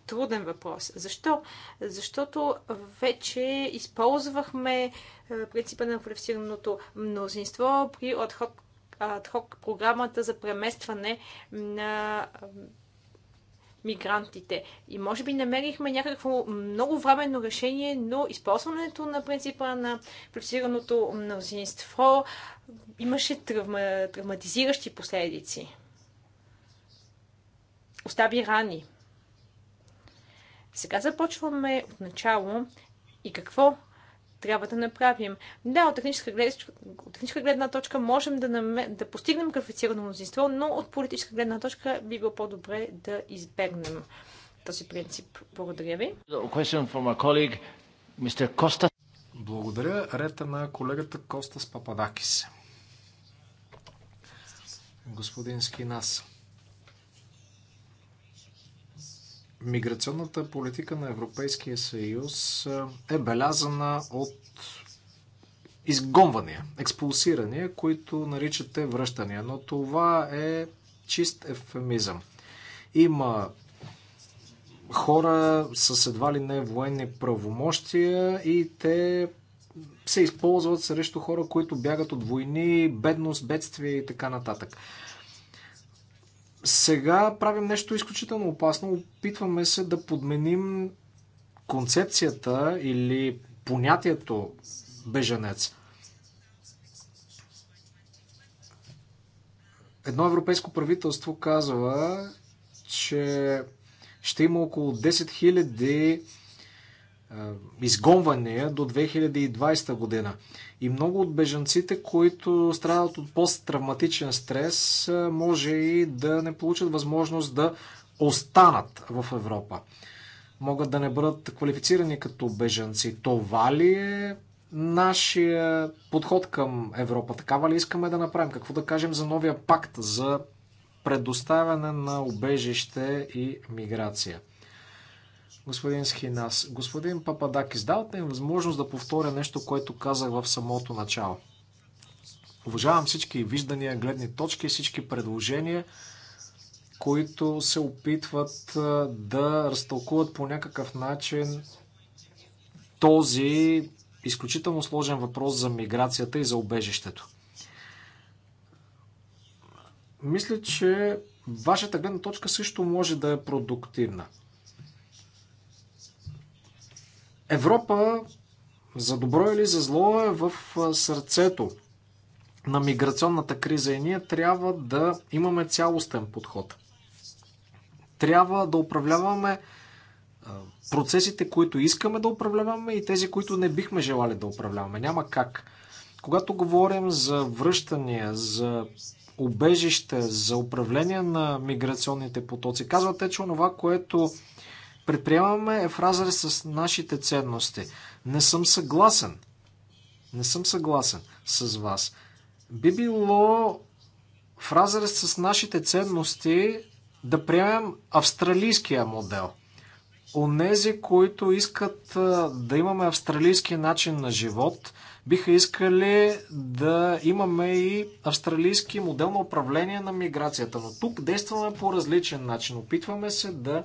труден въпрос. Защо? Защото вече използвахме е, принципа на квалифицираното мнозинство при отход програмата за преместване на мигрантите. И може би намерихме някакво много временно решение, но използването на принципа на плюсираното мнозинство имаше травма, травматизиращи последици. Остави рани. Сега започваме от начало и какво трябва да направим. Да, от техническа, глед... от техническа гледна точка можем да, нам... да постигнем квалифицирано мнозинство, но от политическа гледна точка би било по-добре да избегнем този принцип. Благодаря ви. Благодаря. Рета е на колегата Костас Пападакис. Господин Скинас. Миграционната политика на Европейския съюз е белязана от изгонвания, експулсирания, които наричате връщания. Но това е чист ефемизъм. Има хора с едва ли не военни правомощия и те се използват срещу хора, които бягат от войни, бедност, бедствия и така нататък. Сега правим нещо изключително опасно. Опитваме се да подменим концепцията или понятието беженец. Едно европейско правителство казва, че ще има около 10 000 изгонвания до 2020 година. И много от бежанците, които страдат от посттравматичен стрес, може и да не получат възможност да останат в Европа. Могат да не бъдат квалифицирани като бежанци. Това ли е нашия подход към Европа? Такава ли искаме да направим? Какво да кажем за новия пакт за предоставяне на убежище и миграция? господин Схинас. Господин Пападакис, издавате им възможност да повторя нещо, което казах в самото начало. Уважавам всички виждания, гледни точки, всички предложения, които се опитват да разтълкуват по някакъв начин този изключително сложен въпрос за миграцията и за убежището. Мисля, че вашата гледна точка също може да е продуктивна. Европа, за добро или за зло, е в сърцето на миграционната криза и ние трябва да имаме цялостен подход. Трябва да управляваме процесите, които искаме да управляваме и тези, които не бихме желали да управляваме. Няма как. Когато говорим за връщания, за убежище, за управление на миграционните потоци, казвате, че онова, което предприемаме е в разрез с нашите ценности. Не съм съгласен. Не съм съгласен с вас. Би било в разрез с нашите ценности да приемем австралийския модел. Онези, които искат да имаме австралийски начин на живот, биха искали да имаме и австралийски модел на управление на миграцията. Но тук действаме по различен начин. Опитваме се да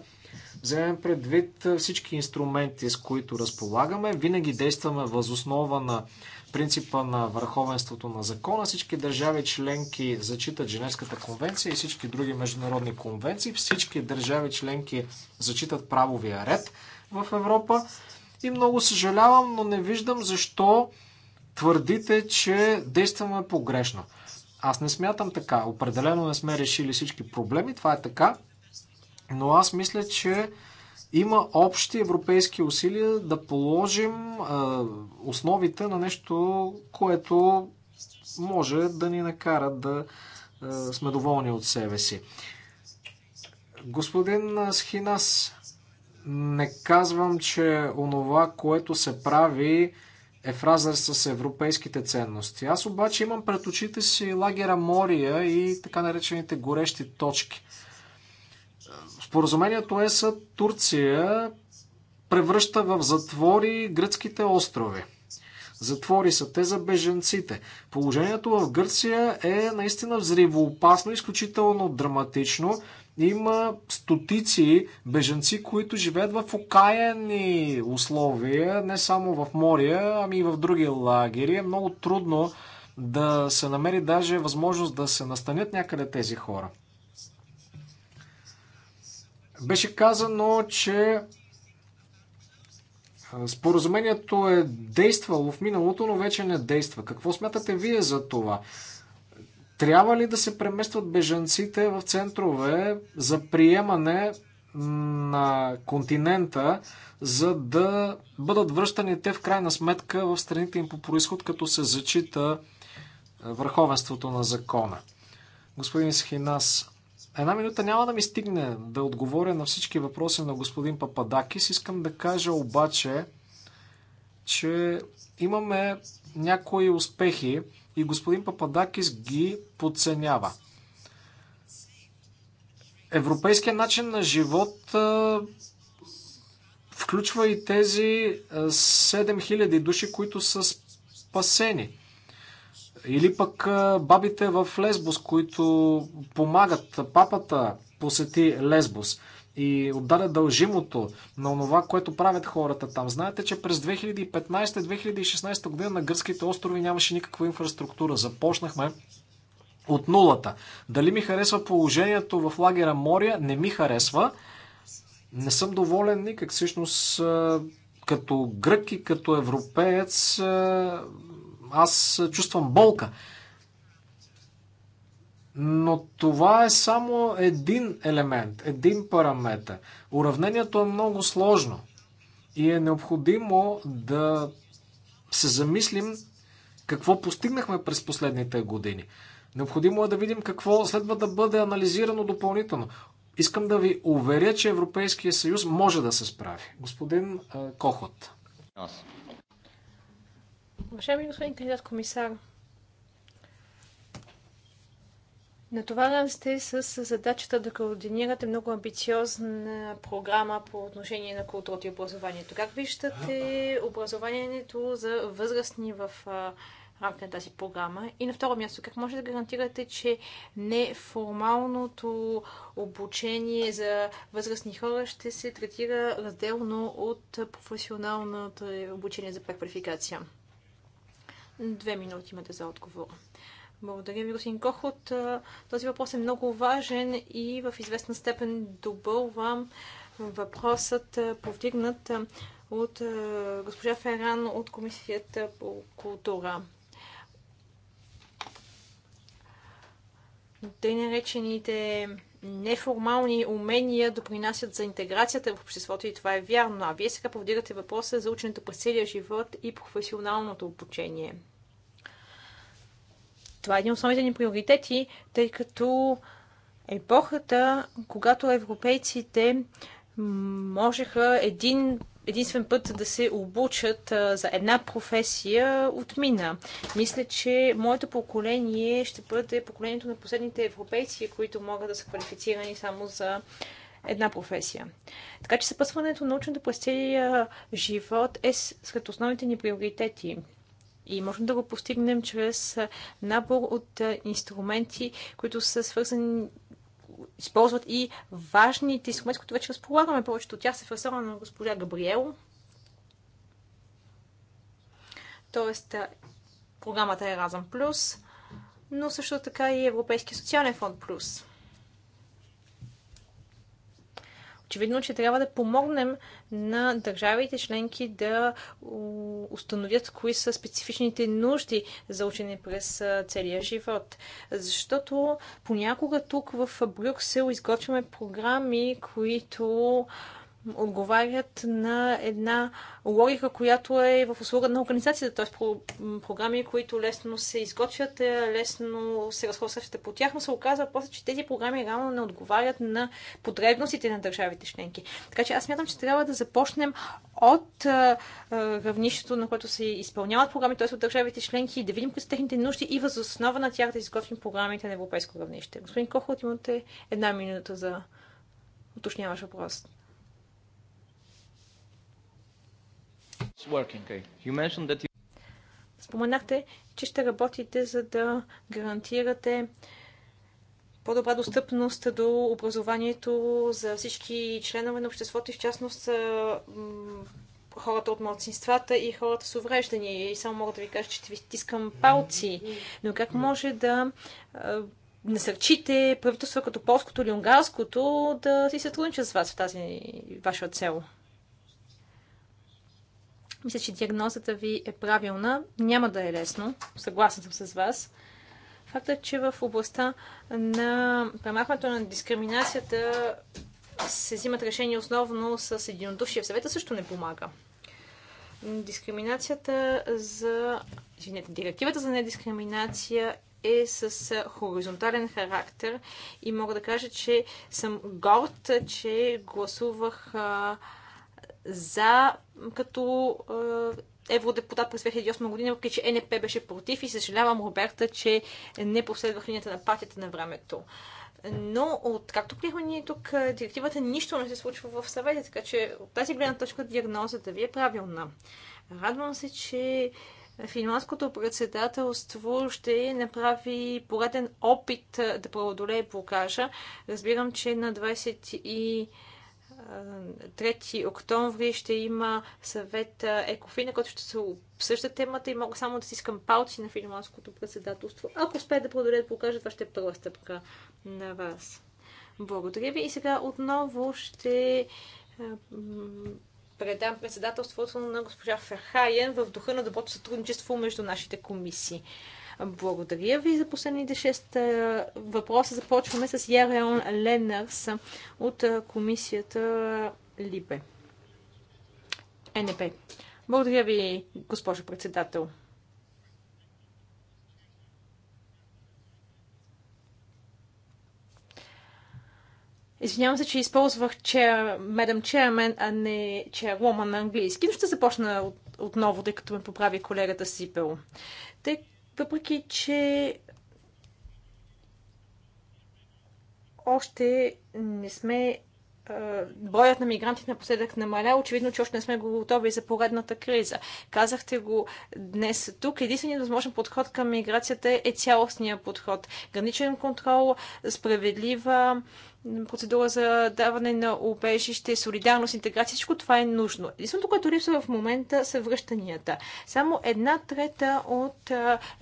вземем предвид всички инструменти, с които разполагаме. Винаги действаме възоснова на принципа на върховенството на закона. Всички държави членки зачитат Женевската конвенция и всички други международни конвенции. Всички държави членки зачитат правовия ред в Европа. И много съжалявам, но не виждам защо твърдите, че действаме погрешно. Аз не смятам така. Определено не сме решили всички проблеми. Това е така. Но аз мисля, че има общи европейски усилия да положим основите на нещо, което може да ни накара да сме доволни от себе си. Господин Схинас, не казвам, че онова, което се прави, е в с европейските ценности. Аз обаче имам пред очите си лагера Мория и така наречените горещи точки – Споразумението ЕС Турция превръща в затвори гръцките острови. Затвори са те за беженците. Положението в Гърция е наистина взривоопасно, изключително драматично. Има стотици беженци, които живеят в окаяни условия, не само в моря, ами и в други лагери. Е много трудно да се намери даже възможност да се настанят някъде тези хора. Беше казано, че споразумението е действало в миналото, но вече не действа. Какво смятате вие за това? Трябва ли да се преместват бежанците в центрове за приемане на континента, за да бъдат връщани те в крайна сметка в страните им по происход, като се зачита върховенството на закона? Господин Схинас, Една минута няма да ми стигне да отговоря на всички въпроси на господин Пападакис. Искам да кажа обаче, че имаме някои успехи и господин Пападакис ги подценява. Европейският начин на живот включва и тези 7000 души, които са спасени. Или пък бабите в Лесбос, които помагат. Папата посети Лесбос и отдаде дължимото на това, което правят хората там. Знаете, че през 2015-2016 година на гръцките острови нямаше никаква инфраструктура. Започнахме от нулата. Дали ми харесва положението в лагера Мория? Не ми харесва. Не съм доволен никак. Всъщност, като грък и като европеец, аз чувствам болка. Но това е само един елемент, един параметр. Уравнението е много сложно и е необходимо да се замислим какво постигнахме през последните години. Необходимо е да видим какво следва да бъде анализирано допълнително. Искам да ви уверя, че Европейския съюз може да се справи. Господин Кохот. Уважаеми господин кандидат комисар, натоварен сте с задачата да координирате много амбициозна програма по отношение на културата и образованието. Как виждате образованието за възрастни в рамките на тази програма? И на второ място, как може да гарантирате, че неформалното обучение за възрастни хора ще се третира разделно от професионалното обучение за преквалификация? Две минути имате за отговор. Благодаря ви, господин Кохот. Този въпрос е много важен и в известна степен добълвам въпросът повдигнат от госпожа Феран от Комисията по култура. Тъй наречените неформални умения допринасят за интеграцията в обществото и това е вярно. А вие сега повдигате въпроса за ученето през целия живот и професионалното обучение. Това е един от основните ни приоритети, тъй като епохата, когато европейците можеха един единствен път да се обучат за една професия отмина. Мисля, че моето поколение ще бъде поколението на последните европейци, които могат да са квалифицирани само за една професия. Така че съпъсването на научната през целия живот е сред основните ни приоритети. И можем да го постигнем чрез набор от инструменти, които са свързани използват и важните инструменти, които вече разполагаме. Повечето от тях се в на госпожа Габриел. Тоест, програмата е Еразъм Плюс, но също така и Европейския социален фонд Плюс. очевидно, че трябва да помогнем на държавите членки да установят кои са специфичните нужди за учене през целия живот. Защото понякога тук в Брюксел изготвяме програми, които отговарят на една логика, която е в услуга на организацията, т.е. програми, които лесно се изготвят, е, лесно се разхосващат по тях, но се оказва после, че тези програми реално не отговарят на потребностите на държавите членки. Така че аз смятам, че трябва да започнем от е, е, равнището, на което се изпълняват програми, т.е. от държавите членки, да видим какви са техните нужди и възоснова на тях да изготвим програмите на европейско равнище. Господин Кохот, имате една минута за уточняваш въпрос. Споменахте, че ще работите за да гарантирате по-добра достъпност до образованието за всички членове на обществото и в частност хората от младсинствата и хората с увреждания. И само мога да ви кажа, че ще ви стискам палци. Но как може да насърчите правителства като полското или унгарското да си сътрудничат с вас в тази ваша цел? Мисля, че диагнозата ви е правилна. Няма да е лесно. Съгласна съм с вас. Фактът, че в областта на премахването на дискриминацията се взимат решения основно с единодушие в съвета, също не помага. Дискриминацията за... Извинете, директивата за недискриминация е с хоризонтален характер и мога да кажа, че съм горд, че гласувах за като е, евродепутат през 2008 година, въпреки че НП беше против и съжалявам Роберта, че не последвах линията на партията на времето. Но от както приехме ние тук директивата, нищо не се случва в съвета, така че от тази гледна точка диагнозата ви е правилна. Радвам се, че финландското председателство ще направи пореден опит да преодолее блокажа. Разбирам, че на 20 и 3 октомври ще има съвет Екофина, който ще се обсъжда темата и мога само да си искам палци на финландското председателство. Ако успея да продължат да покажа, това ще е първа стъпка на вас. Благодаря ви и сега отново ще предам председателството на госпожа Ферхайен в духа на доброто сътрудничество между нашите комисии. Благодаря ви за последните 6 е, въпроса. Започваме с Яреон Ленърс от е, комисията Либе. Е, НП. Благодаря ви, госпожо председател. Извинявам се, че използвах chair, Madam Chairman, а не Chairwoman на английски, но ще започна отново, тъй като ме поправи колегата Сипел. Тъй въпреки, че още не сме броят на мигрантите напоследък намаля, очевидно, че още не сме готови за поредната криза. Казахте го днес тук. Единственият възможен подход към миграцията е цялостния подход. Граничен контрол, справедлива процедура за даване на обежище, солидарност, интеграция, всичко това е нужно. Единственото, което липсва в момента са връщанията. Само една трета от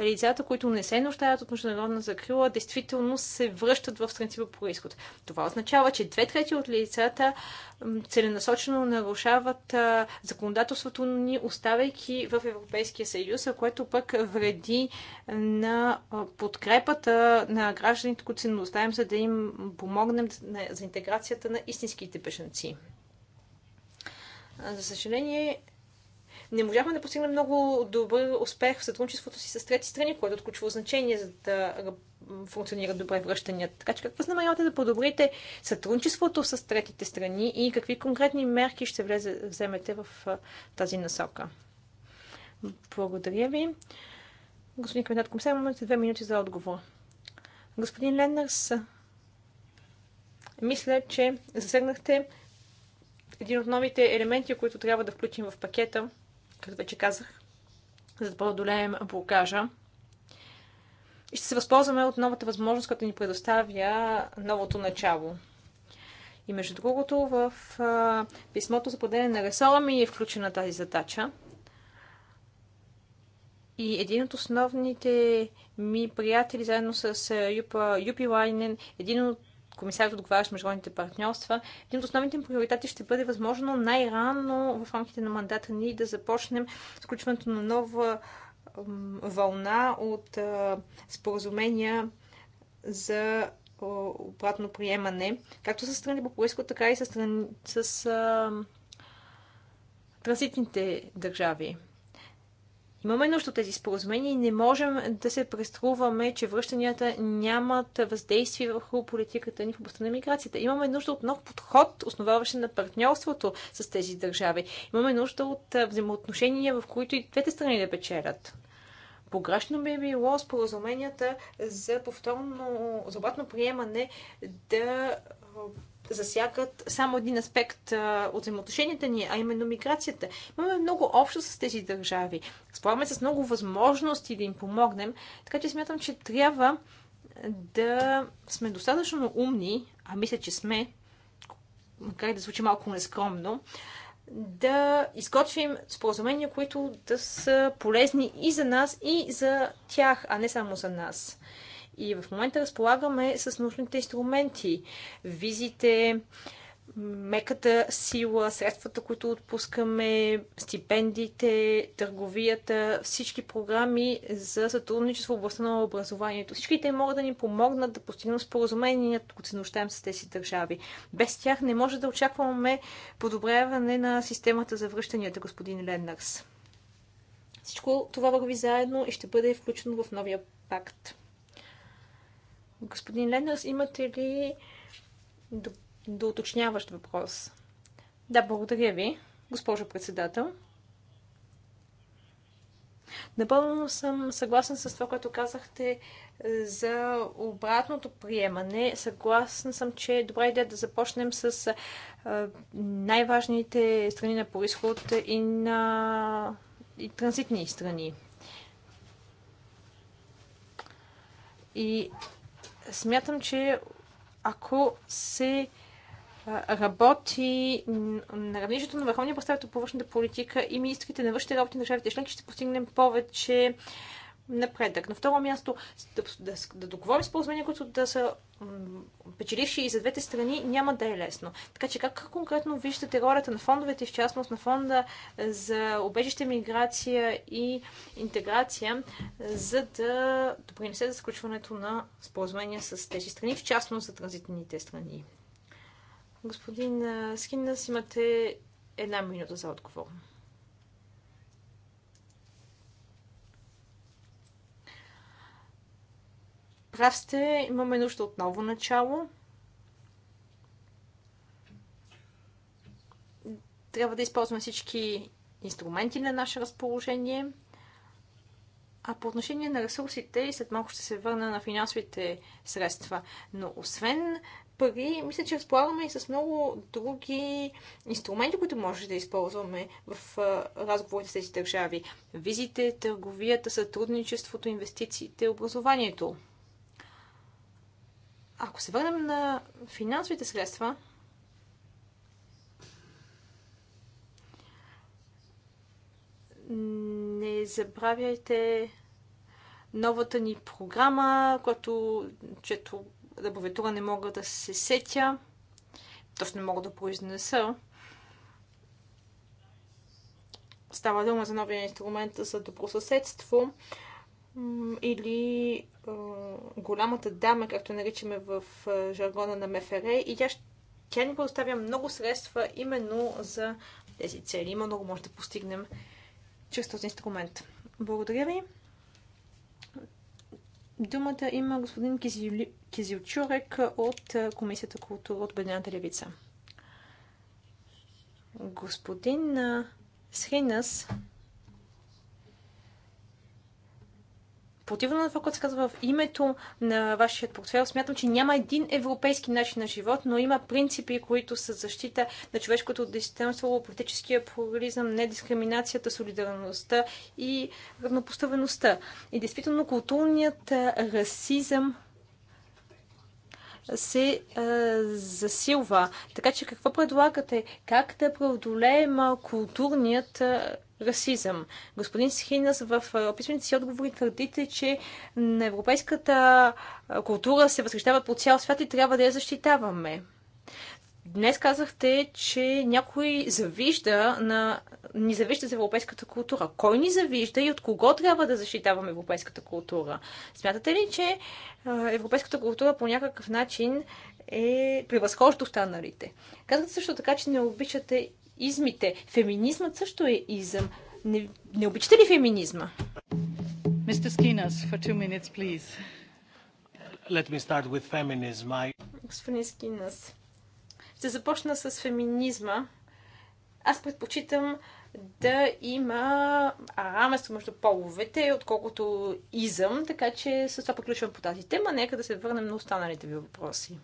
лицата, които не се нуждаят от международна закрила, действително се връщат в страници по происход. Това означава, че две трети от лицата целенасочено нарушават законодателството ни, оставайки в Европейския съюз, което пък вреди на подкрепата на гражданите, които се нуждаем, за да им помогнем да на, за интеграцията на истинските бешенци. За съжаление, не можахме да постигнем много добър успех в сътрудничеството си с трети страни, което е значение за да функционира добре връщанията. Така че какво възнамерявате да подобрите сътрудничеството с третите страни и какви конкретни мерки ще влезе, вземете в тази насока? Благодаря ви. Господин кандидат комисар, имате две минути за отговор. Господин Леннерс, мисля, че засегнахте един от новите елементи, които трябва да включим в пакета, като вече казах, за да преодолеем блокажа. И ще се възползваме от новата възможност, като ни предоставя новото начало. И между другото, в писмото за поделяне на ресора ми е включена тази задача. И един от основните ми приятели, заедно с Юпи Лайнен, един от комисарят отговарящ международните партньорства, един от основните им приоритети ще бъде възможно най-рано в рамките на мандата ни да започнем сключването на нова вълна от споразумения за обратно приемане, както с страни по происход, така и с, страни, с а, транзитните държави. Имаме нужда от тези споразумения и не можем да се преструваме, че връщанията нямат въздействие върху политиката ни в областта на миграцията. Имаме нужда от нов подход, основаващ на партньорството с тези държави. Имаме нужда от взаимоотношения, в които и двете страни да печелят. Погрешно би било споразуменията за повторно, за обратно приемане да засягат само един аспект от взаимоотношенията ни, а именно миграцията. Имаме много общо с тези държави. Спомняме с много възможности да им помогнем, така че смятам, че трябва да сме достатъчно умни, а мисля, че сме, макар да звучи малко нескромно, да изготвим споразумения, които да са полезни и за нас, и за тях, а не само за нас. И в момента разполагаме с нужните инструменти, визите, меката сила, средствата, които отпускаме, стипендиите, търговията, всички програми за сътрудничество в областта на образованието. Всички те могат да ни помогнат да постигнем споразумение, ако се нуждаем с тези държави. Без тях не може да очакваме подобряване на системата за връщанията, господин Леннарс. Всичко това върви заедно и ще бъде включено в новия пакт. Господин Ленас, имате ли доуточняващ въпрос? Да, благодаря ви, госпожо председател. Напълно съм съгласен с това, което казахте е, за обратното приемане. Съгласен съм, че е добра идея да започнем с е, най-важните страни на происход и на и транзитни страни. И смятам, че ако се работи на равнището на върховния представител по външната политика и министрите на външните работи на държавите членки, ще постигнем повече напредък. На второ място, да, да, да договорим споразумения, които да са печеливши и за двете страни, няма да е лесно. Така че как конкретно виждате ролята на фондовете, в частност на фонда е, за обежище, миграция и интеграция, за да допринесе за сключването на споразумения с тези страни, в частност за транзитните страни? Господин е, Скиннас, имате една минута за отговор. Прав сте, имаме нужда от ново начало. Трябва да използваме всички инструменти на наше разположение. А по отношение на ресурсите, и след малко ще се върна на финансовите средства, но освен пари, мисля, че разполагаме и с много други инструменти, които може да използваме в разговорите с тези държави. Визите, търговията, сътрудничеството, инвестициите, образованието. Ако се върнем на финансовите средства, не забравяйте новата ни програма, която чето абовитура не мога да се сетя, точно не мога да произнеса. Става дума за новия инструмент за добросъседство или голямата дама, както наричаме в жаргона на МФР, и тя, тя ни предоставя много средства именно за тези цели. Има много може да постигнем чрез този инструмент. Благодаря ви. Думата има господин Кизил... от Комисията култура от Бедната левица. Господин Схинас, противно на това, което се казва в името на вашия портфел, смятам, че няма един европейски начин на живот, но има принципи, които са защита на човешкото действителство, политическия плурализъм, недискриминацията, солидарността и равнопоставеността. И действително културният расизъм се а, засилва. Така че какво предлагате? Как да преодолеем културният а, расизъм. Господин Схинас в описаните си отговори твърдите, че на европейската култура се възхищават по цял свят и трябва да я защитаваме. Днес казахте, че някой завижда на... ни завижда за европейската култура. Кой ни завижда и от кого трябва да защитаваме европейската култура? Смятате ли, че европейската култура по някакъв начин е превъзхожда останалите? Казвате също така, че не обичате измите. Феминизмът също е изъм. Не, не обичате ли феминизма? Мистер Скинас, for two minutes, please. Let me start with feminism. I... Господин Скинас, ще започна с феминизма. Аз предпочитам да има равенство между половете, отколкото изъм, така че с това приключвам по тази тема. Нека да се върнем на останалите ви въпроси.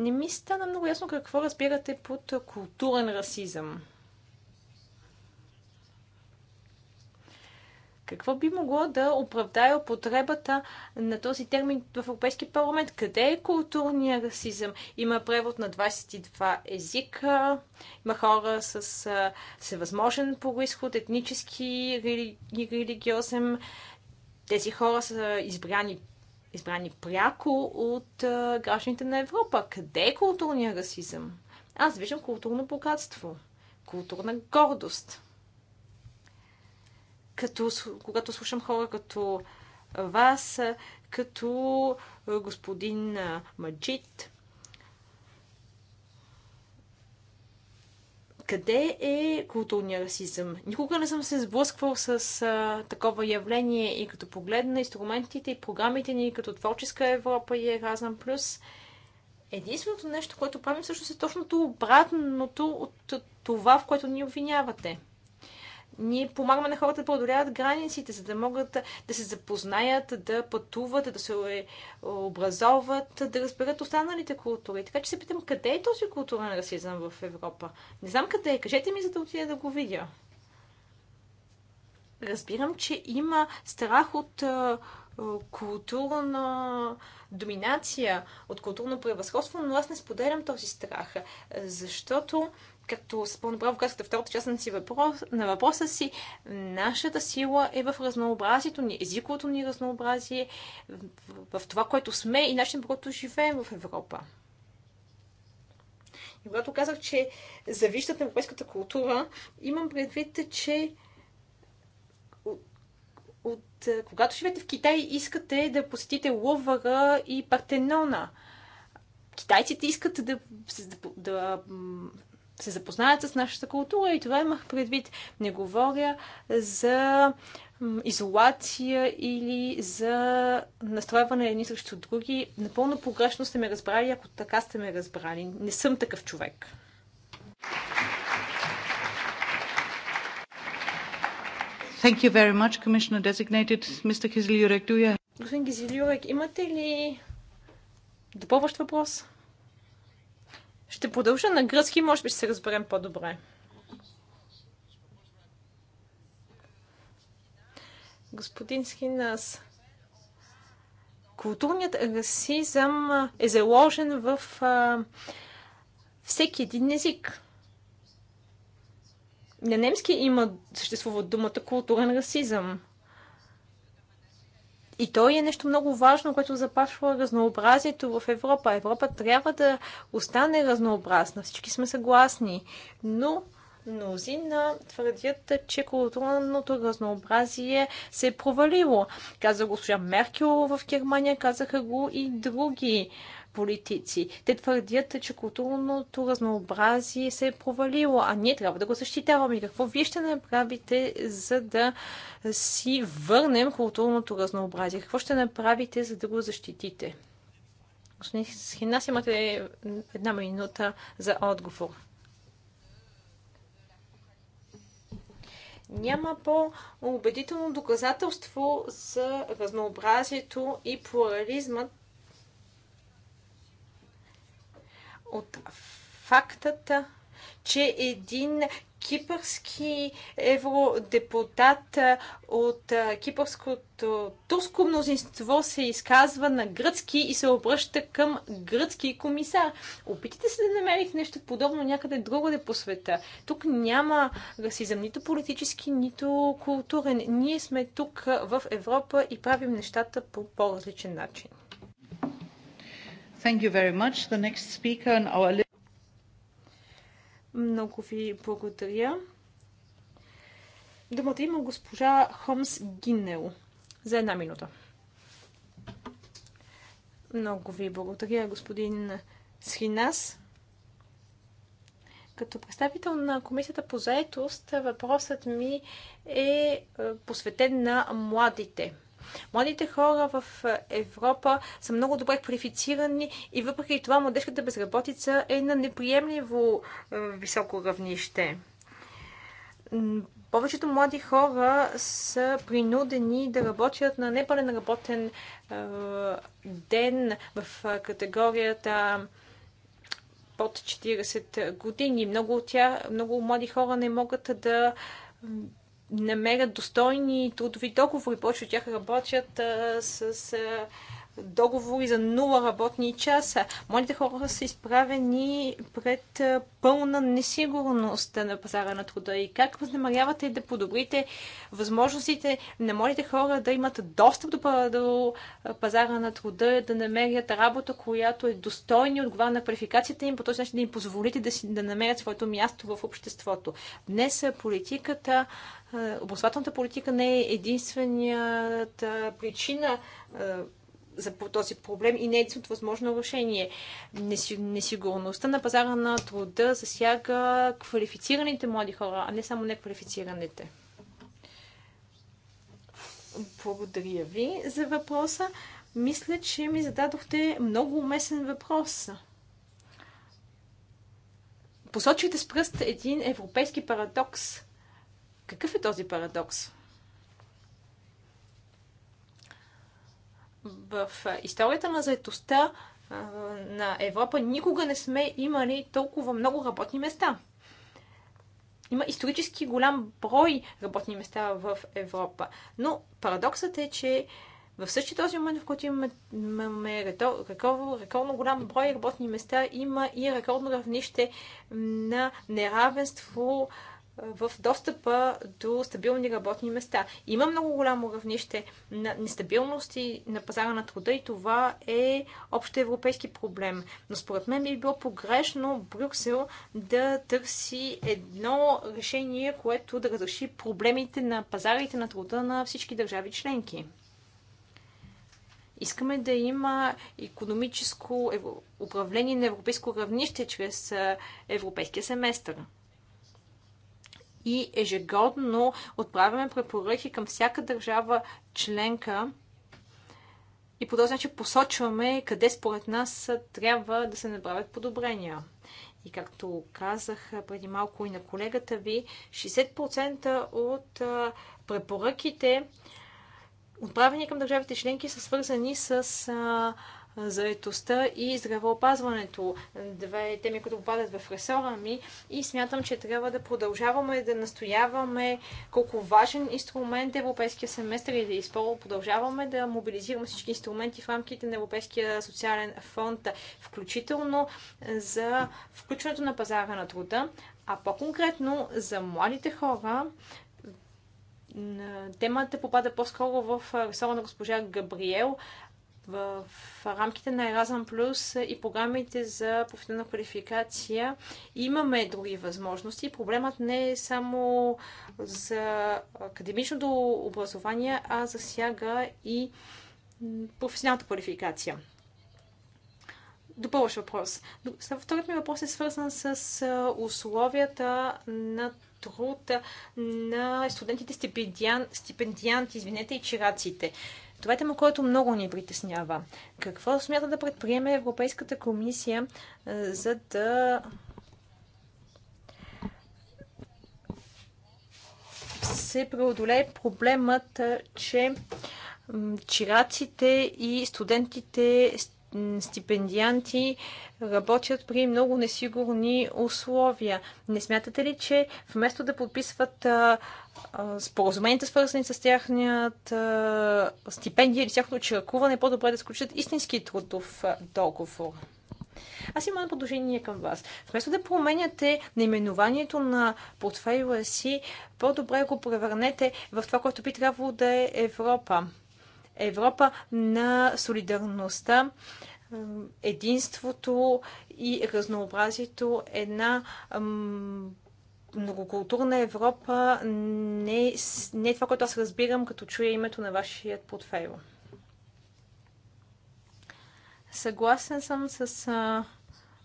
Не ми стана много ясно какво разбирате под културен расизъм. Какво би могло да оправдае употребата на този термин в Европейски парламент? Къде е културния расизъм? Има превод на 22 езика, има хора с всевъзможен происход, етнически и религиозен. Тези хора са избрани избрани пряко от гражданите на Европа. Къде е културния расизъм? Аз виждам културно богатство, културна гордост. Като, когато слушам хора като вас, като господин Маджит. Къде е културния расизъм? Никога не съм се сблъсквал с а, такова явление и като погледна инструментите и програмите ни като Творческа Европа и Еразъм Плюс, единственото нещо, което правим всъщност е точното обратното от това, в което ни обвинявате ние помагаме на хората да преодоляват границите, за да могат да се запознаят, да пътуват, да се е, образоват, да разберат останалите култури. Така че се питам, къде е този културен расизъм в Европа? Не знам къде е. Кажете ми, за да отида да го видя. Разбирам, че има страх от е, е, културна доминация, от културно превъзходство, но аз не споделям този страх, защото като спълно право казахте втората част на, си въпрос, на въпроса си, нашата сила е в разнообразието ни, езиковото ни разнообразие, в, в това, което сме и начин, по който живеем в Европа. И когато казах, че завиждат на европейската култура, имам предвид, че от, от, е, когато живеете в Китай, искате да посетите Лувъра и Партенона. Китайците искат да, да, да се запознаят с нашата култура и това имах предвид. Не говоря за изолация или за настройване едни срещу други. Напълно погрешно сте ме разбрали, ако така сте ме разбрали. Не съм такъв човек. Thank you very much, Commissioner Designated. Mr. Кизилюрек, do you... Господин Кизилюрек, имате ли допълващ въпрос? Ще продължа на гръцки, може би ще се разберем по-добре. Господин Скинас, културният расизъм е заложен в а, всеки един език. На немски има, съществува думата културен расизъм. И то е нещо много важно, което запашва разнообразието в Европа. Европа трябва да остане разнообразна. Всички сме съгласни. Но мнозина твърдят, че културното разнообразие се е провалило. Каза госпожа Меркел в Германия, казаха го и други политици. Те твърдят, че културното разнообразие се е провалило, а ние трябва да го защитаваме. какво вие ще направите, за да си върнем културното разнообразие? Какво ще направите, за да го защитите? Господин Схинас, имате една минута за отговор. няма по-убедително доказателство за разнообразието и плурализмът от фактата, че един кипърски евродепутат от кипърското турско мнозинство се изказва на гръцки и се обръща към гръцки комисар. Опитайте се да намерите нещо подобно някъде другаде по света. Тук няма расизъм, нито политически, нито културен. Ние сме тук в Европа и правим нещата по по-различен начин. Thank you very much. The next speaker our Много ви благодаря. Думата има госпожа Хомс Гинел. За една минута. Много ви благодаря, господин Схинас. Като представител на Комисията по заетост, въпросът ми е, е посветен на младите. Младите хора в Европа са много добре квалифицирани и въпреки това младежката безработица е на неприемливо е, високо равнище повечето млади хора са принудени да работят на непълен работен е, ден в е, категорията под 40 години. Много, от тя, много млади хора не могат да намерят достойни трудови договори, повече от тях работят а, с а, договори за нула работни часа. Младите хора са изправени пред пълна несигурност на пазара на труда. И как възнамерявате да подобрите възможностите на младите хора да имат достъп до, пазара на труда, да намерят работа, която е достойна от глава на квалификацията им, по този начин да им позволите да, си, да намерят своето място в обществото. Днес политиката образователната политика не е единствената причина за този проблем и не е от възможно решение. Несигурността на пазара на труда засяга квалифицираните млади хора, а не само неквалифицираните. Благодаря ви за въпроса. Мисля, че ми зададохте много уместен въпрос. Посочвате с пръст един европейски парадокс. Какъв е този парадокс? В историята на заетостта на Европа никога не сме имали толкова много работни места. Има исторически голям брой работни места в Европа. Но парадоксът е, че в същия този момент, в който имаме, рекордно голям брой работни места, има и рекордно равнище на неравенство в достъпа до стабилни работни места. Има много голямо равнище на нестабилности на пазара на труда и това е общо европейски проблем. Но според мен би било погрешно Брюксел да търси едно решение, което да разреши проблемите на пазарите на труда на всички държави членки. Искаме да има економическо управление на европейско равнище чрез европейския семестър и ежегодно отправяме препоръки към всяка държава членка и по този начин посочваме къде според нас трябва да се направят подобрения. И както казах преди малко и на колегата ви, 60% от препоръките, отправени към държавите членки, са свързани с заедостта и здравеопазването. Две теми, които попадат в ресора ми и смятам, че трябва да продължаваме да настояваме колко важен инструмент е европейския семестър и да използваме. Продължаваме да мобилизираме всички инструменти в рамките на Европейския социален фонд, включително за включването на пазара на труда, а по-конкретно за младите хора, темата попада по-скоро в ресора на госпожа Габриел, в рамките на Erasmus Плюс и програмите за професионална квалификация имаме други възможности. Проблемът не е само за академичното образование, а засяга и професионалната квалификация. Допълваш въпрос. Вторият ми въпрос е свързан с условията на труд на студентите стипендиан, стипендианти, извинете, и чираците. Това е тема, което много ни притеснява. Какво смята да предприеме Европейската комисия, за да се преодолее проблемът, че чираците и студентите стипендианти работят при много несигурни условия. Не смятате ли, че вместо да подписват споразуменията, свързани с тяхният стипендия или тяхното чиракуване, е по-добре да сключат истински трудов договор. Аз имам предложение към вас. Вместо да променяте наименованието на портфейла си, по-добре го превърнете в това, което би трябвало да е Европа. Европа на солидарността, единството и разнообразието, една ам, многокултурна Европа не, не е това, което аз разбирам, като чуя името на вашия портфейл. Съгласен съм с а,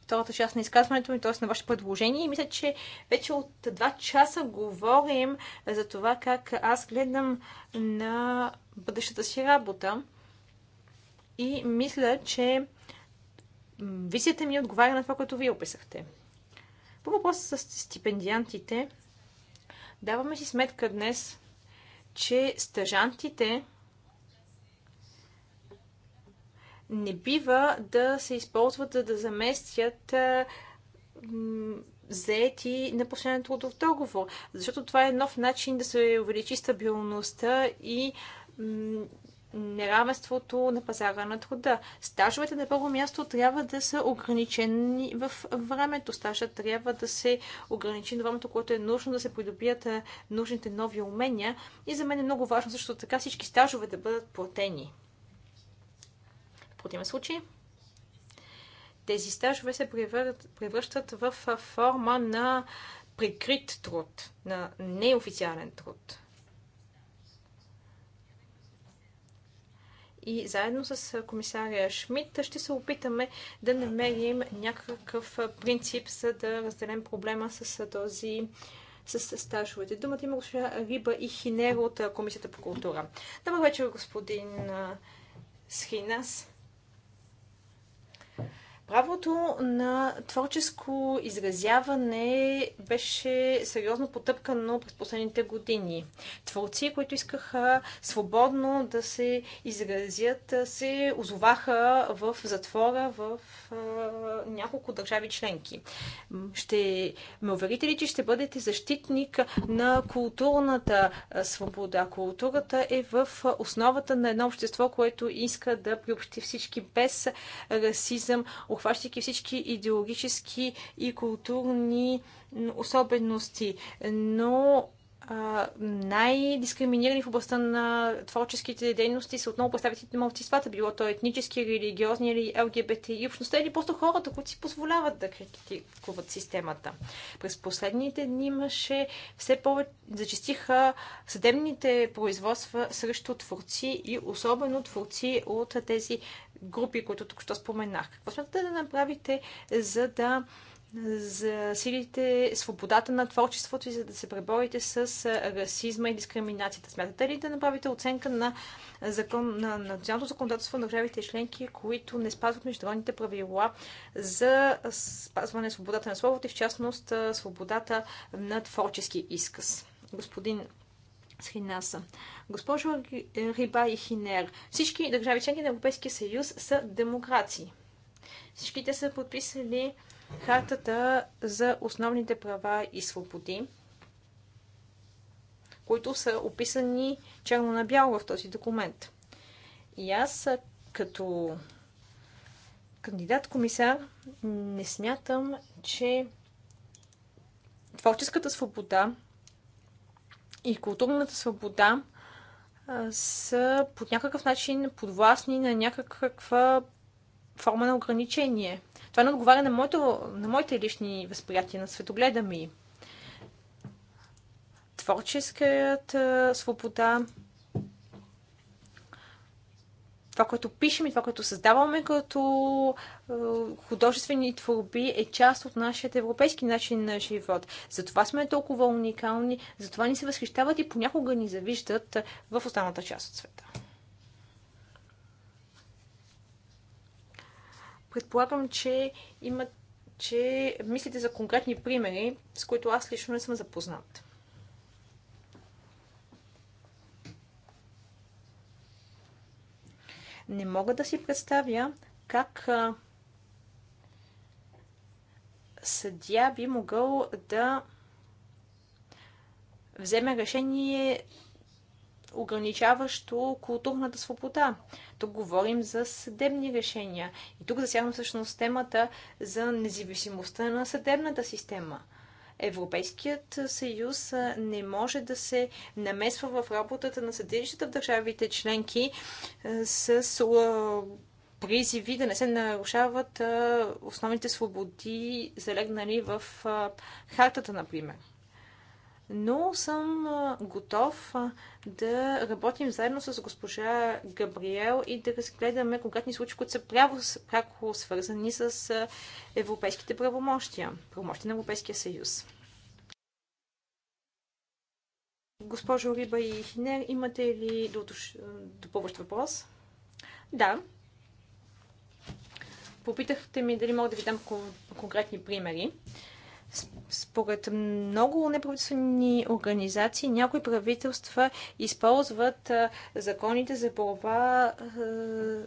втората част на изказването ми, т.е. на ваше предложение. И мисля, че вече от два часа говорим за това как аз гледам на бъдещата си работа. И мисля, че визията ми отговаря на това, което вие описахте. По въпроса с стипендиантите, даваме си сметка днес, че стъжантите не бива да се използват за да заместят заети на последен трудов договор, защото това е нов начин да се увеличи стабилността и неравенството на пазара на труда. Стажовете на първо място трябва да са ограничени в времето. Стажът трябва да се ограничи на времето, което е нужно да се придобият нужните нови умения. И за мен е много важно също така всички стажове да бъдат платени. В противен случай, тези стажове се превръщат в форма на прикрит труд, на неофициален труд. и заедно с комисаря Шмидт ще се опитаме да намерим някакъв принцип, за да разделим проблема с този с стажовете. Думата има госпожа Риба и Хинер от Комисията по култура. Добър вечер, господин Схинас. Правото на творческо изразяване беше сериозно потъпкано през последните години. Творци, които искаха свободно да се изразят, се озоваха в затвора в а, няколко държави членки. Ще ме уверите ли, че ще бъдете защитник на културната свобода? Културата е в основата на едно общество, което иска да приобщи всички без расизъм, обхващайки всички идеологически и културни особености. Но най-дискриминирани в областта на творческите дейности са отново представителите на малцинствата, било то етнически, религиозни или ЛГБТ и общността, или просто хората, които си позволяват да критикуват системата. През последните дни имаше все повече, зачистиха съдебните производства срещу творци и особено творци от тези групи, които тук ще споменах. Какво смятате да направите, за да за силите свободата на творчеството и за да се преборите с расизма и дискриминацията. Смятате ли да направите оценка на, закон, на националното законодателство на държавите членки, които не спазват международните правила за спазване на свободата на словото и в частност свободата на творчески изказ? Господин Схинаса. Госпожо Риба и Хинер, всички държави членки на Европейския съюз са демокрации. Всички те са подписали Хартата за основните права и свободи, които са описани черно на бяло в този документ. И аз като кандидат-комисар не смятам, че творческата свобода и културната свобода са по някакъв начин подвластни на някаква форма на ограничение. Това не отговаря на, моето, на моите лични възприятия, на светогледа ми. Творческата свобода, това, което пишем и това, което създаваме като художествени творби е част от нашия европейски начин на живот. Затова сме толкова уникални, затова ни се възхищават и понякога ни завиждат в останалата част от света. Предполагам, че имат че мислите за конкретни примери, с които аз лично не съм запознат. Не мога да си представя как съдя би могъл да вземе решение ограничаващо културната свобода. Тук говорим за съдебни решения. И тук засягам всъщност темата за независимостта на съдебната система. Европейският съюз не може да се намесва в работата на съдилищата в държавите членки с призиви да не се нарушават основните свободи, залегнали в хартата, например но съм готов да работим заедно с госпожа Габриел и да разгледаме конкретни случаи, които са пряко, пряко свързани с европейските правомощия, правомощия на Европейския съюз. Госпожо Риба и Хинер, имате ли допълващ въпрос? Да. Попитахте ми дали мога да ви дам конкретни примери. Според много неправителствени организации, някои правителства използват законите за борба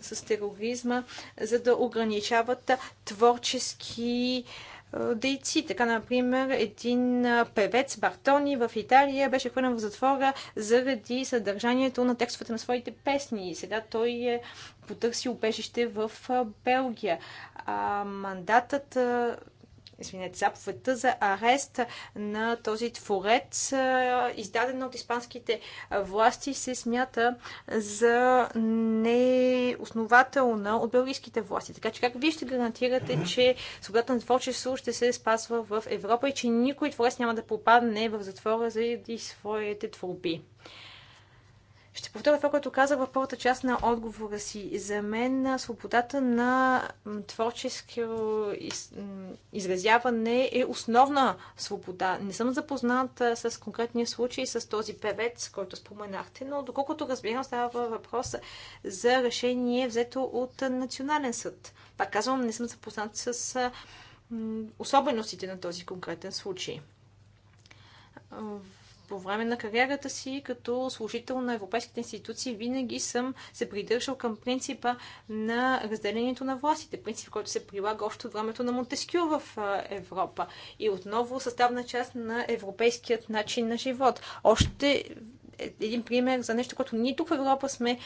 с тероризма, за да ограничават творчески дейци. Така, например, един певец Бартони в Италия беше хвърлен в затвора заради съдържанието на текстовете на своите песни. Сега той е потърсил убежище в Белгия. А мандатът извинете, заповедта за арест на този творец, издадена от испанските власти, се смята за неоснователна от белгийските власти. Така че как вие ще гарантирате, че свободата на творчество ще се спазва в Европа и че никой творец няма да попадне в затвора заради своите творби? Ще повторя това, което казах в първата част на отговора си. За мен свободата на творческо из... изразяване е основна свобода. Не съм запозната с конкретния случай с този певец, който споменахте, но доколкото разбирам, става въпрос за решение взето от Национален съд. Пак казвам, не съм запознат с особеностите на този конкретен случай по време на кариерата си като служител на европейските институции винаги съм се придържал към принципа на разделението на властите, принцип, който се прилага още от времето на Монтескю в Европа и отново съставна част на европейският начин на живот. Още е, един пример за нещо, което ние тук в Европа сме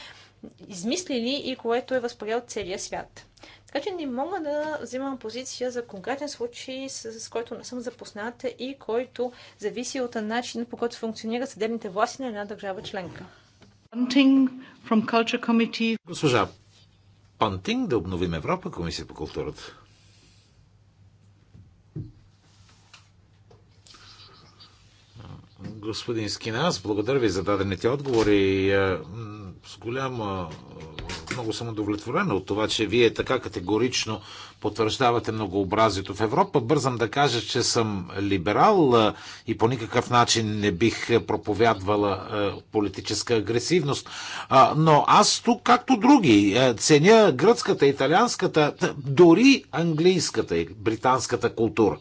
измислили и което е възприял целия свят. Така че не мога да вземам позиция за конкретен случай, с, който не съм запозната и който зависи от начин по който функционира съдебните власти на една държава членка. Госпожа Пантинг, да обновим Европа, Комисия по културата. Господин Скина, аз благодаря ви за дадените отговори. Е, с голяма е, много съм удовлетворена от това, че вие така категорично потвърждавате многообразието в Европа. Бързам да кажа, че съм либерал и по никакъв начин не бих проповядвала политическа агресивност. Но аз тук, както други, ценя гръцката, италианската, дори английската и британската култура.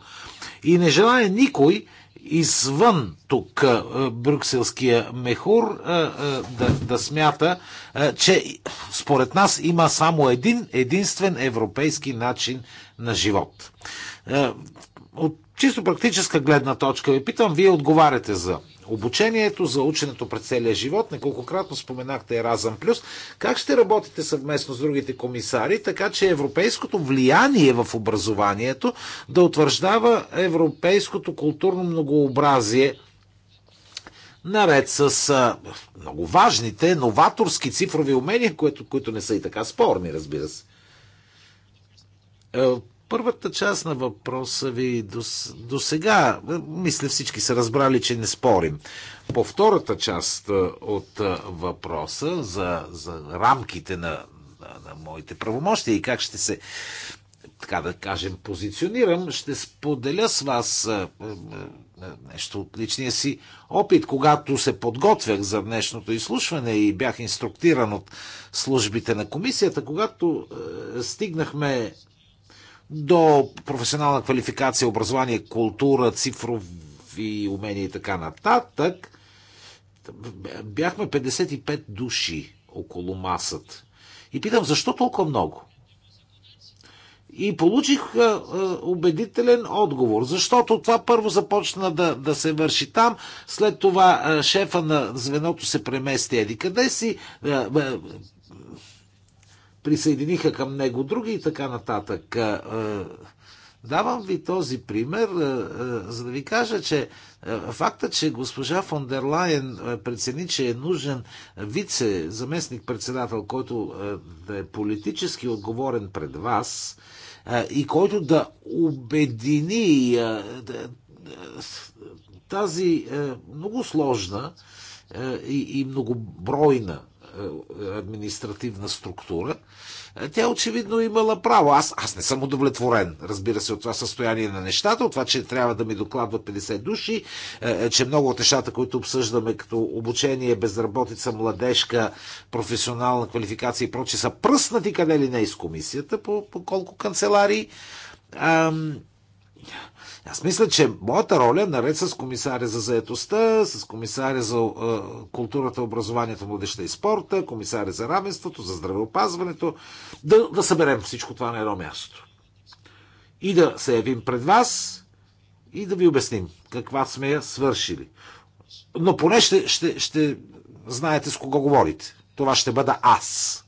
И не желая никой извън тук брюкселския мехур да, да смята, че според нас има само един единствен европейски начин на живот от чисто практическа гледна точка ви питам, вие отговаряте за обучението, за ученето през целия живот. Неколкократно споменахте Еразъм Плюс. Как ще работите съвместно с другите комисари, така че европейското влияние в образованието да утвърждава европейското културно многообразие наред с много важните, новаторски цифрови умения, които, които не са и така спорни, разбира се. Е, първата част на въпроса ви до, до сега, е, мисля всички са разбрали, че не спорим. По втората част е, от е, въпроса за, за рамките на, на, на моите правомощия и как ще се, така да кажем, позиционирам, ще споделя с вас нещо от личния си опит. Когато се подготвях за днешното изслушване и бях инструктиран от службите на комисията, когато стигнахме до професионална квалификация, образование, култура, цифрови умения и така нататък, бяхме 55 души около масата. И питам, защо толкова много? И получих а, убедителен отговор, защото това първо започна да, да се върши там, след това а, шефа на звеното се премести еди къде си, а, присъединиха към него други и така нататък. Е, е, давам ви този пример, е, за да ви кажа, че факта, че госпожа фон дер Лайен прецени, че е нужен вице, заместник председател, който да е политически отговорен пред вас и който да обедини тази много сложна и многобройна е, е, административна структура, е, тя очевидно имала право. Аз, аз не съм удовлетворен, разбира се, от това състояние на нещата, от това, че трябва да ми докладват 50 души, че много от нещата, които обсъждаме като обучение, безработица, младежка, професионална квалификация и проче, са пръснати къде ли не из комисията, по, по колко канцеларии. Аз мисля, че моята роля, наред с комисаря за заетостта, с комисаря за е, културата, образованието, младеща и спорта, комисаря за равенството, за здравеопазването, да, да съберем всичко това на едно място. И да се явим пред вас и да ви обясним каква сме я свършили. Но поне ще, ще, ще знаете с кого говорите. Това ще бъда аз.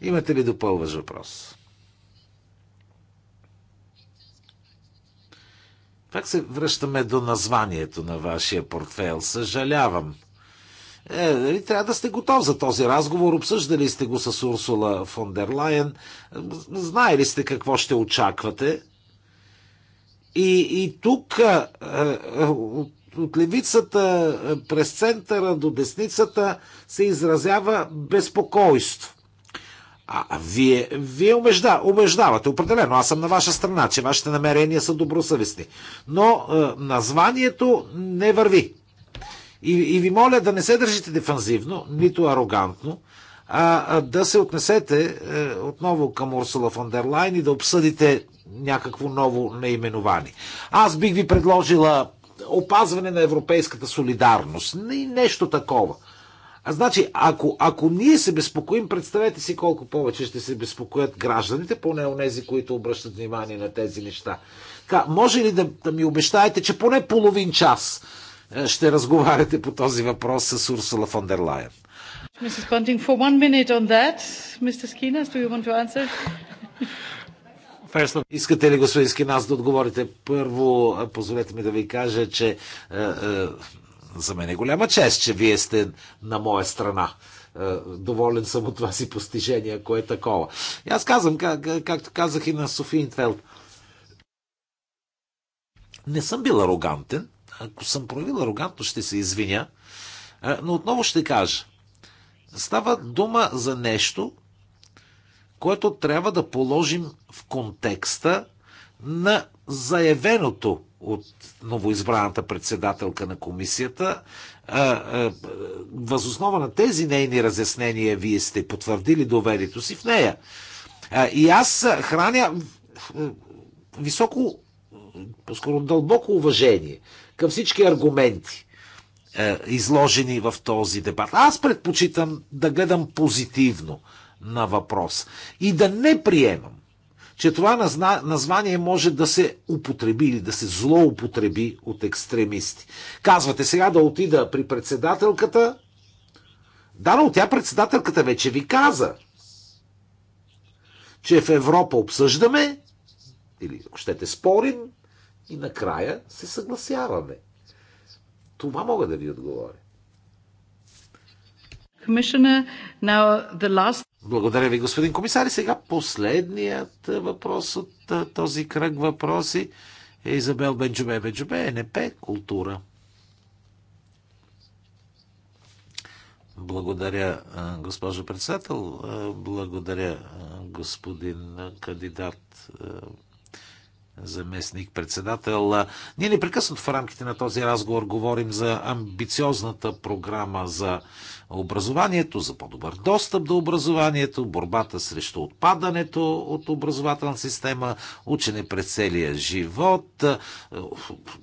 Имате ли допълваш въпрос? Пак се връщаме до названието на вашия портфел. Съжалявам. Е, нали, трябва да сте готов за този разговор. Обсъждали сте го с Урсула фон дер Лайен. Знаели сте какво ще очаквате. И, и тук е, е, от, от левицата е, през центъра до десницата се изразява безпокойство. А вие, вие убежда, убеждавате, определено, аз съм на ваша страна, че вашите намерения са добросъвестни. Но е, названието не върви. И, и ви моля да не се държите дефанзивно, нито арогантно, а, а да се отнесете е, отново към Урсула фон дер Лайн и да обсъдите някакво ново наименование. Аз бих ви предложила опазване на европейската солидарност. Не, нещо такова. А значи, ако, ако ние се безпокоим, представете си колко повече ще се безпокоят гражданите, поне нези, които обръщат внимание на тези неща. Така, може ли да, да ми обещаете, че поне половин час е, ще разговаряте по този въпрос с Урсула фон дер Лайен? for one minute on that. Mr. Skinas, do you want to answer? Искате ли, господин Скинас, да отговорите? Първо, позволете ми да ви кажа, че е, е, за мен е голяма чест, че вие сте на моя страна. Е, доволен съм от това си постижение, ако е такова. И аз казвам, как, както казах и на Софи Интфелд, не съм бил арогантен. Ако съм проявил арогантно, ще се извиня. Е, но отново ще кажа. Става дума за нещо, което трябва да положим в контекста на заявеното от новоизбраната председателка на комисията. Възоснова на тези нейни разяснения вие сте потвърдили доверието си в нея. И аз храня високо, по-скоро дълбоко уважение към всички аргументи, изложени в този дебат. Аз предпочитам да гледам позитивно на въпрос и да не приемам че това название може да се употреби или да се злоупотреби от екстремисти. Казвате сега да отида при председателката. Да, но тя председателката вече ви каза, че в Европа обсъждаме, или ако щете спорим, и накрая се съгласяваме. Това мога да ви отговоря. Now the last... Благодаря ви, господин комисар. И сега последният въпрос от този кръг въпроси е Изабел Бенджубе. Бенджубе, НП, култура. Благодаря, госпожо председател. Благодаря, господин кандидат заместник председател. Ние непрекъснато в рамките на този разговор говорим за амбициозната програма за образованието, за по-добър достъп до образованието, борбата срещу отпадането от образователна система, учене през целия живот, е,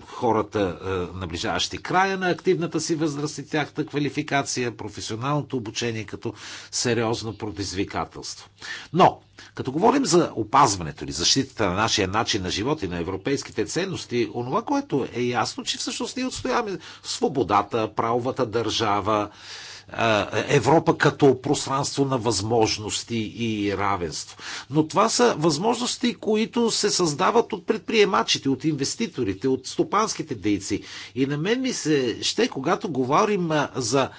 хората, е, наближаващи края на активната си възраст и тяхта квалификация, професионалното обучение като сериозно предизвикателство. Но, като говорим за опазването или защитата на нашия начин на живот и на европейските ценности, онова, което е ясно, че всъщност ние отстояваме свободата, правовата държава, Европа като пространство на възможности и равенство. Но това са възможности, които се създават от предприемачите, от инвеститорите, от стопанските дейци. И на мен ми се ще, когато говорим за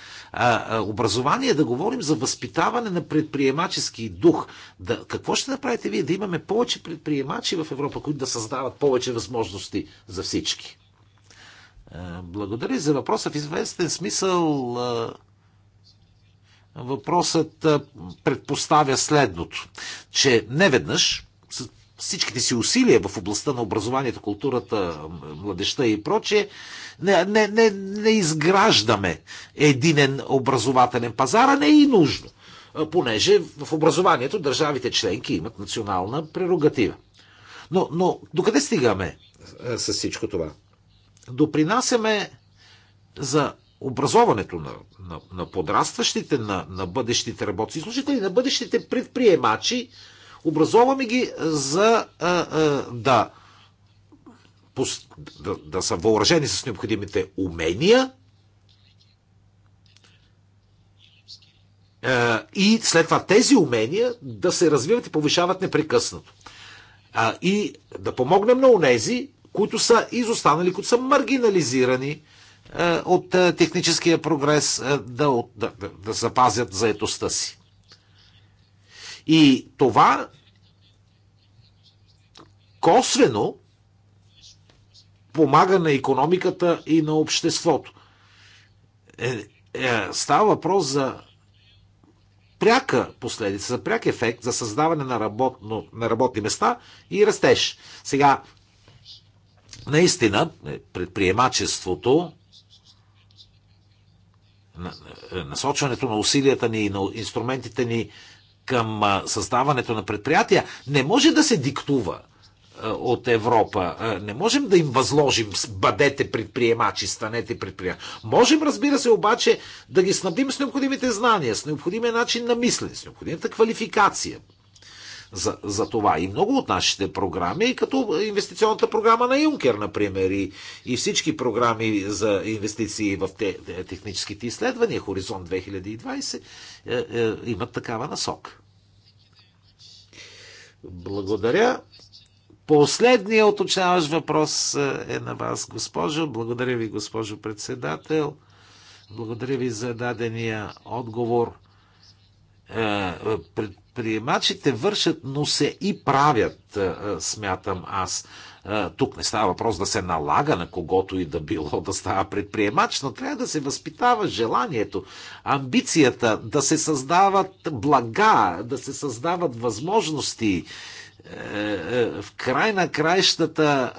образование, да говорим за възпитаване на предприемачески дух. Да, какво ще направите вие? Да имаме повече предприемачи в Европа, които да създават повече възможности за всички. Благодаря за въпроса. В известен смисъл въпросът предпоставя следното, че неведнъж веднъж всичките си усилия в областта на образованието, културата, младеща и прочее, не, не, не, не изграждаме единен образователен пазар, а не е и нужно, понеже в образованието държавите членки имат национална прерогатива. Но, но докъде стигаме с всичко това? Допринасяме за образоването на, на, на подрастващите, на, на бъдещите работници и служители, на бъдещите предприемачи, образоваме ги за а, а, да, да, да са въоръжени с необходимите умения а, и след това тези умения да се развиват и повишават непрекъснато. А, и да помогнем на унези, които са изостанали, които са маргинализирани, е, от е, техническия прогрес е, да, да, да запазят заетостта си. И това косвено помага на економиката и на обществото. Е, е, става въпрос за пряка последица, за пряк ефект за създаване на, но, на работни места и растеж. Сега, наистина, предприемачеството е, насочването на усилията ни и на инструментите ни към създаването на предприятия не може да се диктува от Европа. Не можем да им възложим бъдете предприемачи, станете предприемачи. Можем, разбира се, обаче да ги снабдим с необходимите знания, с необходимия начин на мислене, с необходимата квалификация, за, за това. И много от нашите програми, като инвестиционната програма на Юнкер, например, и, и всички програми за инвестиции в те, техническите изследвания, Хоризонт 2020, е, е, имат такава насок. Благодаря. Последният уточняващ въпрос е, е на вас, госпожо. Благодаря ви, госпожо председател. Благодаря ви за дадения отговор. Е, е, пред приемачите вършат, но се и правят, смятам аз. Тук не става въпрос да се налага на когото и да било да става предприемач, но трябва да се възпитава желанието, амбицията, да се създават блага, да се създават възможности. Е, е, в край на краищата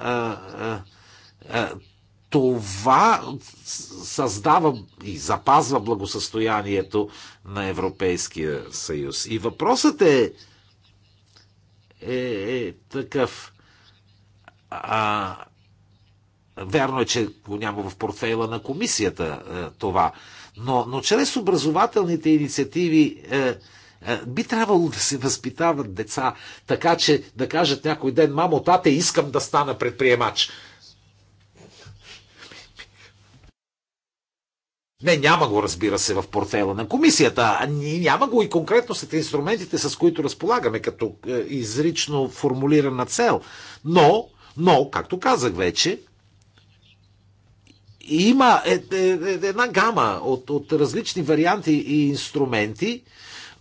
това създава и запазва благосъстоянието на Европейския съюз. И въпросът е, е, е такъв. А, верно е, че го няма в портфейла на комисията е, това, но, но чрез образователните инициативи. Е, е би трябвало да се възпитават деца, така че да кажат някой ден, мамо, тате, искам да стана предприемач. Не, няма го, разбира се, в портфела на комисията. А няма го и конкретно след инструментите, с които разполагаме, като е, изрично формулирана цел. Но, но, както казах вече, има е, е, една гама от, от различни варианти и инструменти,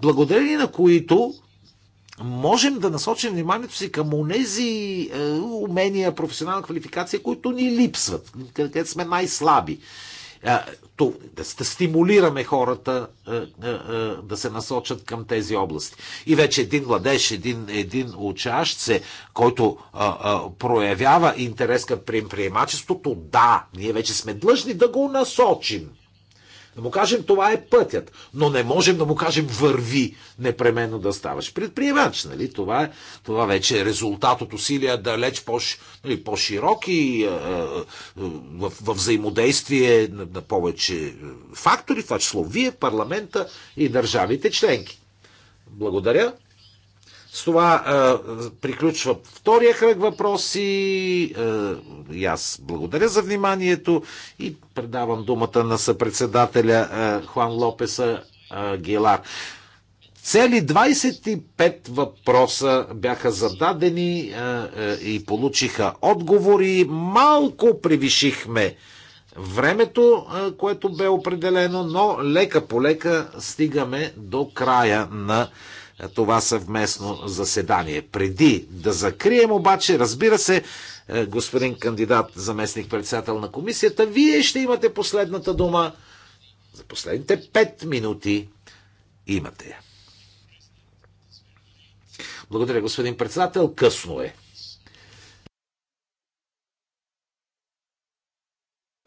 благодарение на които можем да насочим вниманието си към онези е, умения, професионална квалификация, които ни липсват, където сме най-слаби да стимулираме хората да се насочат към тези области. И вече един младеж, един, един учащ се, който а, а, проявява интерес към приемачеството, да, ние вече сме длъжни да го насочим. Да му кажем, това е пътят. Но не можем да му кажем, върви непременно да ставаш предприемач. Нали? Това, е, това вече е резултат от усилия далеч по, нали, по-широки, в, в взаимодействие на, на повече е, фактори, в това число вие, парламента и държавите членки. Благодаря. С това а, приключва втория кръг въпроси. А, и аз благодаря за вниманието и предавам думата на съпредседателя а, Хуан Лопеса а, Гилар. Цели 25 въпроса бяха зададени а, а, и получиха отговори. Малко превишихме времето, а, което бе определено, но лека по лека стигаме до края на това съвместно заседание. Преди да закрием обаче, разбира се, е, господин кандидат, заместник председател на комисията, вие ще имате последната дума за последните пет минути. Имате я. Благодаря, господин председател. Късно е.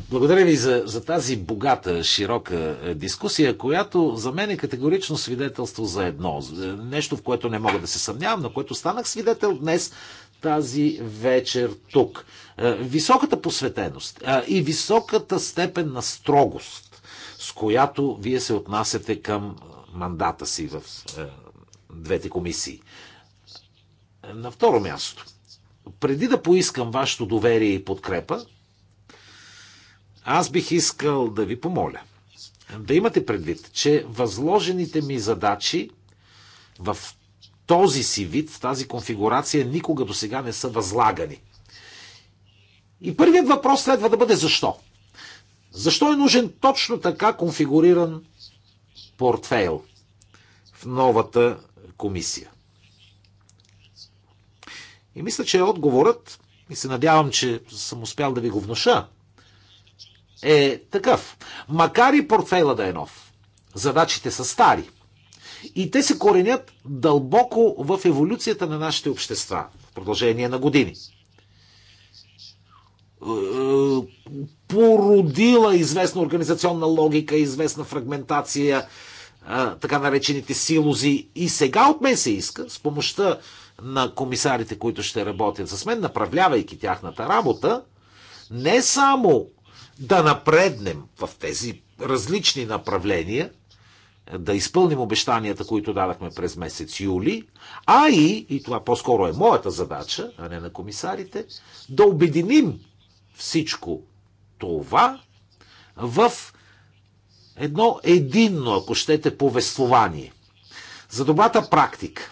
Благодаря ви за, за тази богата, широка е, дискусия, която за мен е категорично свидетелство за едно. Е, нещо, в което не мога да се съмнявам, на което станах свидетел днес тази вечер тук. Е, високата посветеност и високата степен на строгост, с която вие се отнасяте към мандата си в двете комисии. На второ място, преди да поискам вашето доверие и подкрепа, аз бих искал да ви помоля да имате предвид, че възложените ми задачи в този си вид, в тази конфигурация, никога до сега не са възлагани. И първият въпрос следва да бъде защо? Защо е нужен точно така конфигуриран портфейл в новата комисия? И мисля, че е отговорът, и се надявам, че съм успял да ви го внуша е такъв. Макар и портфейла да е нов, задачите са стари. И те се коренят дълбоко в еволюцията на нашите общества в продължение на години. Е, е, породила известна организационна логика, известна фрагментация, е, така наречените силози. И сега от мен се иска, с помощта на комисарите, които ще работят с мен, направлявайки тяхната работа, не само да напреднем в тези различни направления, да изпълним обещанията, които дадахме през месец юли, а и, и това по-скоро е моята задача, а не на комисарите, да обединим всичко това в едно единно, ако щете, повествование. За добрата практика,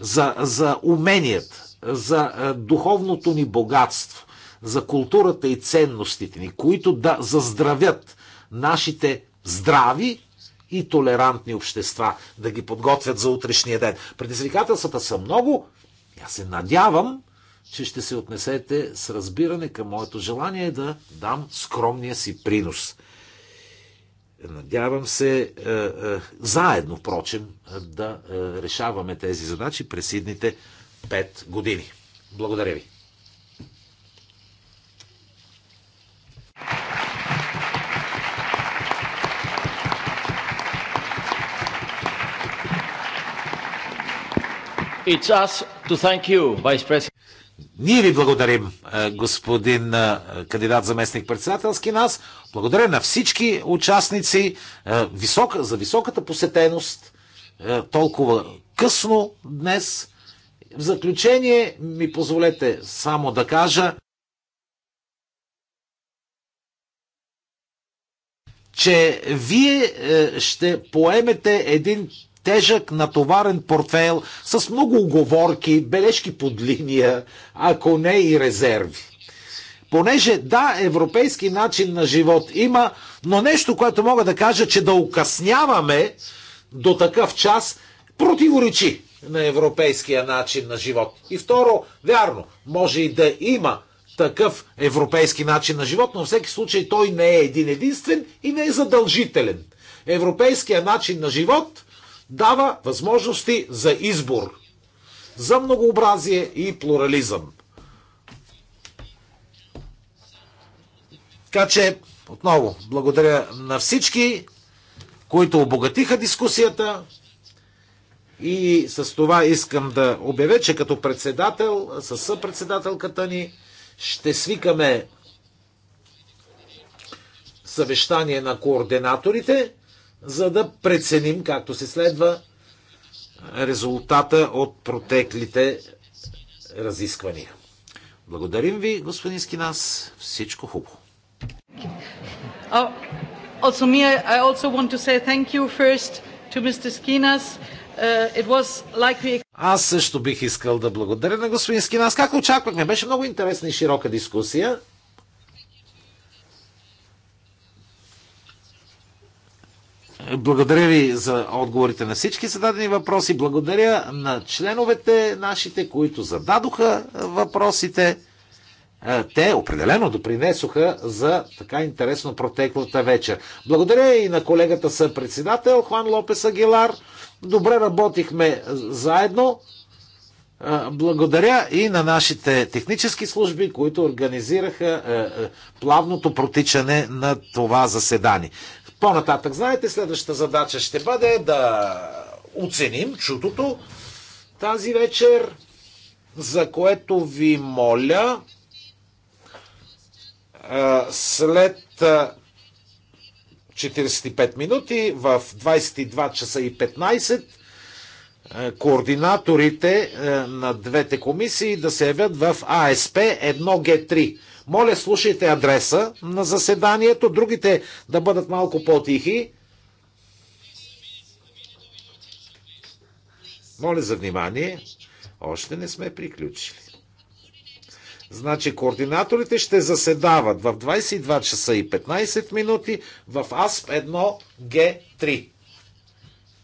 за, за уменият, за духовното ни богатство, за културата и ценностите ни, които да заздравят нашите здрави и толерантни общества, да ги подготвят за утрешния ден. Предизвикателствата са много. Аз се надявам, че ще се отнесете с разбиране към моето желание да дам скромния си принос. Надявам се, е, е, заедно, впрочем, да е, решаваме тези задачи през идните 5 години. Благодаря ви. you, Ние ви благодарим, е, господин е, кандидат за местник председателски нас. Благодаря на всички участници е, висока, за високата посетеност толкова късно днес. В заключение ми позволете само да кажа, че вие ще поемете един тежък, натоварен портфейл с много оговорки, бележки под линия, ако не и резерви. Понеже да, европейски начин на живот има, но нещо, което мога да кажа, че да укъсняваме до такъв час, противоречи на европейския начин на живот. И второ, вярно, може и да има такъв европейски начин на живот, но във всеки случай той не е един единствен и не е задължителен. Европейския начин на живот дава възможности за избор, за многообразие и плурализъм. Така че, отново, благодаря на всички, които обогатиха дискусията и с това искам да обявя, че като председател, със съпредседателката ни, ще свикаме съвещание на координаторите, за да преценим, както се следва, резултата от протеклите разисквания. Благодарим ви, господин Скинас. Всичко хубаво. Oh, also me, I also want to say thank you first to Mr. Skinas. Uh, it was like we... Аз също бих искал да благодаря на господин Скинас. Как очаквахме, беше много интересна и широка дискусия. Благодаря ви за отговорите на всички зададени въпроси. Благодаря на членовете нашите, които зададоха въпросите. Е, те определено допринесоха за така интересно протеклата вечер. Благодаря и на колегата съпредседател Хуан Лопес Агилар. Добре работихме заедно. Е, благодаря и на нашите технически служби, които организираха е, плавното протичане на това заседание. По-нататък, знаете, следващата задача ще бъде да оценим чутото тази вечер, за което ви моля след 45 минути в 22 часа и 15 координаторите на двете комисии да се явят в АСП 1Г3. Моля, слушайте адреса на заседанието, другите да бъдат малко по-тихи. Моля за внимание. Още не сме приключили. Значи координаторите ще заседават в 22 часа и 15 минути в АСП 1 Г3.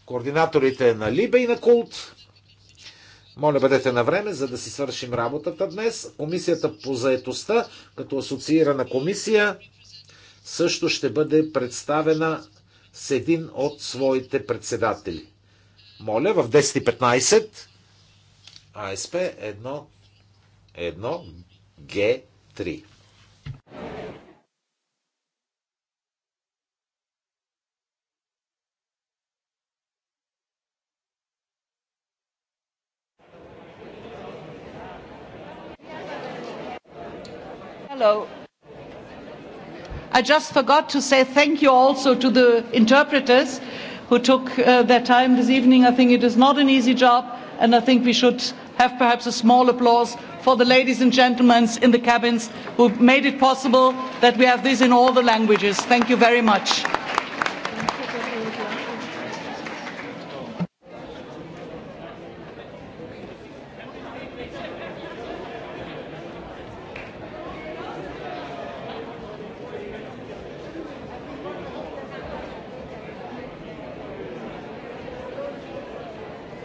Координаторите на Либе и на Култ моля, бъдете на време, за да си свършим работата днес. Комисията по заетостта, като асоциирана комисия, също ще бъде представена с един от своите председатели. Моля, в 10.15 АСП 1 1 Г3. Hello. I just forgot to say thank you also to the interpreters who took uh, their time this evening. I think it is not an easy job, and I think we should have perhaps a small applause for the ladies and gentlemen in the cabins who made it possible that we have this in all the languages. Thank you very much.